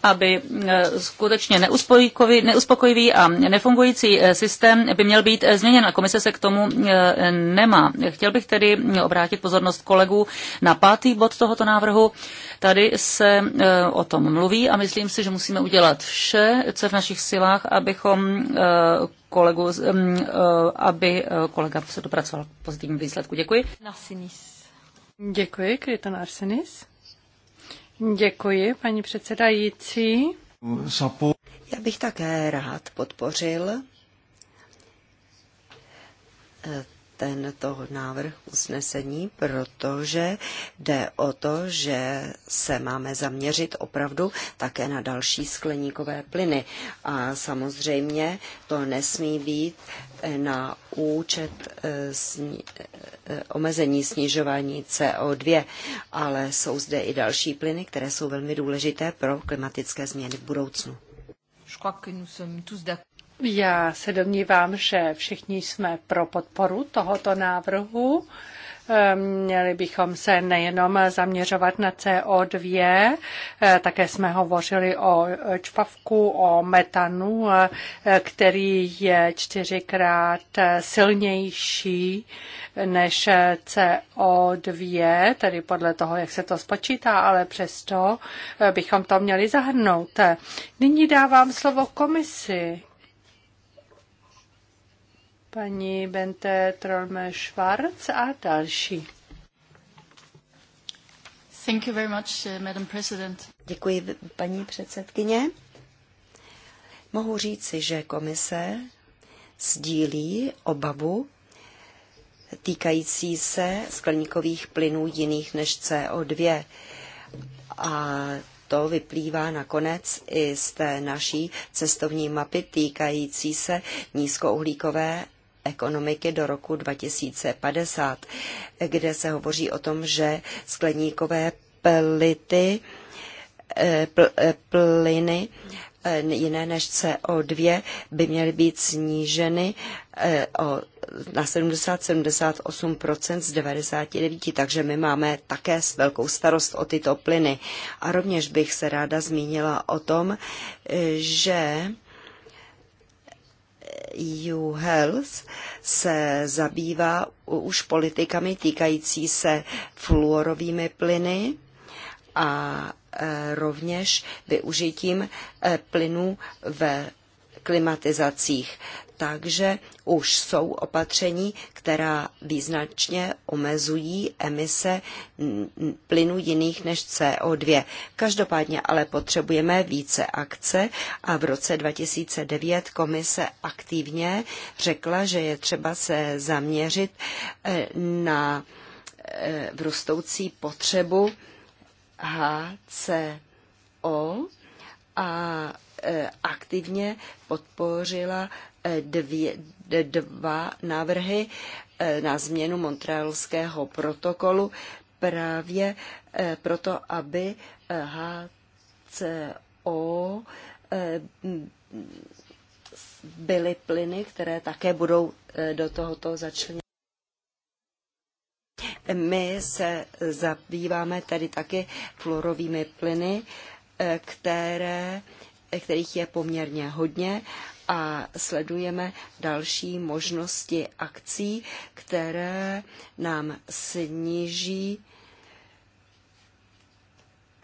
aby skutečně neuspokojivý a nefungující systém by měl být změněn a komise se k tomu nemá. Chtěl bych tedy obrátit pozornost kolegů na pátý bod tohoto návrhu, Tady se eh, o tom mluví a myslím si, že musíme udělat vše, co je v našich silách, abychom eh, kolegu, mm, eh, aby kolega se dopracoval k pozitivnímu výsledku. Děkuji. Narsinis. Děkuji, Kryton Arsenis. Děkuji, paní předsedající. Já bych také rád podpořil tento návrh usnesení, protože jde o to, že se máme zaměřit opravdu také na další skleníkové plyny. A samozřejmě to nesmí být eh, na účet eh, sni- eh, omezení snižování CO2, ale jsou zde i další plyny, které jsou velmi důležité pro klimatické změny v budoucnu. Já se domnívám, že všichni jsme pro podporu tohoto návrhu. Ehm, měli bychom se nejenom zaměřovat na CO2, eh, také jsme hovořili o čpavku, o metanu, eh, který je čtyřikrát eh, silnější než CO2, tedy podle toho, jak se to spočítá, ale přesto bychom to měli zahrnout. Nyní dávám slovo komisi paní Bente Trolme Schwarz a další. Thank you very much, eh, Madam President. Děkuji, paní předsedkyně. Mohu říci, že komise sdílí obavu týkající se skleníkových plynů jiných než CO2. A to vyplývá nakonec i z té naší cestovní mapy týkající se nízkouhlíkové ekonomiky do roku 2050, kde se hovoří o tom, že skleníkové plity, eh, pl, eh, plyny eh, jiné než CO2 by měly být sníženy o, na 70-78% z 99, takže my máme také s velkou starost o tyto plyny. A rovněž bych se ráda zmínila o tom, že EU Health se zabývá už politikami týkající se fluorovými plyny a e, rovněž využitím e, plynů ve klimatizacích. Takže už jsou opatření, která význačně omezují emise plynů jiných než CO2. Každopádně ale potřebujeme více akce a v roce 2009 komise aktivně řekla, že je třeba se zaměřit eh, na eh, v rostoucí potřebu HCO a eh, aktivně podpořila dvě, dva návrhy eh, na změnu Montrealského protokolu právě eh, proto, aby HCO eh, byly plyny, které také budou do tohoto začleněny. My se zabýváme tedy taky fluorovými plyny, které E, kterých je poměrně hodně a sledujeme další možnosti akcí, které nám sníží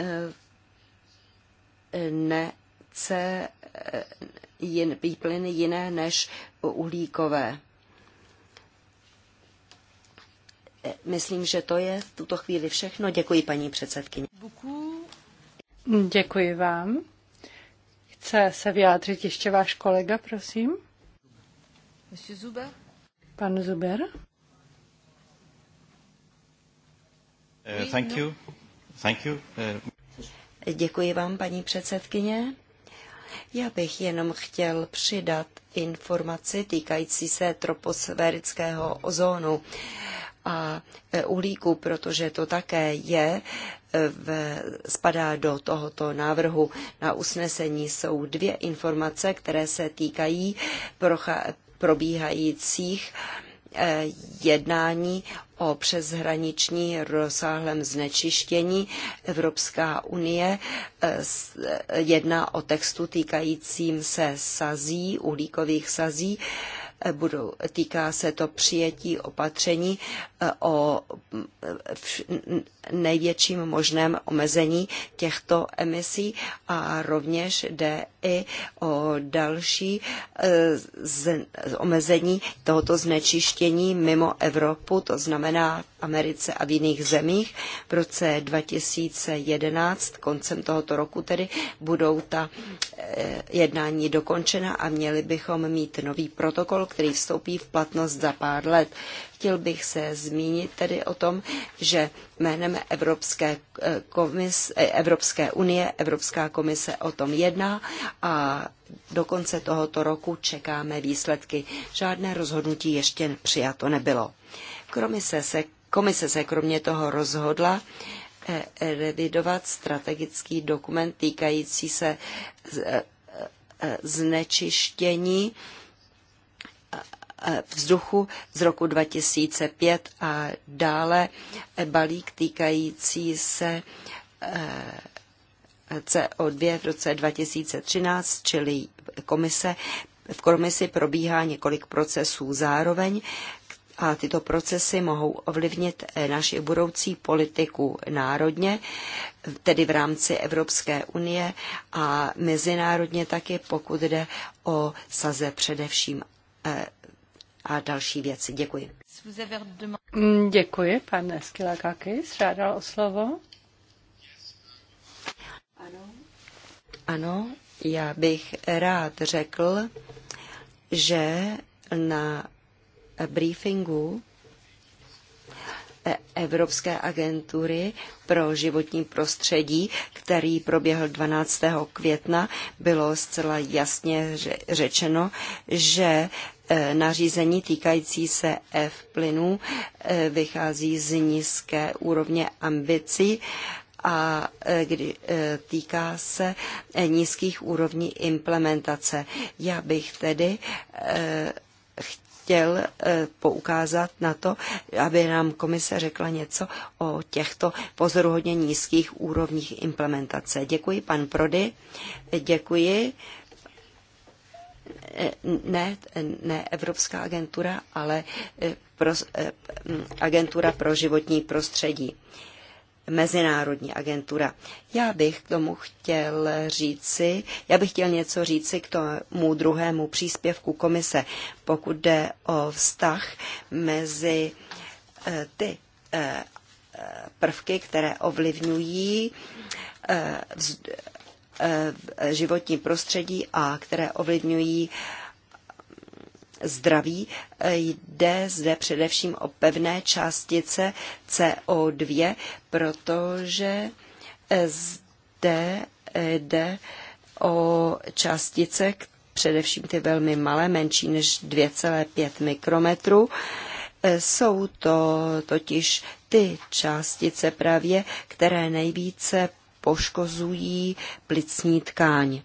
e, nece e, jin, plyny jiné než uhlíkové. Myslím, že to je v tuto chvíli všechno. Děkuji paní předsedkyně. Děkuji vám. Chce se vyjádřit ještě váš kolega, prosím? Pan Zuber? Eh, thank no. you. Thank you. Eh, Děkuji vám, paní předsedkyně. Já bych jenom chtěl přidat informaci týkající se troposférického ozónu a eh, uhlíku, protože to také je v, spadá do tohoto návrhu na usnesení, jsou dvě informace, které se týkají procha, probíhajících eh, jednání o přeshraniční rozsáhlém znečištění. Evropská unie eh, eh, jedná o textu týkajícím se sazí, uhlíkových sazí. Budou, týká se to přijetí opatření o největším možném omezení těchto emisí a rovněž jde i o další e, z, omezení tohoto znečištění mimo Evropu, to znamená v Americe a v jiných zemích. V roce 2011, koncem tohoto roku tedy, budou ta e, jednání dokončena a měli bychom mít nový protokol, který vstoupí v platnost za pár let. Chtěl bych se zmínit tedy o tom, že jménem Evropské, eh, komis, eh, Evropské unie Evropská komise o tom jedná a do konce tohoto roku čekáme výsledky. Žádné rozhodnutí ještě přijato nebylo. Komise se, komise se kromě toho rozhodla, eh, revidovat strategický dokument týkající se znečištění Eh, vzduchu z roku 2005 a dále eh, balík týkající se eh, CO2 v roce 2013, čili komise, v komisi probíhá několik procesů zároveň a tyto procesy mohou ovlivnit naši budoucí politiku národně, tedy v rámci Evropské unie a mezinárodně taky, pokud jde o saze především a další věci. Děkuji. Děkuji, pane Skilakakis. Žádal o slovo. Ano. Ano, já bych rád řekl, že na briefingu Evropské agentury pro životní prostředí, který proběhl 12. května, bylo zcela jasně řečeno, že E, nařízení týkající se F plynů e, vychází z nízké úrovně ambicí a e, kdy týká se nízkých úrovní implementace. Já bych tedy chtěl poukázat na to, aby nám komise řekla něco o těchto pozoruhodně nízkých úrovních implementace. Děkuji, pan Prody. Děkuji. Eh, ne, eh, ne Evropská agentura, ale eh, pro, hm, agentura pro životní prostředí. Mezinárodní agentura. Já bych k tomu chtěl říci, já bych chtěl něco říci k tomu druhému příspěvku komise, pokud jde o vztah mezi ty prvky, které ovlivňují Eh, životní prostředí a které ovlivňují zdraví. Eh, jde zde především o pevné částice CO2, protože eh, zde jde o částice, především ty velmi malé, menší než 2,5 mikrometru. Jsou to totiž ty částice právě, které nejvíce poškozují plicní tkáň.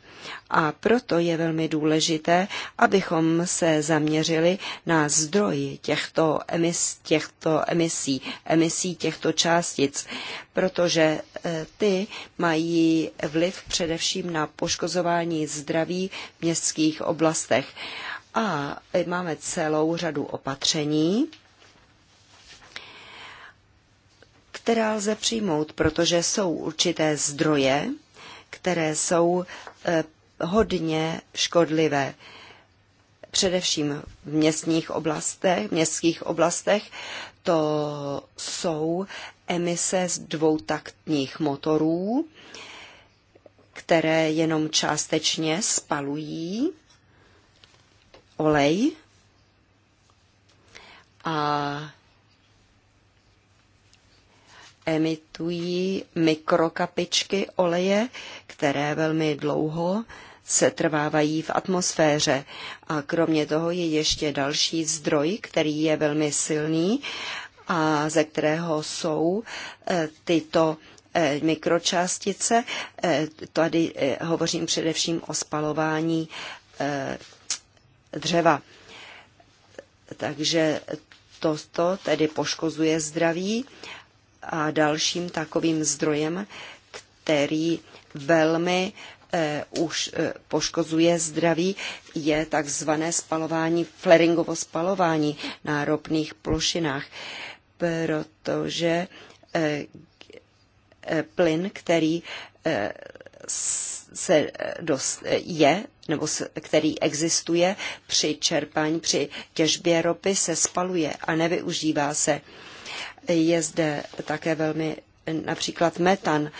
A proto je velmi důležité, abychom se zaměřili na zdroj těchto, emis, těchto emisí, emisí těchto částic, protože e, ty mají vliv především na poškozování zdraví v městských oblastech. A e, máme celou řadu opatření, která lze přijmout, protože jsou určité zdroje, které jsou eh, hodně škodlivé. Především v městních oblastech, městských oblastech to jsou emise z dvoutaktních motorů, které jenom částečně spalují olej a emitují mikrokapičky oleje, které velmi dlouho se trvávají v atmosféře. A kromě toho je ještě další zdroj, který je velmi silný a ze kterého jsou eh, tyto eh, mikročástice. Eh, tady hovořím především o spalování dřeva. Takže toto tedy poškozuje zdraví a dalším takovým zdrojem, který velmi eh, už eh, poškozuje zdraví, je takzvané spalování, fleringovo spalování na ropných plošinách, protože eh, eh plyn, který eh, se dost, je nebo který existuje při čerpání, při těžbě ropy, se spaluje a nevyužívá se. Eh, je zde také velmi například metan,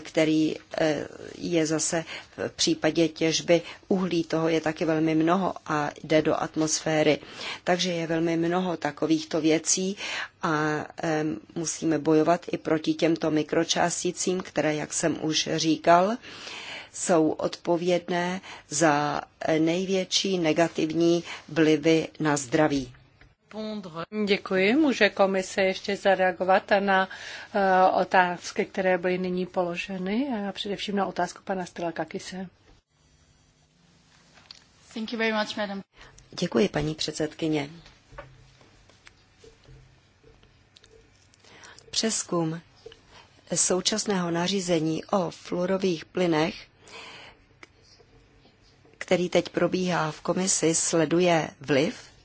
který eh, je zase v případě těžby uhlí, toho je taky velmi mnoho a jde do atmosféry. Takže je velmi mnoho takovýchto věcí a eh, musíme bojovat i proti těmto mikročásticím, které, jak jsem už říkal, jsou odpovědné za eh, největší negativní vlivy na zdraví. Děkuji. Může komise ještě zareagovat na eh, otázky, které byly nyní položeny a především na otázku pana Stila Kakise. Thank you very much, madam. Děkuji, paní předsedkyně. Přeskum současného nařízení o fluorových plynech, který teď probíhá v komisi, sleduje vliv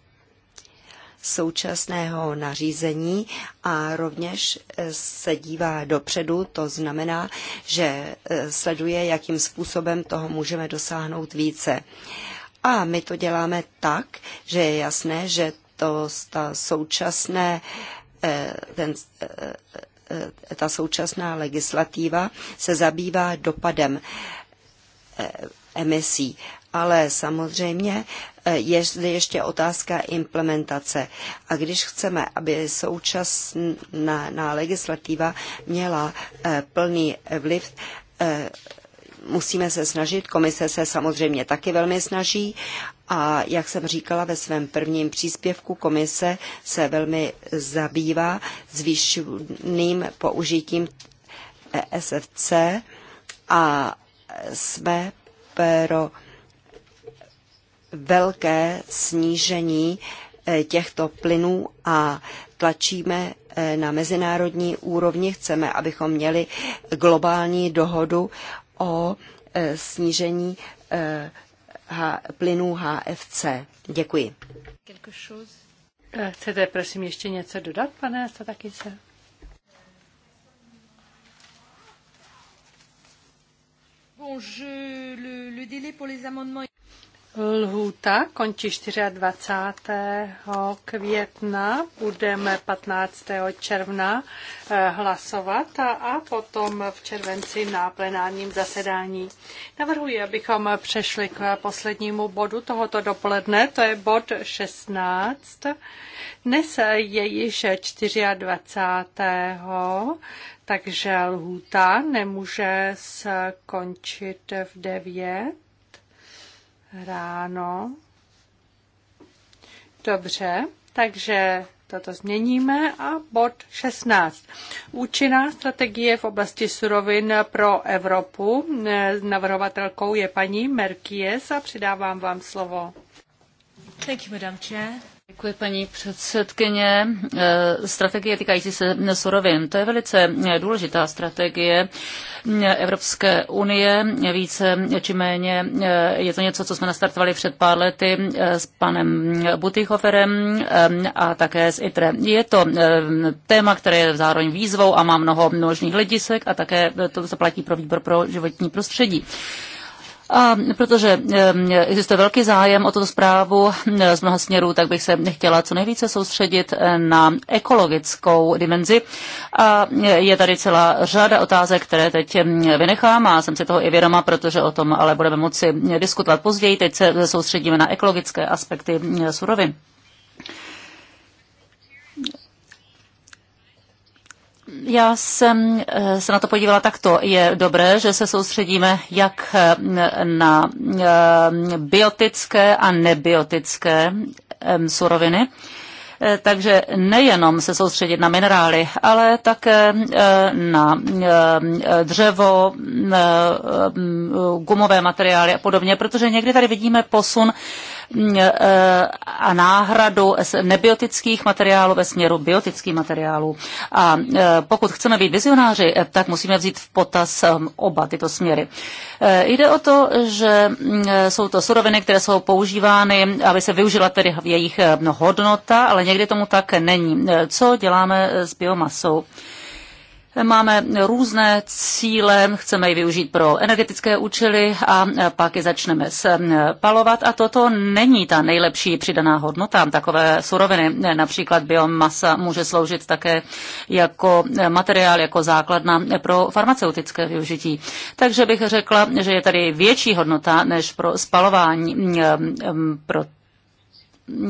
současného nařízení a rovněž eh, se dívá dopředu. To znamená, že eh, sleduje, jakým způsobem toho můžeme dosáhnout více. A my to děláme tak, že je jasné, že to ta současné eh, ten, ta současná legislativa se zabývá dopadem emisí ale samozřejmě eh, je zde ještě otázka implementace. A když chceme, aby současná legislativa měla eh, plný eh, vliv, musíme se snažit, komise se samozřejmě taky velmi snaží a jak jsem říkala ve svém prvním příspěvku, komise se velmi zabývá zvýšeným použitím SFC a jsme pro velké snížení eh, těchto plynů a tlačíme eh, na mezinárodní úrovni. Chceme, abychom měli globální dohodu o eh, snížení plynů HFC. Děkuji. Chcete prosím ještě něco dodat, pane Statakice? Lhůta končí 24. května, budeme 15. června eh, hlasovat a potom v červenci na plenárním zasedání. Navrhuji, abychom přešli k poslednímu bodu tohoto dopoledne, to je bod 16. Dnes je již 24. takže lhůta nemůže skončit v 9 ráno. Dobře, takže toto změníme a bod 16. Účinná strategie v oblasti surovin pro Evropu. Navrhovatelkou je paní Merkies a přidávám vám slovo. Thank you, Madam Chair. Děkuji, paní předsedkyně. Eh, strategie týkající se surovin, to je velice eh, důležitá strategie eh, Evropské unie. Více či méně je to něco, co jsme nastartovali před pár lety s panem Butychoferem a také s ITRE. Je to téma, které je zároveň výzvou a má mnoho množných hledisek a také to se platí pro výbor pro životní prostředí. A protože existuje velký zájem o tuto zprávu z mnoha směrů, tak bych se chtěla co nejvíce soustředit na ekologickou dimenzi. A je tady celá řada otázek, které teď vynechám a jsem si toho i vědoma, protože o tom ale budeme moci diskutovat později. Teď se soustředíme na ekologické aspekty surovin. já jsem eh, se na to podívala takto. Je dobré, že se soustředíme jak eh, na eh, biotické a nebiotické suroviny. Takže nejenom se soustředit na minerály, ale také na dřevo, gumové materiály a podobně, protože někdy tady vidíme posun Eh, a náhradu nebiotických materiálů ve směru biotických materiálů. A eh, pokud chceme být vizionáři, eh, tak musíme vzít v potaz oba tyto směry. Jde o to, že jsou to suroviny, které jsou používány, aby se využila tedy jejich hodnota, ale někdy tomu tak není. Co děláme s biomasou? Máme různé cíle, chceme ji využít pro energetické účely a pak je začneme palovat. A toto není ta nejlepší přidaná hodnota. Takové suroviny, například biomasa, může sloužit také jako materiál, jako základna pro farmaceutické využití. Takže bych řekla, že je tady větší hodnota než pro spalování, mm, mm, pro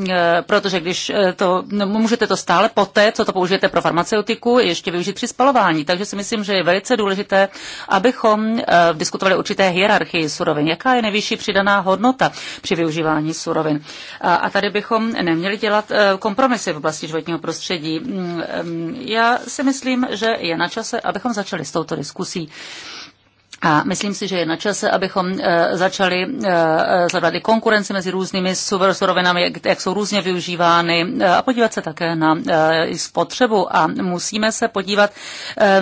Eh, protože když eh, to, no, můžete to stále poté, co to použijete pro farmaceutiku, ještě využít při spalování. Takže si myslím, že je velice důležité, abychom eh, diskutovali určité hierarchii surovin. Jaká je nejvyšší přidaná hodnota při využívání surovin? A tady bychom neměli dělat kompromisy v oblasti životního prostředí. Mm, mm, já si myslím, že je na čase, abychom začali s touto diskusí. A myslím si, že je na čase, abychom eh, začali zadat eh, eh, i konkurenci mezi různými surovinami, jak jsou různě využívány a podívat se také na spotřebu. A musíme se podívat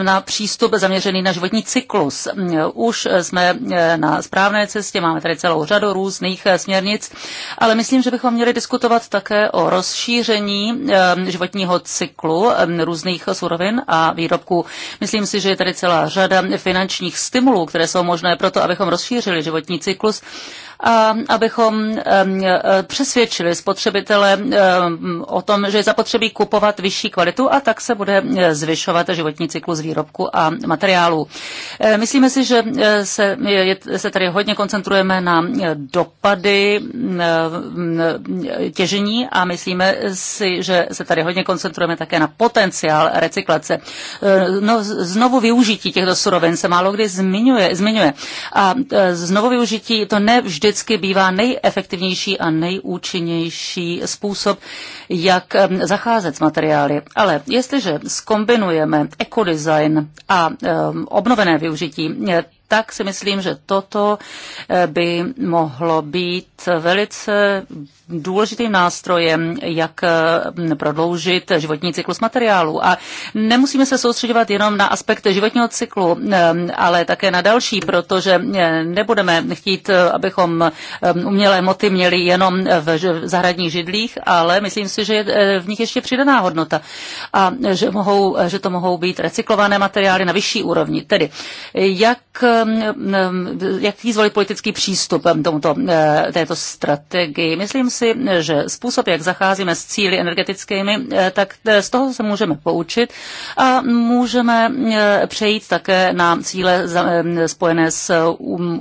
na přístup zaměřený na životní cyklus. Už jsme na správné cestě, máme tady celou řadu různých směrnic, ale myslím, že bychom měli diskutovat také o rozšíření životního cyklu různých surovin a výrobků. Myslím si, že je tady celá řada finančních stimulů, které jsou možné pro to, abychom rozšířili životní cyklus a abychom e, přesvědčili spotřebitele o tom, že je zapotřebí kupovat vyšší kvalitu a tak se bude e, zvyšovat životní cyklus výrobku a materiálů. E, myslíme si, že se, se tady hodně koncentrujeme na dopady těžení a myslíme si, že se tady hodně koncentrujeme také na potenciál recyklace. No, znovu využití těchto surovin se málo kdy zmiňuje. zmiňuje. A znovu využití to vždy vždycky bývá nejefektivnější a nejúčinnější způsob, jak zacházet s materiály. Ale jestliže skombinujeme ekodesign a obnovené využití, tak si myslím, že toto eh, by mohlo být velice důležitým nástrojem, jak eh, prodloužit životní cyklus materiálu. A nemusíme se soustředovat jenom na aspekt životního cyklu, eh, ale také na další, protože nebudeme chtít, abychom umělé moty měli jenom v zahradních židlích, ale myslím si, že je v nich ještě přidaná hodnota a že, mohou, že to mohou být recyklované materiály na vyšší úrovni. Tedy jak Um, um, jaký zvolit politický přístup um, tomuto, uh, této strategii. Myslím si, že způsob, jak zacházíme s cíly energetickými, uh, tak uh, z toho se můžeme poučit a můžeme přejít také na cíle spojené s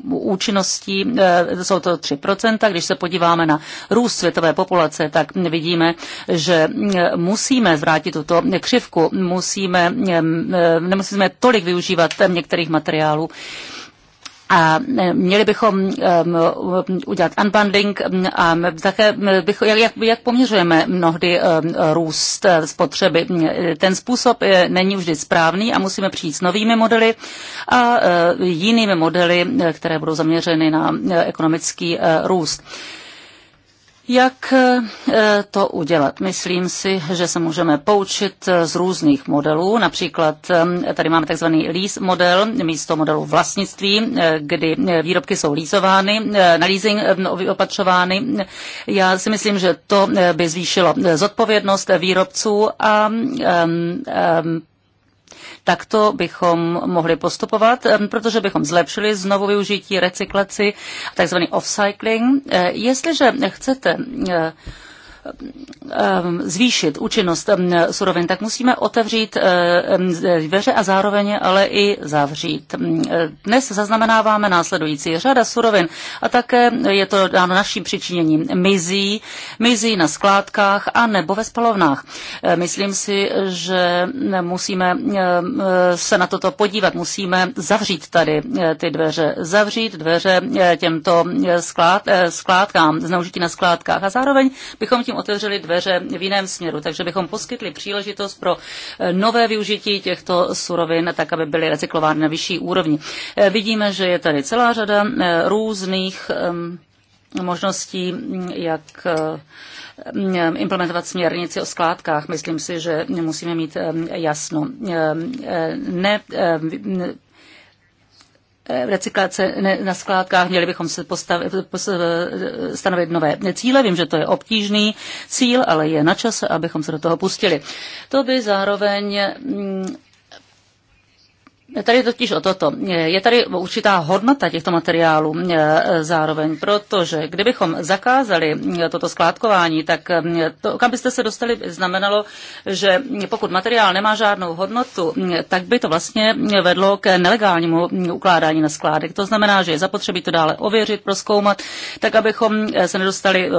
účinností. Jsou to 3%. Když se podíváme na růst světové populace, tak vidíme, že musíme zvrátit tuto křivku, musíme, nemusíme tolik využívat některých materiálů, a e, měli bychom udělat unbundling a také bych, jak, jak poměřujeme mnohdy růst e, spotřeby. Ten způsob e, není vždy správný a musíme přijít s novými modely a jinými modely, které budou zaměřeny na ekonomický růst. Jak eh, to udělat? Myslím si, že se můžeme poučit eh, z různých modelů. Například eh, tady máme takzvaný lease model místo modelu vlastnictví, kdy výrobky jsou lízovány, na leasing no, opatřovány. Já si myslím, že to by zvýšilo zodpovědnost výrobců a Takto bychom mohli postupovat, protože bychom zlepšili znovu využití, recyklaci, takzvaný offcycling. Eh, jestliže chcete eh, Um, zvýšit účinnost um, surovin, tak musíme otevřít uh, um, dveře a zároveň ale i zavřít. Dnes zaznamenáváme následující řada surovin a také je to dáno naším přičiněním mizí, mizí na skládkách a nebo ve spalovnách. Uh, myslím si, že musíme se na toto podívat, musíme zavřít tady uh, ty dveře, zavřít dveře těmto skládkám, zneužití na skládkách a zároveň bychom tím otevřeli dveře v jiném směru, takže bychom poskytli příležitost pro eh, nové využití těchto surovin, tak aby byly recyklovány na vyšší úrovni. Eh, vidíme, že je tady celá řada eh, různých ehm, možností, jak implementovat směrnici o skládkách. Myslím si, že musíme mít ehm, jasno. Ehm, ne recyklace na skládkách, měli bychom se postavit, eh, stanovit nové cíle. Vím, že to je obtížný cíl, ale je na čase, abychom se do toho pustili. To by zároveň mm, Tady totiž o toto. Je tady určitá hodnota těchto materiálů eh, zároveň, protože kdybychom zakázali eh, toto skládkování, tak eh, to, kam byste se dostali, znamenalo, že pokud materiál nemá žádnou hodnotu, tak by to vlastně vedlo k nelegálnímu ukládání na skládek. To znamená, že je zapotřebí to dále ověřit, proskoumat, tak abychom se nedostali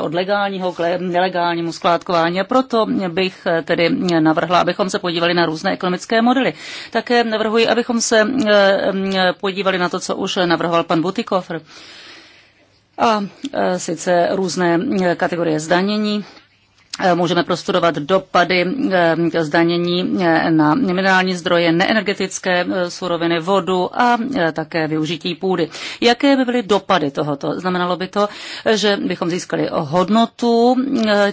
od legálního k nelegálnímu skládkování. A proto bych tedy navrhla, abychom se podívali na různé ekonomické modely. Také navrhuji, abychom se eh, podívali na to, co už navrhoval pan Butikofr. A eh, sice různé eh, kategorie zdanění, Eh, můžeme prostudovat dopady eh, zdanění eh, na minerální zdroje, neenergetické suroviny, vodu a také využití půdy. Jaké by byly dopady tohoto? Znamenalo by to, že bychom získali hodnotu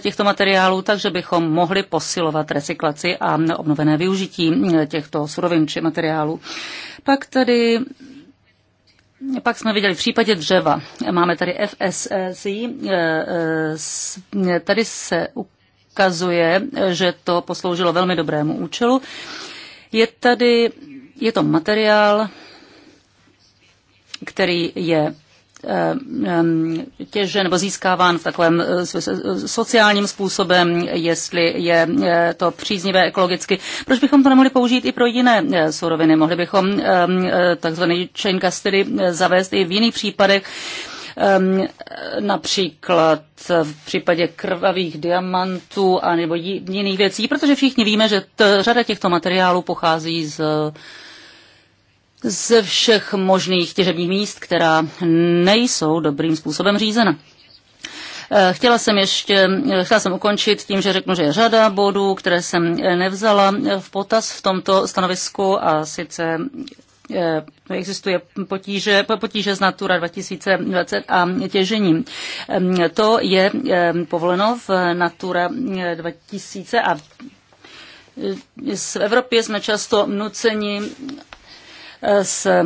těchto materiálů, takže bychom mohli posilovat recyklaci a obnovené využití těchto surovin či materiálů. Pak tady pak jsme viděli v případě dřeva. Máme tady FSC. E tady se ukazuje, že to posloužilo velmi dobrému účelu. Je tady, je to materiál, který je eh, těžen nebo získáván v takovém eh, sociálním způsobem, jestli je eh, to příznivé ekologicky. Proč bychom to nemohli použít i pro jiné suroviny? Mohli bychom takzvaný chain custody zavést i v jiných případech například v případě krvavých diamantů a nebo jiných věcí, protože všichni víme, že t- řada těchto materiálů pochází z ze všech možných těžebních míst, která nejsou dobrým způsobem řízena. Eh, chtěla jsem ještě, eh, chtěla jsem ukončit tím, že řeknu, že je řada bodů, které jsem nevzala v potaz v tomto stanovisku a sice Eh, existuje potíže, potíže z Natura 2020 a těžením. Ehm, to je ehm, povoleno v Natura 2000 a eh, v Evropě jsme často nuceni se,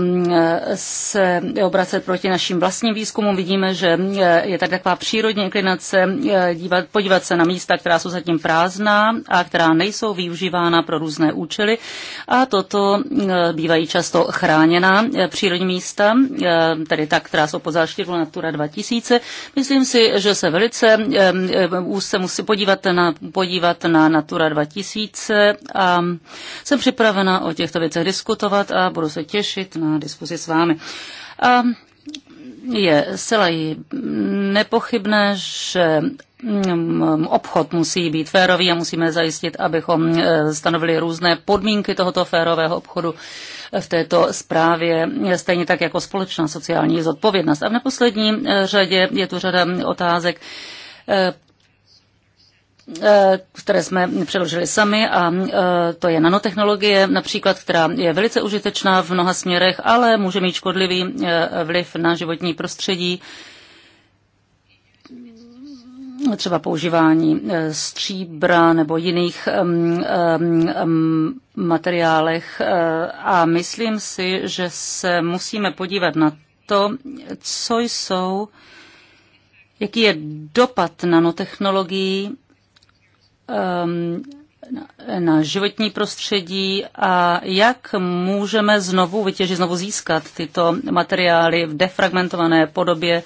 se obracet proti našim vlastním výzkumům. Vidíme, že je tady taková přírodní inklinace eh, dívat, podívat se na místa, která jsou zatím prázdná a která nejsou využívána pro různé účely. A toto eh, bývají často chráněná eh, přírodní místa, tedy ta, která jsou pod záštěvou Natura 2000. Myslím si, že se velice se musí podívat na, podívat na Natura 2000 a jsem připravena o těchto věcech diskutovat a budu se těšit na diskuzi s vámi. A je zcela nepochybné, že mm, obchod musí být férový a musíme zajistit, abychom e, stanovili různé podmínky tohoto férového obchodu v této zprávě, stejně tak jako společná sociální zodpovědnost. A v neposlední e, řadě je tu řada otázek e, Eh, které jsme přeložili sami a eh, to je nanotechnologie například, která je velice užitečná v mnoha směrech, ale může mít škodlivý eh, vliv na životní prostředí třeba používání stříbra nebo jiných um, um, materiálech. A myslím si, že se musíme podívat na to, co jsou, jaký je dopad nanotechnologií Um, na životní prostředí a jak můžeme znovu vytěžit, znovu získat tyto materiály v defragmentované podobě,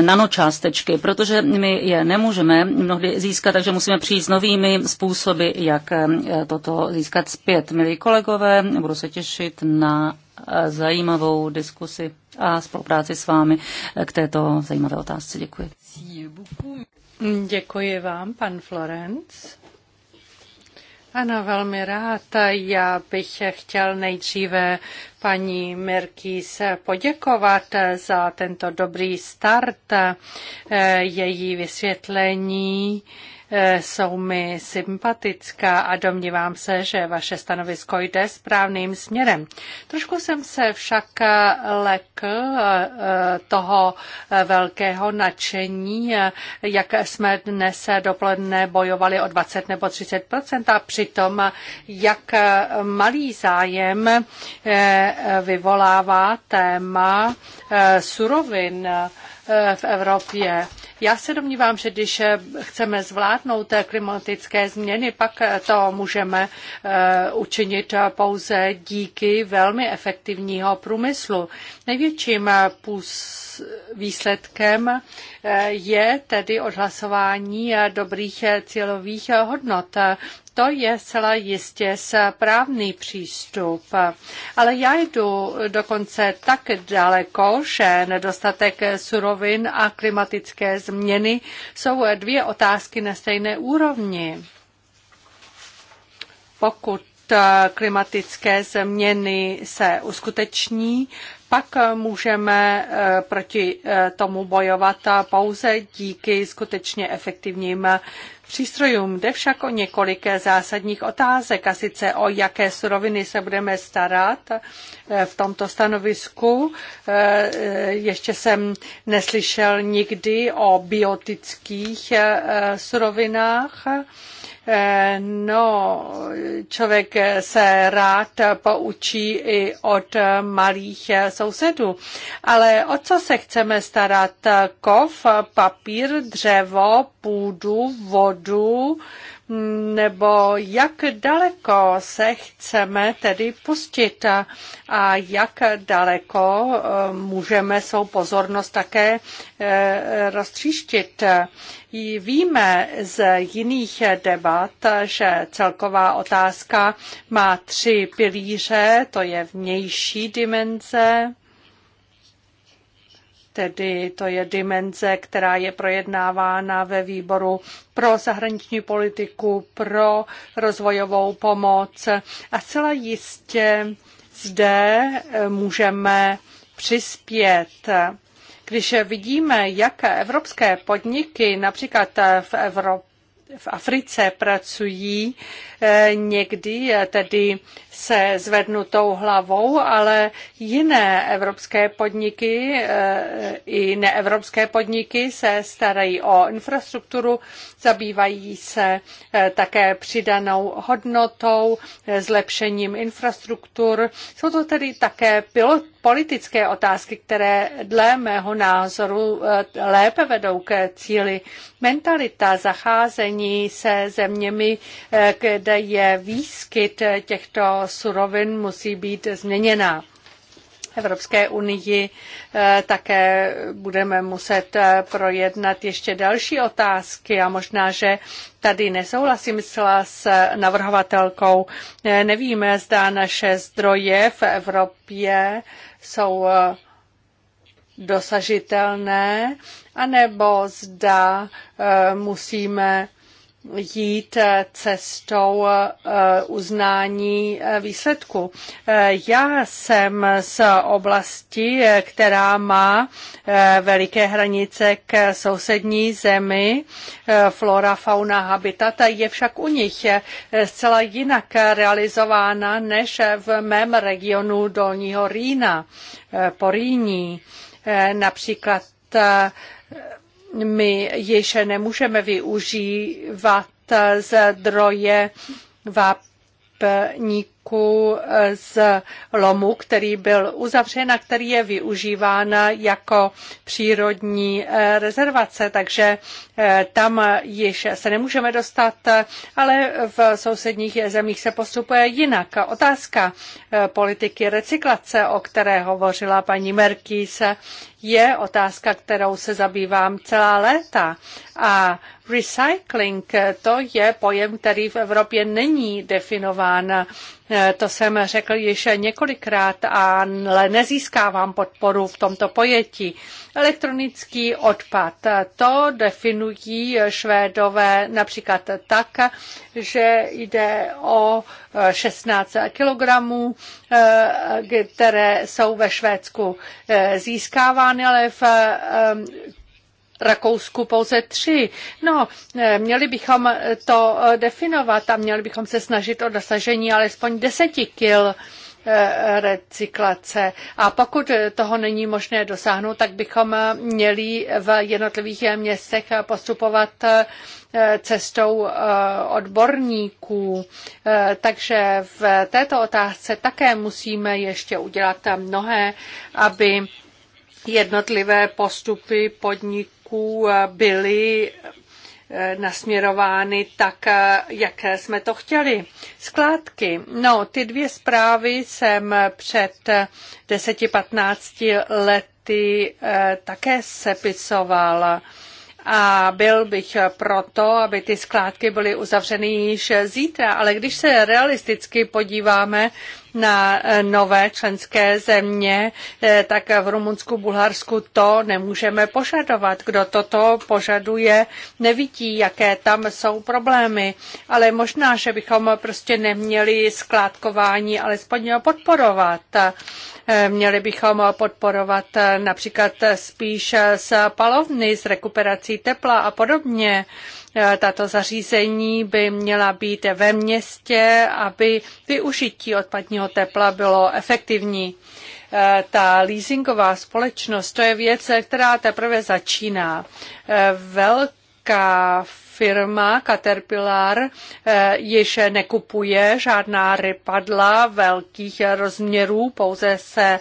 nanočástečky, protože my je nemůžeme mnohdy získat, takže musíme přijít s novými způsoby, jak eh, toto získat zpět. Milí kolegové, budu se těšit na eh, zajímavou diskusi a spolupráci s vámi eh, k této zajímavé otázce. Děkuji. Děkuji vám, pan Florenc. Ano, velmi rád. Já bych chtěl nejdříve paní Merkis poděkovat za tento dobrý start, eh, její vysvětlení Eh, jsou mi sympatická a domnívám se, že vaše stanovisko jde správným směrem. Trošku jsem se však eh, lekl eh, toho velkého nadšení, jak jsme dnes dopoledne bojovali o 20 nebo 30 a přitom jak malý zájem vyvolává téma surovin v Evropě. Já se domnívám, že když eh, chceme zvládnout eh, klimatické změny, pak eh, to můžeme učinit pouze díky velmi efektivního průmyslu. Největším výsledkem je tedy odhlasování dobrých cílových hodnot. To je celá jistě správný přístup. Ale já jdu dokonce tak daleko, že nedostatek surovin a klimatické změny jsou dvě otázky na stejné úrovni. Pokud klimatické změny se uskuteční, pak můžeme eh, proti eh, tomu bojovat pouze díky skutečně efektivním přístrojům. Jde však o několik zásadních otázek, a sice o jaké suroviny se budeme starat eh, v tomto stanovisku. Eh, eh, ještě jsem neslyšel nikdy o biotických surovinách. Eh, no, člověk se rád poučí i od malých sousedů. Ale o co se chceme starat? Kov, papír, dřevo, půdu, vodu, nebo jak daleko se chceme tedy pustit a jak daleko eh, můžeme svou pozornost také eh, roztříštit. Víme z jiných debat, že celková otázka má tři pilíře, to je vnější dimenze, Tedy to je dimenze, která je projednávána ve výboru pro zahraniční politiku, pro rozvojovou pomoc. A zcela jistě zde eh, můžeme přispět. Když vidíme, jak evropské podniky například v v Africe pracují Eh, někdy eh, tedy se zvednutou hlavou, ale jiné evropské podniky eh, i neevropské podniky se starají o infrastrukturu, zabývají se také přidanou hodnotou, zlepšením infrastruktur. Jsou to tedy také pilot, politické otázky, které dle mého názoru lépe vedou k cíli. Mentalita zacházení se zeměmi, kde je výskyt těchto surovin, musí být změněna. Evropské unii eh, také budeme muset eh, projednat ještě další otázky a možná, že tady nesouhlasím s navrhovatelkou. Eh, nevíme, zda naše zdroje v Evropě jsou dosažitelné, anebo zda musíme jít eh, cestou eh, uznání eh, výsledku. Já jsem z oblasti, která má veliké hranice k sousední zemi. Flora, fauna, habitat je však u nich zcela jinak realizována než v mém regionu Dolního Rýna, Poríní. Například my již nemůžeme využívat zdroje vápníku úniku eh, z lomu, který byl uzavřen a který je využíván jako přírodní eh, rezervace, takže eh, tam již se nemůžeme dostat, ale v sousedních zemích se postupuje jinak. Otázka politiky recyklace, o které hovořila paní Merkýs, je otázka, kterou se zabývám celá léta. A recycling to je pojem, který v Evropě není definován Eh, to jsem řekl již několikrát, ale nezískávám podporu v tomto pojetí. Elektronický odpad, to definují švédové například tak, že jde o 16 eh, kilogramů, eh, které jsou ve Švédsku získávány, ale v Rakousku pouze tři. No, eh, měli bychom to eh, definovat a měli bychom se snažit o dosažení alespoň deseti kil eh, recyklace. A pokud toho není možné dosáhnout, tak bychom měli v jednotlivých městech postupovat cestou odborníků. Takže v této otázce také musíme ještě udělat mnohé, aby jednotlivé postupy podniků eh, byly eh, nasměrovány tak, eh, jak jsme to chtěli. Skládky. No, ty dvě zprávy jsem před 10-15 lety také sepisoval a byl bych proto, aby ty skládky byly uzavřeny již zítra, ale když se realisticky podíváme na eh, nové členské země, eh, tak v Rumunsku, Bulharsku to nemůžeme požadovat. Kdo toto požaduje, nevidí, jaké tam jsou problémy. Ale možná, že bychom prostě neměli skládkování alespoň podporovat. Eh, měli bychom podporovat například spíš z palovny, z rekuperací tepla a podobně. Eh, tato zařízení by měla být ve městě, aby využití odpadního tepla bylo efektivní eh, ta leasingová společnost, to je věc, která teprve začíná. Eh, velká firma Caterpillar již nekupuje žádná rypadla velkých rozměrů, pouze se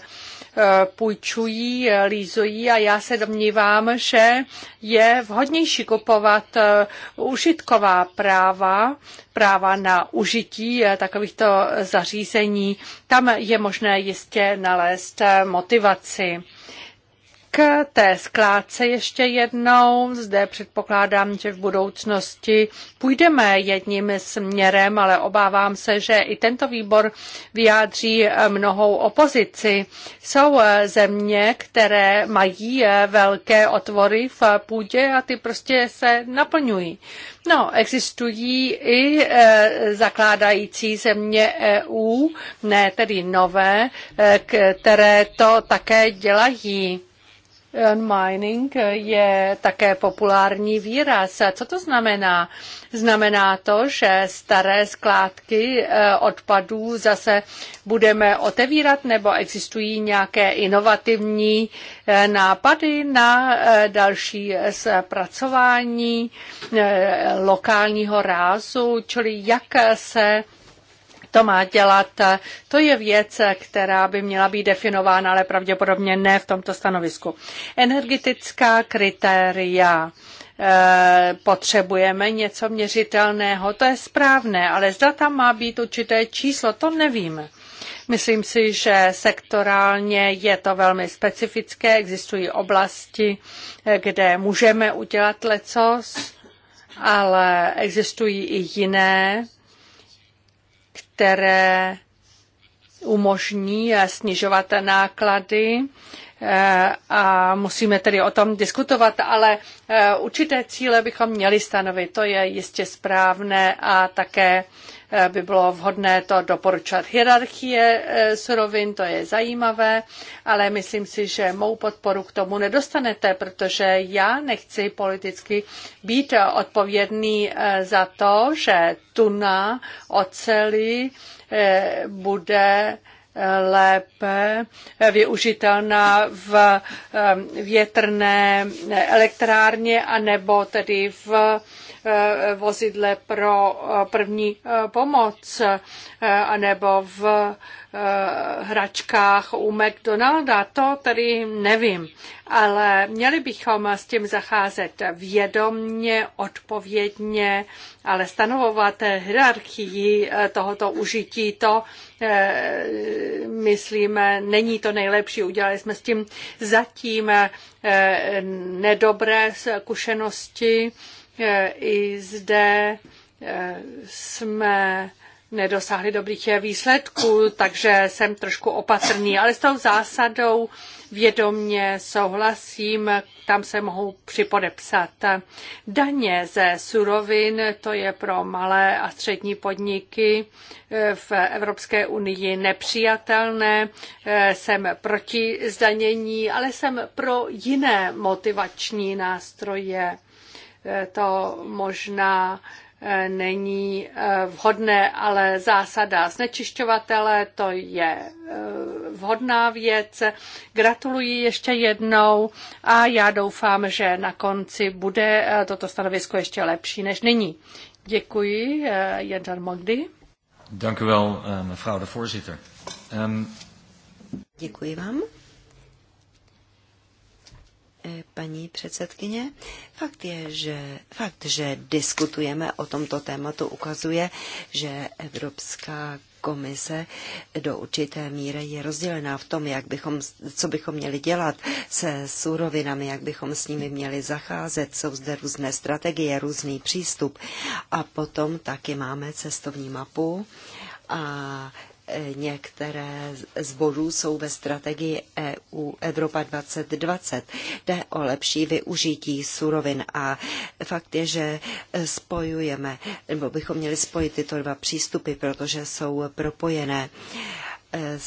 půjčují, lízují a já se domnívám, že je vhodnější kupovat eh, užitková práva, práva na užití eh, takovýchto zařízení. Tam je možné jistě nalézt eh, motivaci k té skládce ještě jednou. Zde předpokládám, že v budoucnosti půjdeme jedním směrem, ale obávám se, že i tento výbor vyjádří mnohou opozici. Jsou země, které mají velké otvory v půdě a ty prostě se naplňují. No, existují i eh, zakládající země EU, ne tedy nové, eh, které to také dělají. Mining je také populární výraz. Co to znamená? Znamená to, že staré skládky eh, odpadů zase budeme otevírat nebo existují nějaké inovativní eh, nápady na eh, další zpracování lokálního rázu, čili jak se to má dělat. To je věc, která by měla být definována, ale pravděpodobně ne v tomto stanovisku. Energetická kritéria eh, potřebujeme něco měřitelného, to je správné, ale zda tam má být určité číslo, to nevím. Myslím si, že sektorálně je to velmi specifické, existují oblasti, eh, kde můžeme udělat lecos, ale existují i jiné které umožní eh, snižovat náklady eh, a musíme tedy o tom diskutovat, ale eh, určité cíle bychom měli stanovit, to je jistě správné a také Eh, by bylo vhodné to doporučovat. Hierarchie eh, surovin, to je zajímavé, ale myslím si, že mou podporu k tomu nedostanete, protože já nechci politicky být odpovědný eh, za to, že tuna, oceli bude lépe využitelná v větrné elektrárně anebo tedy v Eh, vozidle pro eh, první eh, pomoc, nebo v hračkách u McDonalda, to tedy nevím. Ale měli bychom s tím zacházet vědomně, odpovědně, ale stanovovat hierarchii tohoto užití, to myslíme, není to nejlepší. Udělali jsme s tím zatím nedobré zkušenosti E, I zde e, jsme nedosáhli dobrých e, výsledků, takže jsem trošku opatrný, ale s tou zásadou vědomně souhlasím, tam se mohou připodepsat. Daně ze surovin, to je pro malé a střední podniky v Evropské unii nepřijatelné. Jsem proti zdanění, ale jsem pro jiné motivační nástroje to možná eh, není eh, vhodné, ale zásada znečišťovatele, to je eh, vhodná věc. Gratuluji ještě jednou a já doufám, že na konci bude toto stanovisko ještě lepší než nyní. Děkuji, Jan Mogdy. Děkuji u mevrouw de voorzitter. Ehm, Děkuji vám. Eh, paní předsedkyně. Fakt je, že, fakt, že diskutujeme o tomto tématu, ukazuje, že Evropská komise do určité míry je rozdělená v tom, jak bychom, co bychom měli dělat se surovinami, jak bychom s nimi měli zacházet. Jsou zde různé strategie, různý přístup. A potom taky máme cestovní mapu a Některé z bodů jsou ve strategii EU Evropa 2020. Jde o lepší využití surovin a fakt je, že spojujeme, nebo bychom měli spojit tyto dva přístupy, protože jsou propojené. Eh,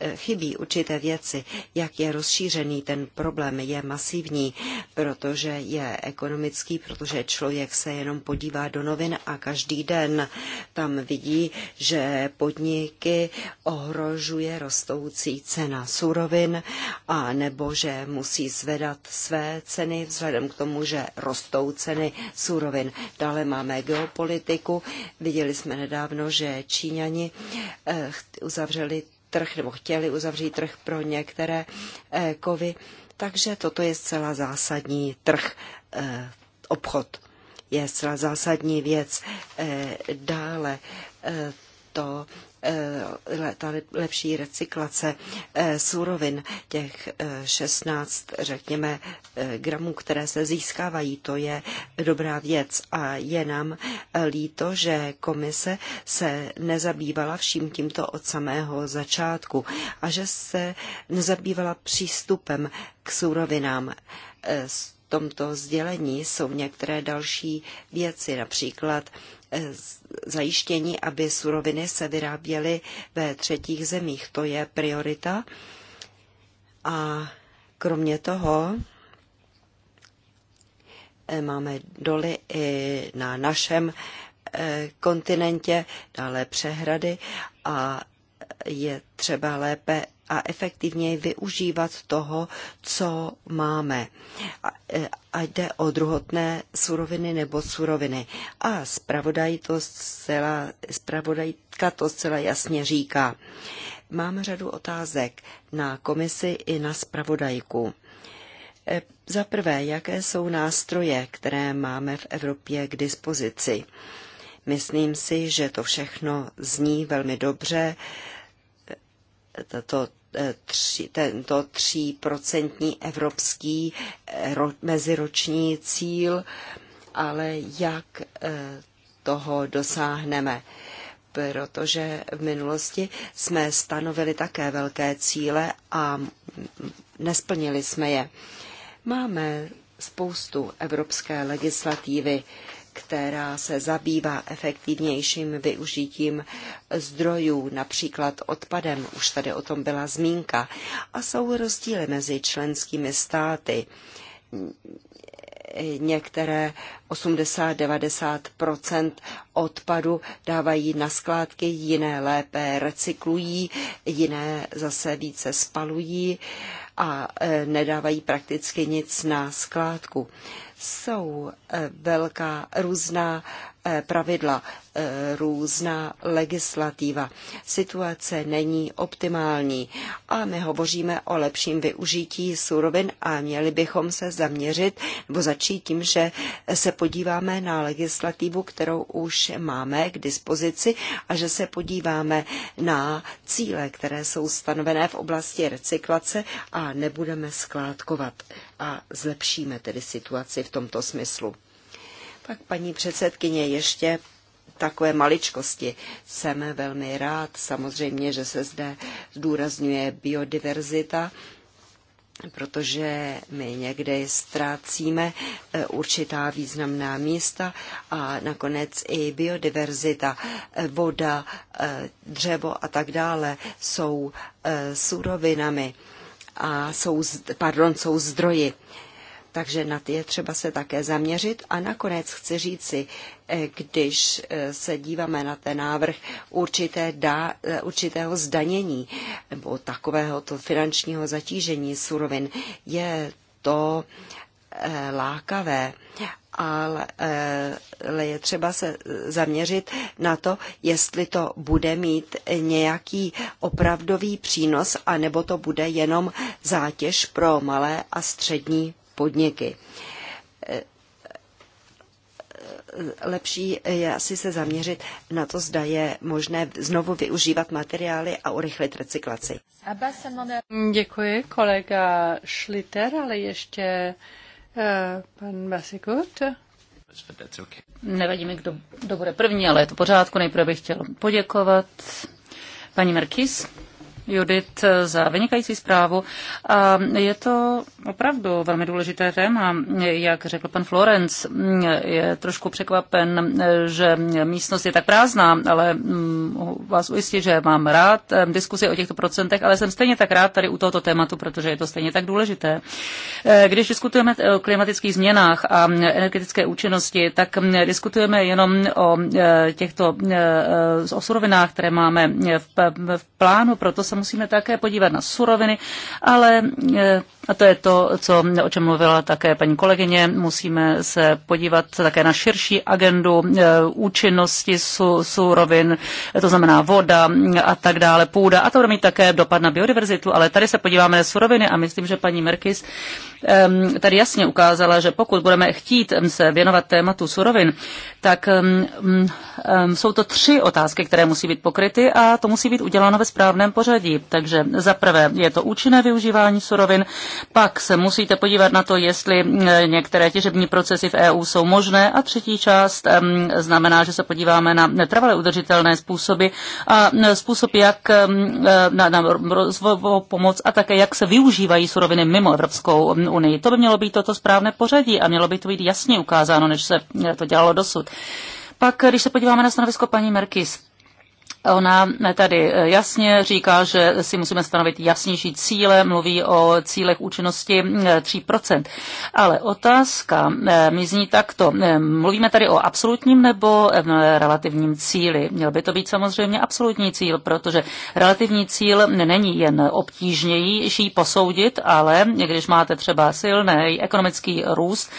eh, chybí určité věci, jak je rozšířený ten problém, je masivní, protože je ekonomický, protože člověk se jenom podívá do novin a každý den tam vidí, že podniky ohrožuje rostoucí cena surovin a nebo že musí zvedat své ceny vzhledem k tomu, že rostou ceny surovin. Dále máme geopolitiku. Viděli jsme nedávno, že Číňani eh, uzavřeli trh nebo chtěli uzavřít trh pro některé eh, kovy. Takže toto je zcela zásadní trh, eh, obchod je zcela zásadní věc. Eh, dále to eh, ta lepší recyklace eh, surovin, těch 16, eh, řekněme, gramů, které se získávají, to je dobrá věc a je nám líto, že komise se nezabývala vším tímto od samého začátku a že se nezabývala přístupem k surovinám tomto sdělení jsou některé další věci, například Eh, zajištění, aby suroviny se vyráběly ve třetích zemích. To je priorita. A kromě toho eh, máme doly i na našem eh, kontinentě, dále přehrady a je třeba lépe a efektivněji využívat toho, co máme. Ať e, jde o druhotné suroviny nebo suroviny. A spravodaj to zcela, zpravodajka to zcela jasně říká. Mám řadu otázek na komisi i na zpravodajku. E, za prvé, jaké jsou nástroje, které máme v Evropě k dispozici? Myslím si, že to všechno zní velmi dobře to eh, Tři, tento tříprocentní evropský eh, ro, meziroční cíl, ale jak eh, toho dosáhneme. Protože v minulosti jsme stanovili také velké cíle a nesplnili jsme je. Máme spoustu evropské legislativy, která se zabývá efektivnějším využitím zdrojů, například odpadem, už tady o tom byla zmínka, a jsou rozdíly mezi členskými státy některé 80-90 odpadu dávají na skládky, jiné lépe recyklují, jiné zase více spalují a e, nedávají prakticky nic na skládku. Jsou e, velká různá Eh, pravidla, eh, různá legislativa. Situace není optimální a my hovoříme o lepším využití surovin a měli bychom se zaměřit nebo začít tím, že se podíváme na legislativu, kterou už máme k dispozici a že se podíváme na cíle, které jsou stanovené v oblasti recyklace a nebudeme skládkovat a zlepšíme tedy situaci v tomto smyslu. Tak paní předsedkyně ještě takové maličkosti. Jsem velmi rád samozřejmě, že se zde zdůrazňuje biodiverzita, protože my někde ztrácíme eh, určitá významná místa a nakonec i biodiverzita, eh, voda, eh, dřevo a tak dále jsou surovinami a jsou, pardon, jsou zdroji takže na ty je třeba se také zaměřit. A nakonec chci říci, eh, když eh, se díváme na ten návrh určité dá, eh, určitého zdanění nebo takového to finančního zatížení surovin, je to lákavé, ale je třeba se zaměřit na to, jestli to bude mít nějaký opravdový přínos, anebo to bude jenom zátěž pro malé a střední podniky lepší je asi se zaměřit na to, zda je možné znovu využívat materiály a urychlit recyklaci. Děkuji, kolega Schlitter, ale ještě uh, pan Basikut. Nevadí mi, kdo, kdo bude první, ale je to pořádku. Nejprve bych chtěl poděkovat paní Merkis Judit, eh, za vynikající zprávu. A je to opravdu velmi důležité téma, jak řekl pan Florenc. Mm, je trošku překvapen, eh, že místnost je tak prázdná, ale mm, vás ujistím, že mám rád eh, diskuzi o těchto procentech, ale jsem stejně tak rád tady u tohoto tématu, protože je to stejně tak důležité. Když diskutujeme o klimatických změnách a energetické účinnosti, tak mm, diskutujeme jenom o těchto o surovinách, které máme v plánu, proto jsem musíme také podívat na suroviny, ale eh, a to je to, co, o čem mluvila také paní kolegyně. Musíme se podívat také na širší agendu eh, účinnosti su, surovin, to znamená voda a tak dále, půda. A to bude mít také dopad na biodiverzitu, ale tady se podíváme na suroviny a myslím, že paní Merkis ehm, tady jasně ukázala, že pokud budeme chtít ehm, se věnovat tématu surovin, tak ehm, jsou to tři otázky, které musí být pokryty a to musí být uděláno ve správném pořadí. Takže za prvé je to účinné využívání surovin, pak se musíte podívat na to, jestli eh, některé těžební procesy v EU jsou možné. A třetí část znamená, že se podíváme na trvalé udržitelné způsoby a eh, způsob, jak eh, na, na rozvojovou pomoc a také jak se využívají suroviny mimo Evropskou unii. To by mělo být toto správné pořadí a mělo by to být jasně ukázáno, než se to dělalo dosud. Pak, když se podíváme na stanovisko paní Merkis, Ona tady eh, jasně říká, že si musíme stanovit jasnější cíle, mluví o cílech účinnosti 3%. Eh, ale otázka eh, mi zní takto. Mluvíme tady o absolutním nebo no, relativním cíli? Měl by to být samozřejmě absolutní cíl, protože relativní cíl není jen obtížnější posoudit, ale když máte třeba silný ekonomický růst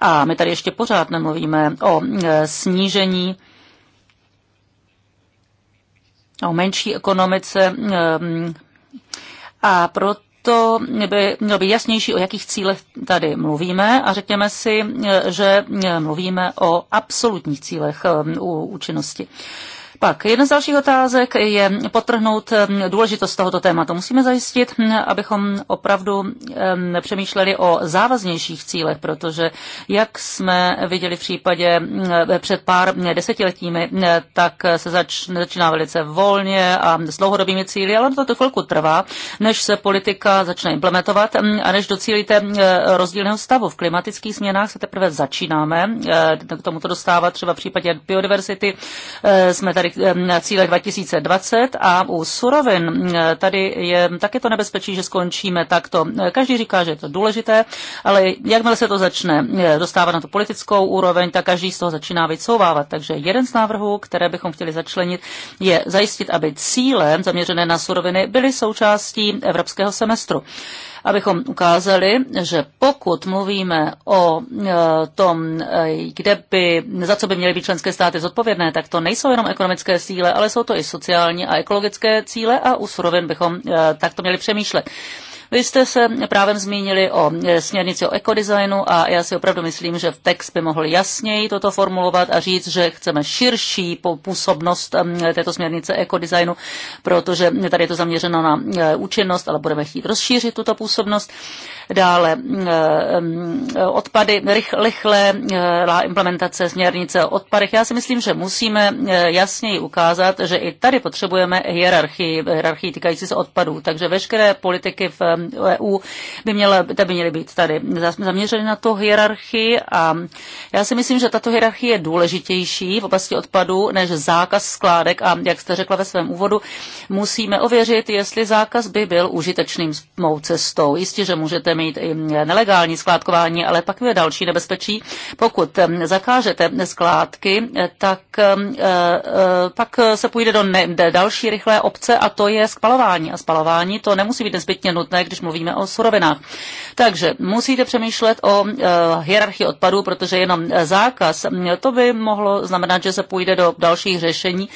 a my tady ještě pořád nemluvíme o snížení o menší ekonomice eh, a proto to by mělo být jasnější, o jakých cílech tady mluvíme a řekněme si, eh, že eh, mluvíme o absolutních cílech účinnosti. Pak jedna z dalších otázek je potrhnout důležitost tohoto tématu. Musíme zajistit, abychom opravdu přemýšleli o závaznějších cílech, protože jak jsme viděli v případě před pár desetiletími, tak se zač, začíná velice volně a s dlouhodobými cíly, ale to chvilku trvá, než se politika začne implementovat a než docílíte rozdílného stavu. V klimatických změnách se teprve začínáme eh, k tomuto dostávat, třeba v případě biodiverzity eh, jsme tady cíle 2020 a u surovin tady je také to nebezpečí, že skončíme takto. Každý říká, že je to důležité, ale jakmile se to začne dostávat na tu politickou úroveň, tak každý z toho začíná vycouvávat. Takže jeden z návrhů, které bychom chtěli začlenit, je zajistit, aby cíle zaměřené na suroviny byly součástí evropského semestru abychom ukázali, že pokud mluvíme o e, tom, e, kde by, za co by měly být členské státy zodpovědné, tak to nejsou jenom ekonomické cíle, ale jsou to i sociální a ekologické cíle a u surovin bychom e, takto měli přemýšlet. Vy jste se právem zmínili o e, směrnici o ekodesignu a já si opravdu myslím, že v text by mohl jasněji toto formulovat a říct, že chceme širší působnost této směrnice ekodesignu, protože tady je to zaměřeno na e, účinnost, ale budeme chtít rozšířit tuto působnost. Dále e, odpady, rychle implementace směrnice o odpadech. Já si myslím, že musíme jasněji ukázat, že i tady potřebujeme hierarchii, hierarchii týkající se odpadů. Takže veškeré politiky v EU by měla, by měly být tady zaměřeny na to hierarchii a já si myslím, že tato hierarchie je důležitější v oblasti odpadu než zákaz skládek a jak jste řekla ve svém úvodu, musíme ověřit, jestli zákaz by byl užitečným cestou. Jistě, že můžete mít i nelegální skládkování, ale pak je další nebezpečí. Pokud zakážete skládky, tak e, e, pak se půjde do ne, další rychlé obce a to je spalování. A spalování to nemusí být nezbytně nutné, když mluvíme o surovinách. Takže musíte přemýšlet o eh, hierarchii odpadů, protože jenom eh, zákaz, mm, to by mohlo znamenat, že se půjde do dalších řešení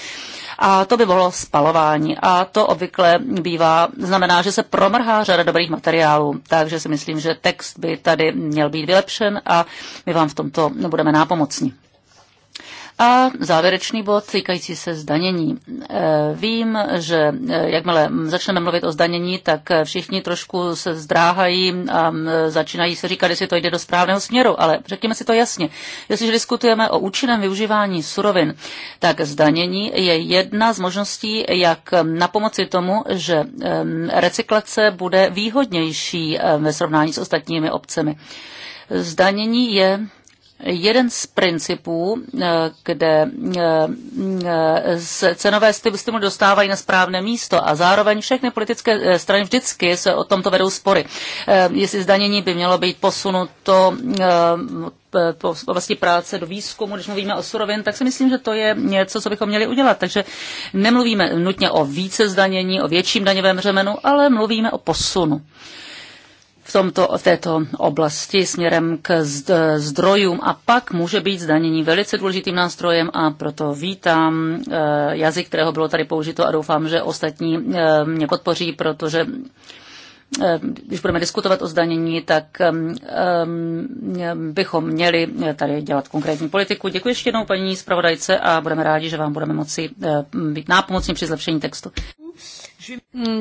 a to by bylo spalování. A to obvykle bývá, znamená, že se promrhá řada dobrých materiálů, takže si myslím, že text by tady měl být vylepšen a my vám v tomto budeme nápomocní. A závěrečný bod týkající se zdanění. Eh, vím, že eh, jakmile začneme mluvit o zdanění, tak eh, všichni trošku se zdráhají a začínají se říkat, jestli to jde do správného směru, ale řekněme si to jasně. Jestliže diskutujeme o účinném využívání surovin, tak zdanění je jedna z možností, jak na pomoci tomu, že recyklace bude výhodnější ve srovnání s ostatními obcemi. Zdanění je jeden z principů, eh, kde eh, eh, cenové stimuly dostávají na správné místo a zároveň všechny politické strany vždycky se o tomto vedou spory. Jestli zdanění by mělo být posunuto vlastně práce do výzkumu, když mluvíme o surovin, tak si myslím, že to je něco, co bychom měli udělat. Takže nemluvíme nutně o více zdanění, o větším daňovém řemenu, ale mluvíme o posunu tomto, v této oblasti směrem k zdrojům a pak může být zdanění velice důležitým nástrojem a proto vítám eh, jazyk, kterého bylo tady použito a doufám, že ostatní eh, mě podpoří, protože eh, když budeme diskutovat o zdanění, tak bychom měli tady dělat konkrétní politiku. Děkuji ještě jednou paní zpravodajce a budeme rádi, že vám budeme moci být nápomocní při zlepšení textu.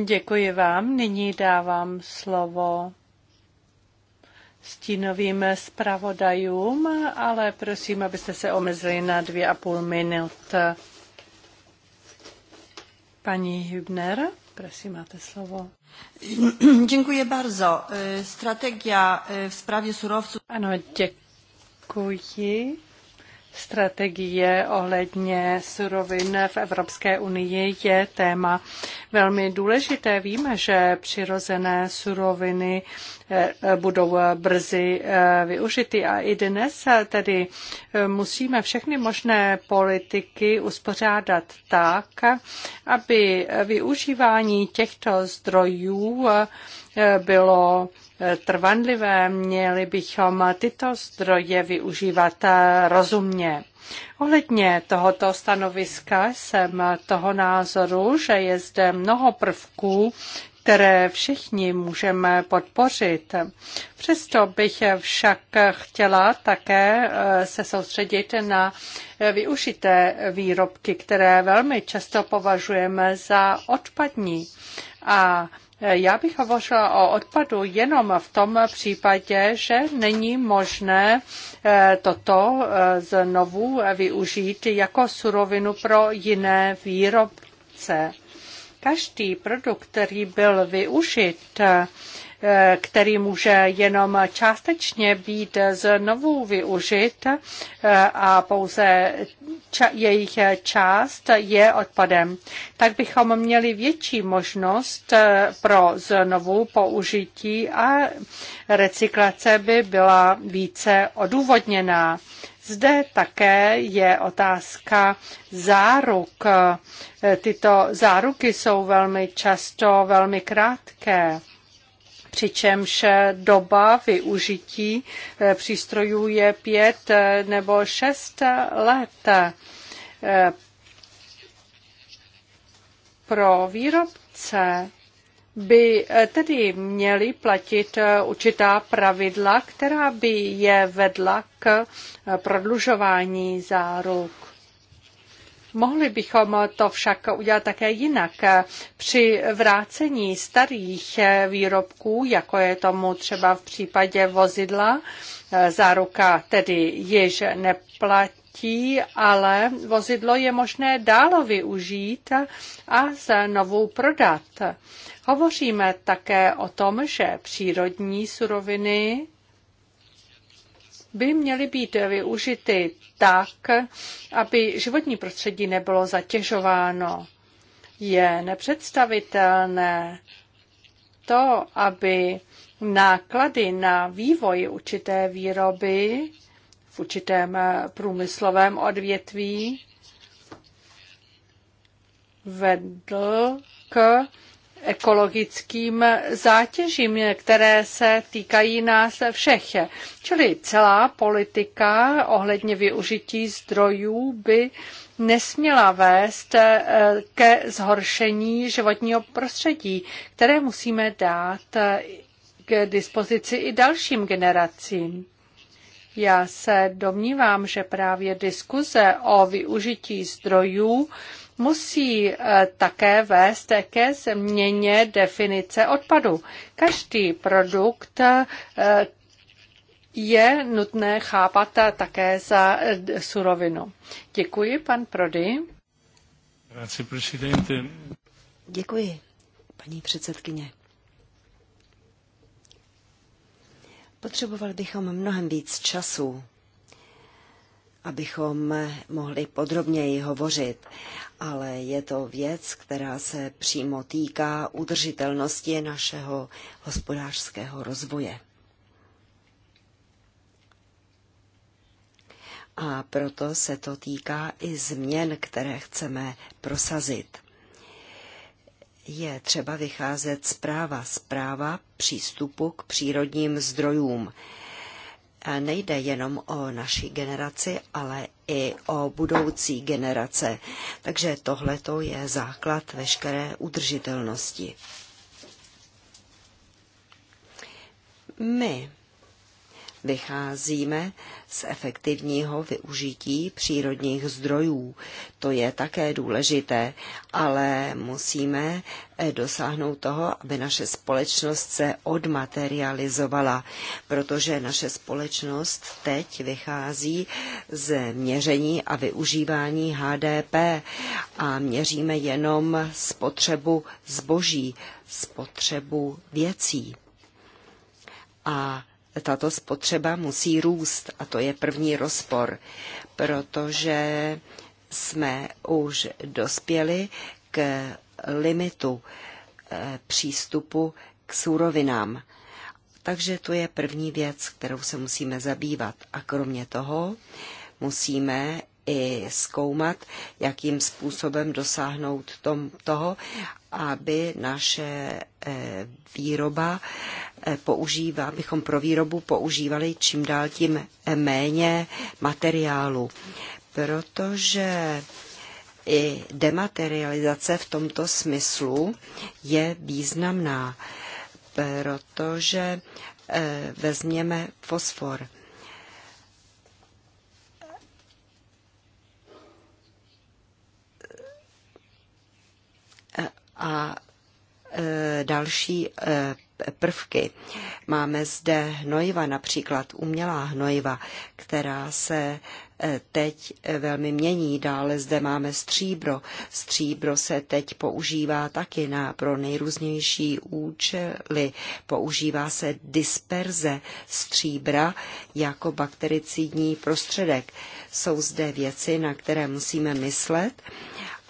Děkuji vám. Nyní dávám slovo stínovým zpravodajům, ale prosím, abyste se omezili na dvě a půl minut. Paní Hübner, prosím, máte slovo. Děkuji bardzo. E, strategia e, v správě surovců. Ano, děkuji. Strategie ohledně surovin v Evropské unii je téma velmi důležité. Víme, že přirozené suroviny eh, budou eh, brzy eh, využity a i dnes tedy musíme všechny možné politiky uspořádat tak, aby využívání těchto zdrojů bylo Eh, trvanlivé, měli bychom tyto zdroje využívat eh, rozumně. Ohledně tohoto stanoviska jsem toho názoru, že je zde mnoho prvků, které všichni můžeme podpořit. Přesto bych však chtěla také eh, se soustředit na využité výrobky, které velmi často považujeme za odpadní. A já bych hovořila o odpadu jenom v tom případě, že není možné eh, toto eh, znovu využít jako surovinu pro jiné výrobce. Každý produkt, který byl využit, eh, který může jenom částečně být znovu využit eh, a pouze ča- jejich část je odpadem. Tak bychom měli větší možnost eh, pro znovu použití a recyklace by byla více odůvodněná. Zde také je otázka záruk. Eh, tyto záruky jsou velmi často velmi krátké přičemž doba využití eh, přístrojů je pět eh, nebo šest let. Eh, pro výrobce by tedy měly platit určitá pravidla, která by je vedla k prodlužování záruk. Mohli bychom to však udělat také jinak. Při vrácení starých výrobků, jako je tomu třeba v případě vozidla, záruka tedy již neplatí, ale vozidlo je možné dálo využít a znovu prodat. Hovoříme také o tom, že přírodní suroviny by měly být využity tak, aby životní prostředí nebylo zatěžováno. Je nepředstavitelné to, aby náklady na vývoj určité výroby v určitém průmyslovém odvětví vedl k ekologickým zátěžím, které se týkají nás všech. Čili celá politika ohledně využití zdrojů by nesměla vést eh, ke zhoršení životního prostředí, které musíme dát eh, k dispozici i dalším generacím. Já se domnívám, že právě diskuze o využití zdrojů musí eh, také vést ke změně definice odpadu. Každý produkt eh, je nutné chápat eh, také za surovinu. Děkuji, pan Prody. Děkuji, paní předsedkyně. Potřebovali bychom mnohem víc času, abychom mohli podrobněji hovořit ale je to věc, která se přímo týká udržitelnosti našeho hospodářského rozvoje. A proto se to týká i změn, které chceme prosazit. Je třeba vycházet zpráva, zpráva přístupu k přírodním zdrojům nejde jenom o naši generaci, ale i o budoucí generace. Takže tohleto je základ veškeré udržitelnosti. My Vycházíme z efektivního využití přírodních zdrojů. To je také důležité, ale musíme eh, dosáhnout toho, aby naše společnost se odmaterializovala, protože naše společnost teď vychází z měření a využívání HDP a měříme jenom spotřebu zboží, spotřebu věcí. A tato spotřeba musí růst a to je první rozpor, protože jsme už dospěli k limitu eh, přístupu k surovinám. Takže to je první věc, kterou se musíme zabývat. A kromě toho musíme i zkoumat, jakým způsobem dosáhnout tom, toho, aby naše eh, výroba eh, používá, abychom pro výrobu používali čím dál tím méně materiálu, protože i dematerializace v tomto smyslu je významná, protože eh, vezměme fosfor – a e, další e, prvky. Máme zde hnojiva, například umělá hnojiva, která se e, teď velmi mění. Dále zde máme stříbro. Stříbro se teď používá taky na, pro nejrůznější účely. Používá se disperze stříbra jako baktericidní prostředek. Jsou zde věci, na které musíme myslet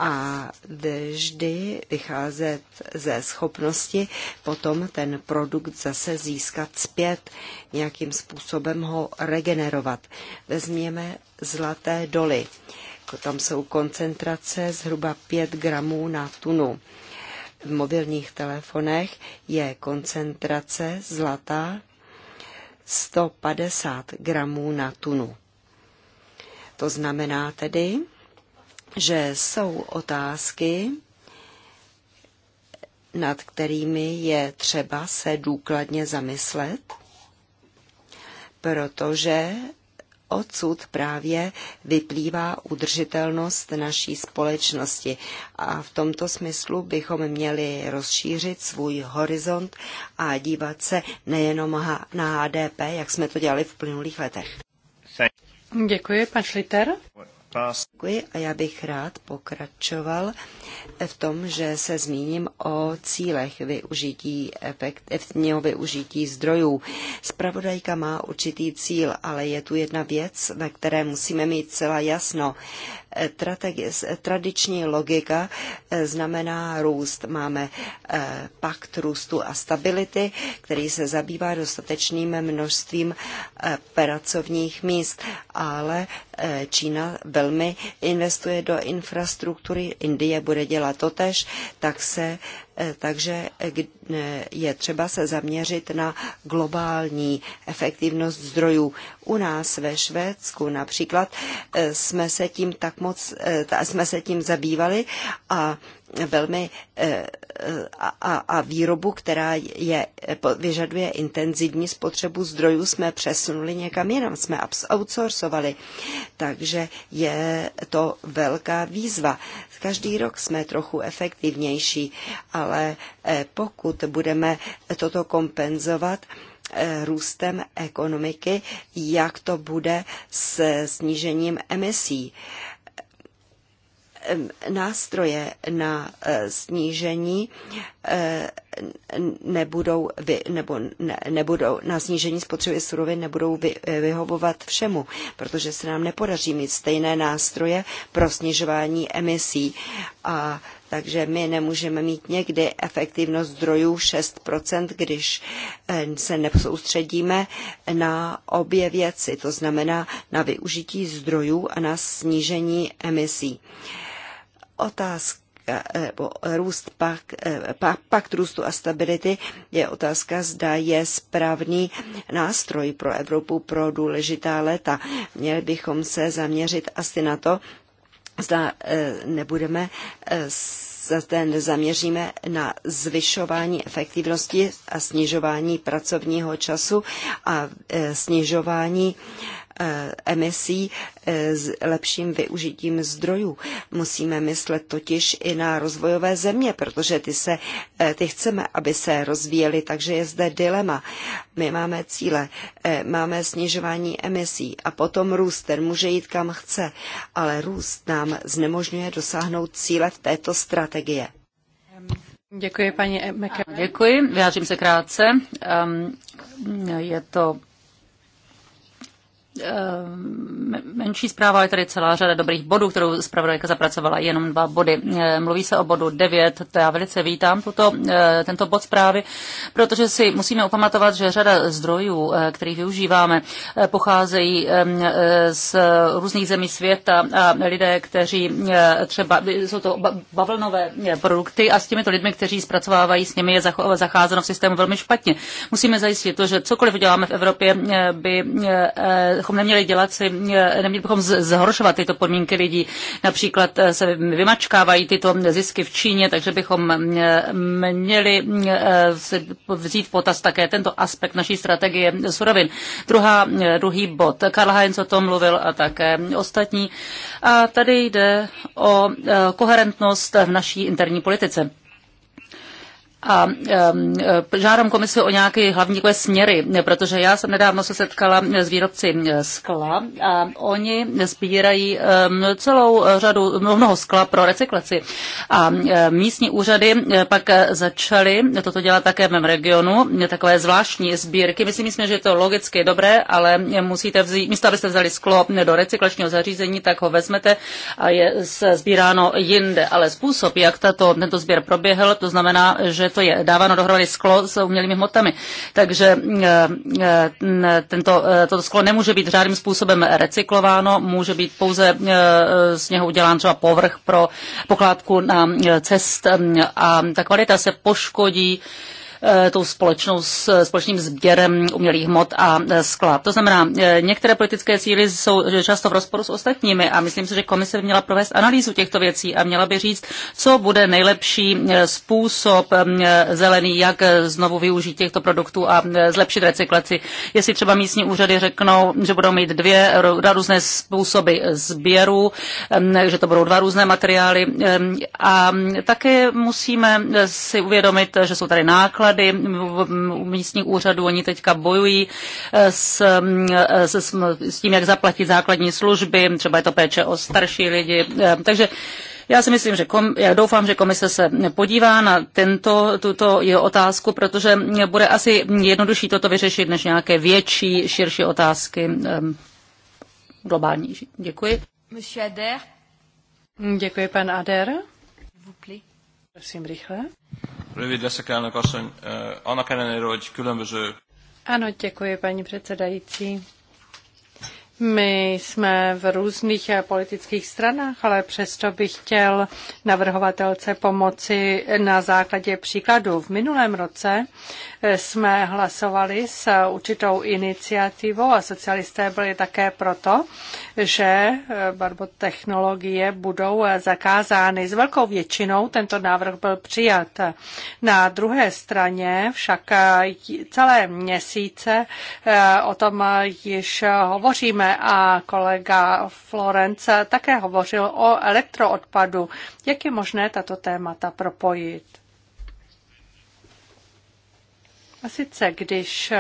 a vždy vycházet ze schopnosti potom ten produkt zase získat zpět, nějakým způsobem ho regenerovat. Vezměme zlaté doly. Tam jsou koncentrace zhruba 5 gramů na tunu. V mobilních telefonech je koncentrace zlata 150 gramů na tunu. To znamená tedy, že jsou otázky, nad kterými je třeba se důkladně zamyslet, protože odsud právě vyplývá udržitelnost naší společnosti. A v tomto smyslu bychom měli rozšířit svůj horizont a dívat se nejenom na HDP, jak jsme to dělali v plynulých letech. Děkuji, pan Šliter. Děkuji a já bych rád pokračoval v tom, že se zmíním o cílech využití efektivního využití zdrojů. Spravodajka má určitý cíl, ale je tu jedna věc, ve které musíme mít celá jasno tradiční logika eh, znamená růst. Máme eh, pakt růstu a stability, který se zabývá dostatečným množstvím eh, pracovních míst, ale Čína velmi investuje do infrastruktury, Indie bude dělat totež, tak se Eh, takže eh, eh, je třeba se zaměřit na globální efektivnost zdrojů. U nás ve Švédsku například jsme se tím tak moc, jsme se tím zabývali a velmi eh, a, a, výrobu, která je, vyžaduje intenzivní spotřebu zdrojů, jsme přesunuli někam jinam, jsme outsourcovali. Takže je to velká výzva. Každý rok jsme trochu efektivnější, ale eh, pokud budeme toto kompenzovat, eh, růstem ekonomiky, jak to bude s snížením emisí nástroje na e, snížení e, nebudou, vy, nebo ne, nebudou na snížení spotřeby surovin nebudou vy, e, vyhovovat všemu, protože se nám nepodaří mít stejné nástroje pro snižování emisí. A takže my nemůžeme mít někdy efektivnost zdrojů 6%, když se nesoustředíme na obě věci, to znamená na využití zdrojů a na snížení emisí. Otázka nebo růst pak, pak, pakt růstu a stability je otázka, zda je správný nástroj pro Evropu pro důležitá léta. Měli bychom se zaměřit asi na to, zda e, nebudeme e, zde zaměříme na zvyšování efektivnosti a snižování pracovního času a e, snižování eh, Eh, emisí eh, s lepším využitím zdrojů. Musíme myslet totiž i na rozvojové země, protože ty, se, eh, ty chceme, aby se rozvíjely, takže je zde dilema. My máme cíle, máme snižování emisí a potom růst, ten může jít kam chce, ale růst nám znemožňuje dosáhnout cíle v této strategie. Děkuji, paní Meke. Děkuji, vyjádřím se krátce. Je to Eh, menší zpráva, je tady celá řada dobrých bodů, kterou zpravodajka zapracovala, jenom dva body. Eh, mluví se o bodu 9, to já velice vítám, tuto, eh, tento bod zprávy, protože si musíme upamatovat, že řada zdrojů, kterých využíváme, pocházejí z různých zemí světa a lidé, kteří třeba, jsou to bavlnové produkty a s těmito lidmi, kteří zpracovávají, s nimi je zacházeno v systému velmi špatně. Musíme zajistit to, že cokoliv děláme v Evropě, by bychom neměli dělat si, eh, neměli bychom zhoršovat tyto podmínky lidí. Například eh, se vymačkávají tyto zisky v Číně, takže bychom eh, měli si vzít potaz také tento aspekt naší strategie surovin. Druhá, druhý bod. Karl Heinz o tom mluvil a také ostatní. A tady jde o koherentnost v naší interní politice a um, žádám komisi o nějaké hlavní směry, protože já jsem nedávno se setkala s výrobci eh, skla a oni sbírají um, celou řadu, mnoho skla pro recyklaci. A um, místní úřady eh, pak začaly toto dělat také v mém regionu, takové zvláštní sbírky. Myslím, myslíme, že je to logicky dobré, ale musíte vzít, místo abyste vzali sklo do recyklačního zařízení, tak ho vezmete a je sbíráno jinde. Ale způsob, jak tato, tento sběr proběhl, to znamená, že to je dáváno dohromady sklo s umělými hmotami. Takže eh, eh, tento, eh, toto sklo nemůže být žádným způsobem recyklováno, může být pouze z něho udělán třeba povrch pro pokládku na cest mm, a ta kvalita se poškodí Eh, tou společnou, společným sběrem umělých hmot a eh, skla. To znamená, eh, některé politické síly jsou často v rozporu s ostatními a myslím si, že komise by měla provést analýzu těchto věcí a měla by říct, co bude nejlepší způsob zelený, jak znovu využít těchto produktů a zlepšit recyklaci. Jestli třeba místní úřady řeknou, že budou mít dvě, dva různé způsoby sběru, že to budou dva různé materiály a také musíme si uvědomit, že jsou tady náklady, úřady, místních úřadů, oni teďka bojují eh, s, eh, s, s tím, jak zaplatit základní služby, třeba je to péče o starší lidi. Eh, takže já si myslím, že kom, já doufám, že komise se podívá na tento, tuto jeho otázku, protože bude asi jednodušší toto vyřešit než nějaké větší, širší otázky globální. Děkuji. Monsieur Ader. Děkuji, pan Ader. Prosím rychle. Rövid leszek, elnök asszony. Annak ellenére, hogy különböző... Ano, děkuji, paní předsedající. My jsme v různých eh, politických stranách, ale přesto bych chtěl navrhovatelce pomoci na základě příkladu. V minulém roce eh, jsme hlasovali s určitou iniciativou a socialisté byli také proto, že eh, technologie budou eh, zakázány. S velkou většinou tento návrh byl přijat. Na druhé straně však eh, celé měsíce o tom již hovoříme a kolega Florence také hovořil o elektroodpadu. Jak je možné tato témata propojit? A sice, když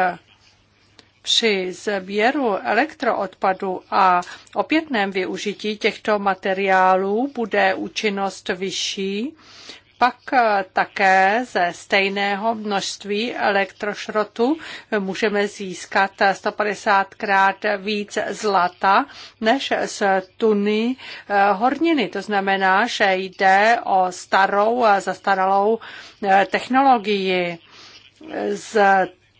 při sběru elektroodpadu a opětném využití těchto materiálů bude účinnost vyšší, pak také ze stejného množství elektrošrotu můžeme získat 150 krát víc zlata než z tuny eh, horniny. To znamená, že jde o starou a zastaralou eh, technologii. Z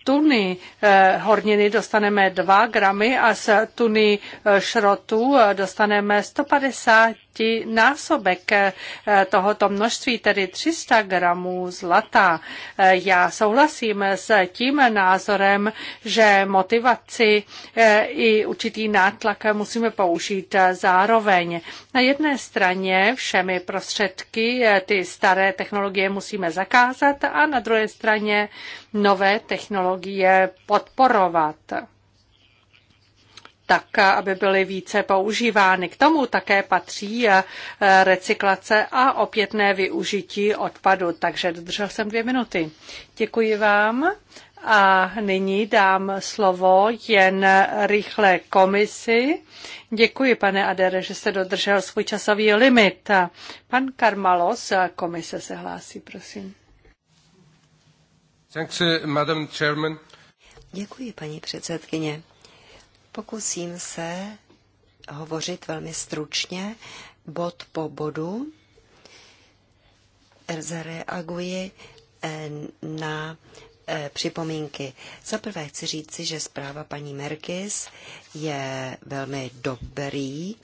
tuny eh, horniny dostaneme 2 gramy a z tuny eh, šrotu eh, dostaneme 150 desetinásobek eh, tohoto množství, tedy 300 gramů zlata. Eh, já souhlasím s tím názorem, že motivaci eh, i určitý nátlak musíme použít zároveň. Na jedné straně všemi prostředky ty staré technologie musíme zakázat a na druhé straně nové technologie podporovat tak, aby byly více používány. K tomu také patří eh, recyklace a opětné využití odpadu. Takže dodržel jsem dvě minuty. Děkuji vám. A nyní dám slovo jen rychle komisi. Děkuji, pane Adere, že jste dodržel svůj časový limit. Pan Karmalos, komise se hlásí, prosím. Eh, Děkuji, paní předsedkyně. Pokusím se hovořit velmi stručně, bod po bodu. Zareaguji eh, na eh, připomínky. Za prvé chci říci, že zpráva paní Merkis je velmi dobrý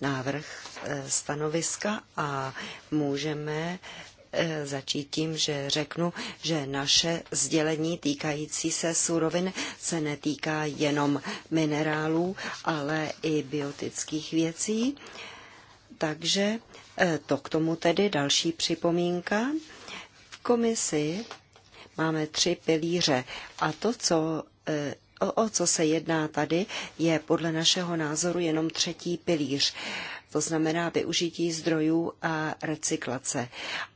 návrh eh, stanoviska a můžeme Eh, začít tím, že řeknu, že naše sdělení týkající se surovin se netýká jenom minerálů, ale i biotických věcí. Takže eh, to k tomu tedy další připomínka. V komisi máme tři pilíře a to, co eh, o co se jedná tady, je podle našeho názoru jenom třetí pilíř to znamená využití zdrojů a recyklace.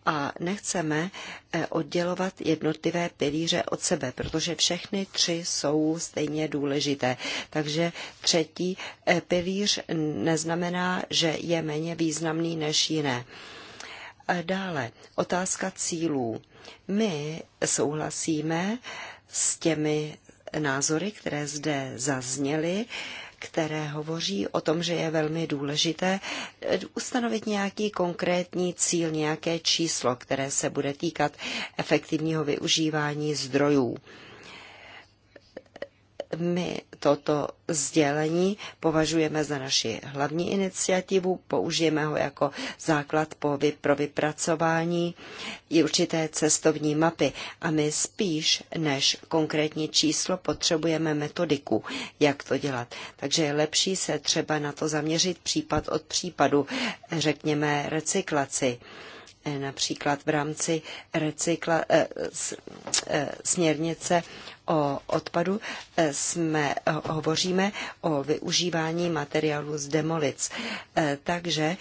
A nechceme eh, oddělovat jednotlivé pilíře od sebe, protože všechny tři jsou stejně důležité. Takže třetí eh, pilíř neznamená, že je méně významný než jiné. A dále, otázka cílů. My souhlasíme s těmi názory, které zde zazněly, které hovoří o tom, že je velmi důležité eh, ustanovit nějaký konkrétní cíl, nějaké číslo, které se bude týkat efektivního využívání zdrojů. My toto sdělení považujeme za naši hlavní iniciativu, použijeme ho jako základ pro vypracování určité cestovní mapy a my spíš než konkrétní číslo potřebujeme metodiku, jak to dělat. Takže je lepší se třeba na to zaměřit případ od případu, řekněme recyklaci e, například v rámci recykla, e, e, směrnice o odpadu eh, jsme, eh, hovoříme o využívání materiálu z demolic. Eh, takže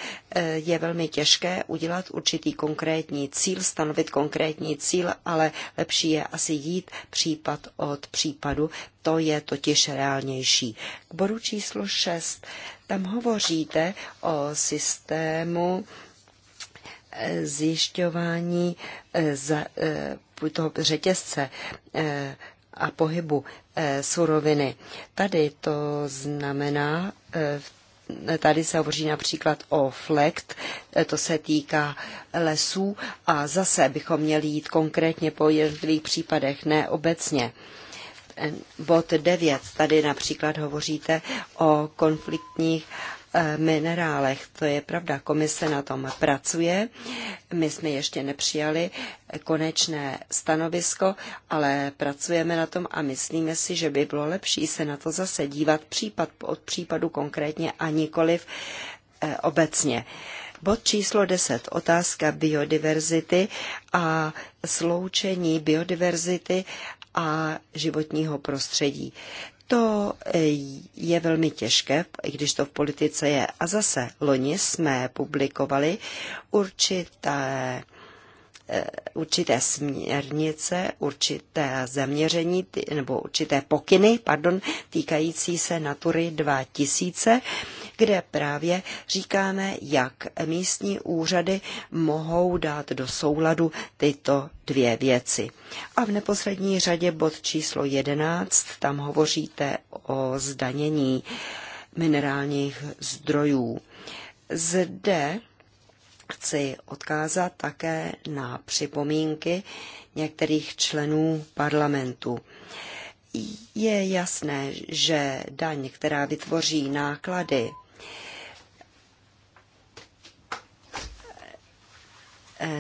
je velmi těžké udělat určitý konkrétní cíl, stanovit konkrétní cíl, ale lepší je asi jít případ od případu. To je totiž reálnější. K bodu číslo 6. Tam hovoříte o systému zjišťování za, toho řetězce a pohybu eh, suroviny. Tady to znamená e, tady se hovoří například o e, to se týká lesů a zase bychom měli jít konkrétně po jednotlivých případech, ne obecně. Bod 9, tady například hovoříte o konfliktních Eh, minerálech. To je pravda, komise na tom pracuje. My jsme ještě nepřijali konečné stanovisko, ale pracujeme na tom a myslíme si, že by bylo lepší se na to zase dívat případ od případu konkrétně a nikoliv eh, obecně. Bod číslo 10. Otázka biodiverzity a sloučení biodiverzity a životního prostředí. To eh, je velmi těžké, i když to v politice je. A zase loni jsme publikovali určité eh, určité směrnice, určité zaměření nebo určité pokyny, pardon, týkající se Natury 2000 kde právě říkáme, jak místní úřady mohou dát do souladu tyto dvě věci. A v neposlední řadě bod číslo 11, tam hovoříte o zdanění minerálních zdrojů. Zde chci odkázat také na připomínky některých členů parlamentu. Je jasné, že daň, která vytvoří náklady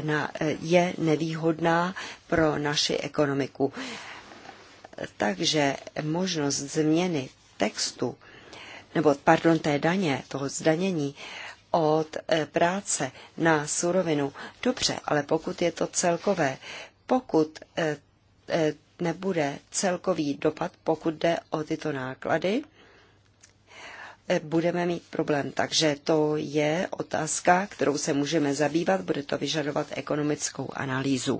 na, je nevýhodná pro naši ekonomiku. Takže možnost změny textu, nebo pardon, té daně, toho zdanění, od eh, práce na surovinu. Dobře, ale pokud je to celkové, pokud eh, eh, nebude celkový dopad, pokud jde o tyto náklady, budeme mít problém. Takže to je otázka, kterou se můžeme zabývat, bude to vyžadovat ekonomickou analýzu.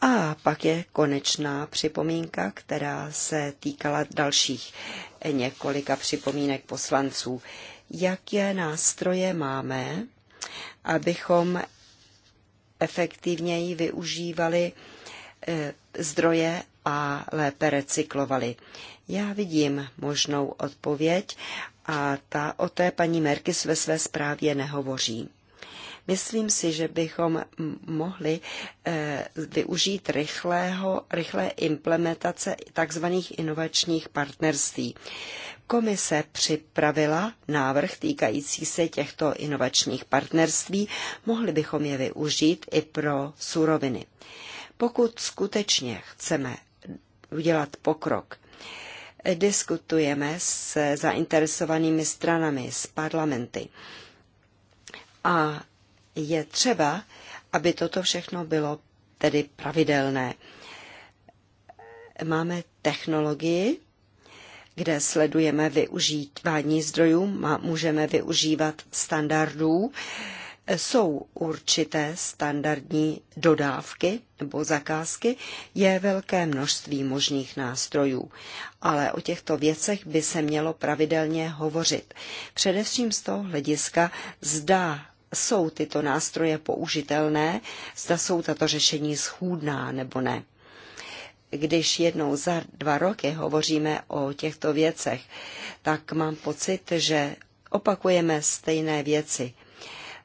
A pak je konečná připomínka, která se týkala dalších několika připomínek poslanců. Jaké nástroje máme, abychom efektivněji využívali eh, zdroje a lépe recyklovali? Já vidím možnou odpověď a ta o té paní Merkis ve své zprávě nehovoří. Myslím si, že bychom mohli eh, využít rychlého, rychlé implementace tzv. inovačních partnerství. Komise připravila návrh týkající se těchto inovačních partnerství, mohli bychom je využít i pro suroviny. Pokud skutečně chceme udělat pokrok, diskutujeme s zainteresovanými stranami, s parlamenty. A je třeba, aby toto všechno bylo tedy pravidelné. Máme technologii, kde sledujeme využívání zdrojů, můžeme využívat standardů, jsou určité standardní dodávky nebo zakázky, je velké množství možných nástrojů. Ale o těchto věcech by se mělo pravidelně hovořit. Především z toho hlediska zdá jsou tyto nástroje použitelné, zda jsou tato řešení schůdná nebo ne. Když jednou za dva roky hovoříme o těchto věcech, tak mám pocit, že opakujeme stejné věci.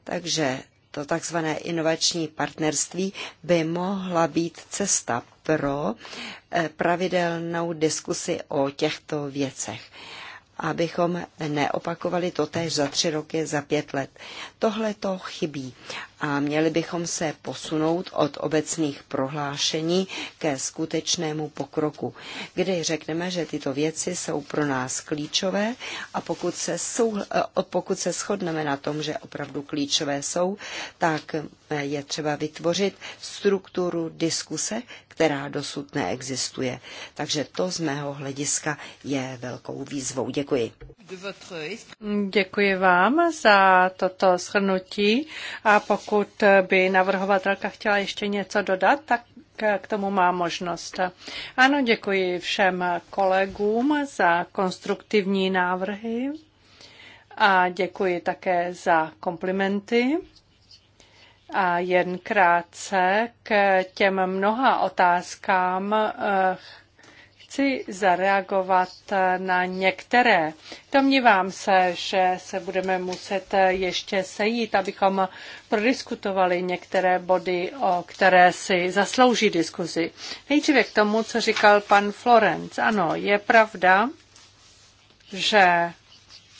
Takže to takzvané inovační partnerství by mohla být cesta pro eh, pravidelnou diskusi o těchto věcech abychom neopakovali to za tři roky, za pět let. Tohle to chybí a měli bychom se posunout od obecných prohlášení ke skutečnému pokroku, kdy řekneme, že tyto věci jsou pro nás klíčové a pokud se, souhl, e, pokud se shodneme na tom, že opravdu klíčové jsou, tak e, je třeba vytvořit strukturu diskuse, která dosud neexistuje. Takže to z mého hlediska je velkou výzvou. Děkuji. Děkuji vám za toto shrnutí a pokud pokud by navrhovatelka chtěla ještě něco dodat, tak k tomu má možnost. Ano, děkuji všem kolegům za konstruktivní návrhy a děkuji také za komplimenty. A jen krátce k těm mnoha otázkám, eh, chci zareagovat na některé. Domnívám se, že se budeme muset ještě sejít, abychom prodiskutovali některé body, o které si zaslouží diskuzi. Nejdříve k tomu, co říkal pan Florenc. Ano, je pravda, že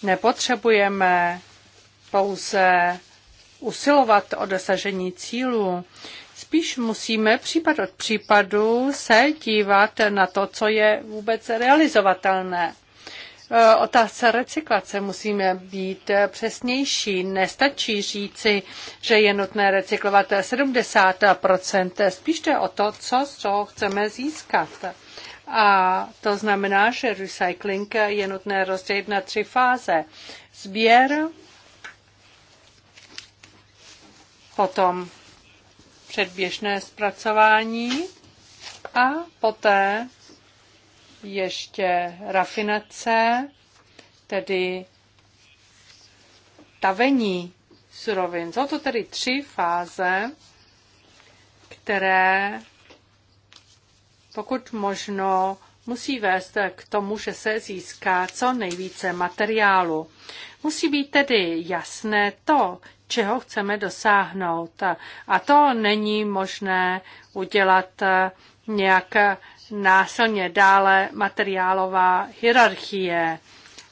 nepotřebujeme pouze usilovat o dosažení cílů spíš musíme případ od případu se dívat na to, co je vůbec realizovatelné e, otázce recyklace musíme být přesnější. Nestačí říci, že je nutné recyklovat 70 Spíš jde o to, co z toho chceme získat. A to znamená, že recycling je nutné rozdělit na tři fáze. Sběr, potom předběžné zpracování a poté ještě rafinace, tedy tavení surovin. Jsou to tedy tři fáze, které pokud možno musí vést k tomu, že se získá co nejvíce materiálu. Musí být tedy jasné to, čeho chceme dosáhnout. A to není možné udělat eh, nějak násilně dále materiálová hierarchie.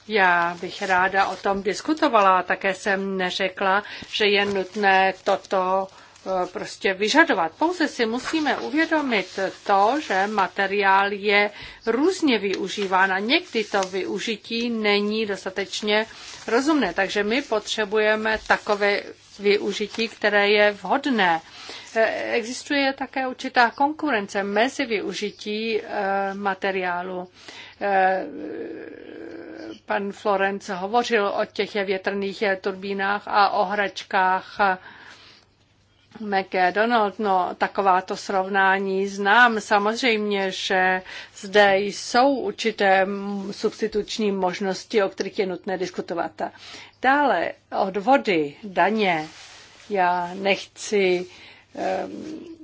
Já bych ráda o tom diskutovala, také jsem neřekla, že je nutné toto Eh, prostě vyžadovat. Pouze si musíme uvědomit to, že materiál je různě využíván a někdy to využití není dostatečně rozumné. Takže my potřebujeme takové využití, které je vhodné. Eh, existuje také určitá konkurence mezi využití eh, materiálu. Pan Florenc hovořil o těch větrných turbínách a o hračkách McDonald, no takováto srovnání znám. Samozřejmě, že zde jsou určité substituční možnosti, o kterých je nutné diskutovat. Dále odvody, daně. Já nechci um,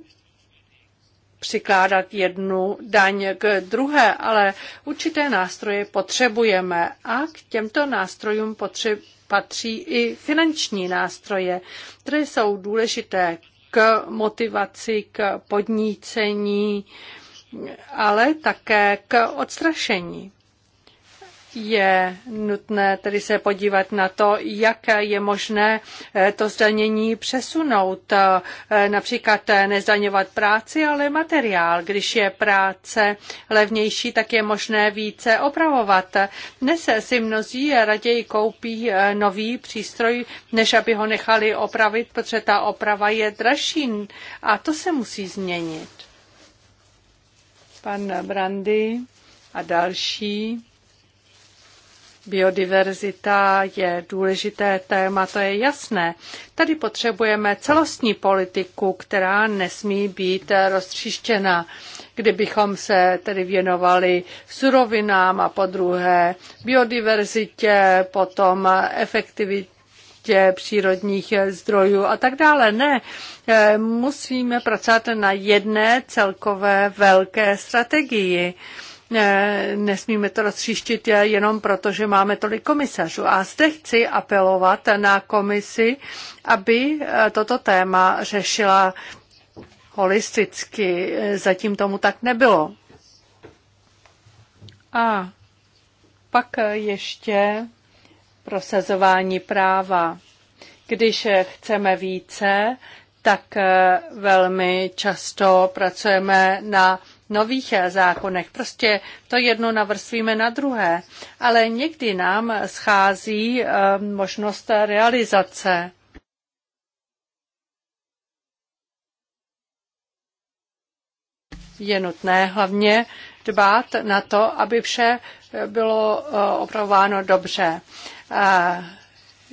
přikládat jednu daň k druhé, ale určité nástroje potřebujeme a k těmto nástrojům potře- patří i finanční nástroje, které jsou důležité k motivaci, k podnícení, ale také k odstrašení je nutné tedy se podívat na to, jak je možné eh, to zdanění přesunout. Eh, například eh, nezdaňovat práci, ale materiál. Když je práce levnější, tak je možné více opravovat. Dnes si mnozí raději koupí nový přístroj, než aby ho nechali opravit, protože ta oprava je dražší a to se musí změnit. Pan Brandy a další. Biodiverzita je důležité téma, to je jasné. Tady potřebujeme celostní politiku, která nesmí být roztříštěna. Kdybychom se tedy věnovali surovinám a po druhé biodiverzitě, potom efektivitě přírodních zdrojů a tak dále. Ne, eh, musíme pracovat na jedné celkové velké strategii nesmíme to roztříštit jenom proto, že máme tolik komisařů. A zde chci apelovat na komisi, aby eh, toto téma řešila holisticky. Eh, zatím tomu tak nebylo. A pak eh, ještě prosazování práva. Když chceme více, tak velmi často pracujeme na nových eh, zákonech. Prostě to jedno navrstvíme na druhé, ale někdy nám schází eh, možnost realizace. Je nutné hlavně dbát na to, aby vše eh, bylo opravováno dobře.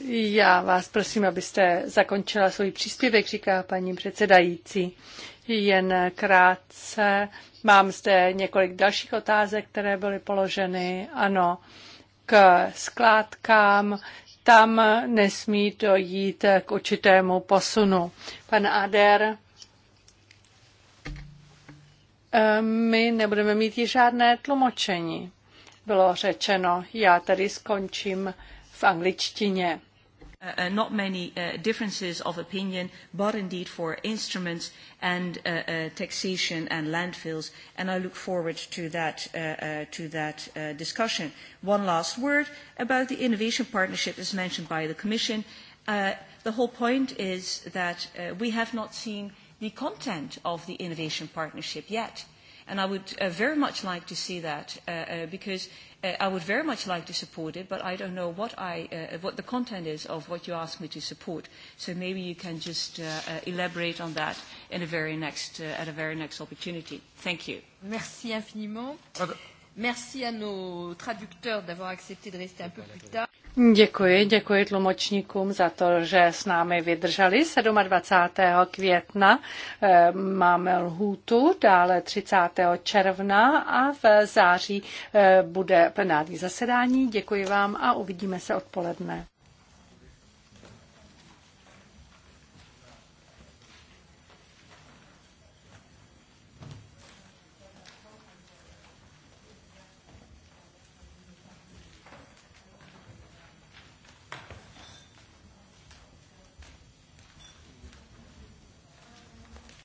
Já vás prosím, abyste zakončila svůj příspěvek, říká paní předsedající. Jen krátce. Mám zde několik dalších otázek, které byly položeny. Ano, k skládkám tam nesmí dojít k určitému posunu. Pan Ader, eh, my nebudeme mít již žádné tlumočení, bylo řečeno. Já tady skončím v angličtině. Uh, uh, not many uh, differences of opinion, but indeed for instruments and uh, uh, taxation and landfills, and I look forward to that, uh, uh, to that uh, discussion. One last word about the innovation partnership as mentioned by the Commission. Uh, the whole point is that uh, we have not seen the content of the innovation partnership yet. And I would uh, very much like to see that uh, uh, because Uh, I would very much like to support it, but I don't know what, I, uh, uh what the content is of what you asked me to support. So maybe you can just uh, uh, elaborate on that in a very next, uh, at a very next opportunity. Thank you. Merci infiniment. Ah, Merci à nos traducteurs d'avoir accepté de rester un peu plus tard. Děkuji, děkuji tlumočníkům za to, že s námi vydrželi 27. května. Eh, máme lhůtu, dále 30. června a v září eh, bude plenární zasedání. Děkuji vám a uvidíme se odpoledne.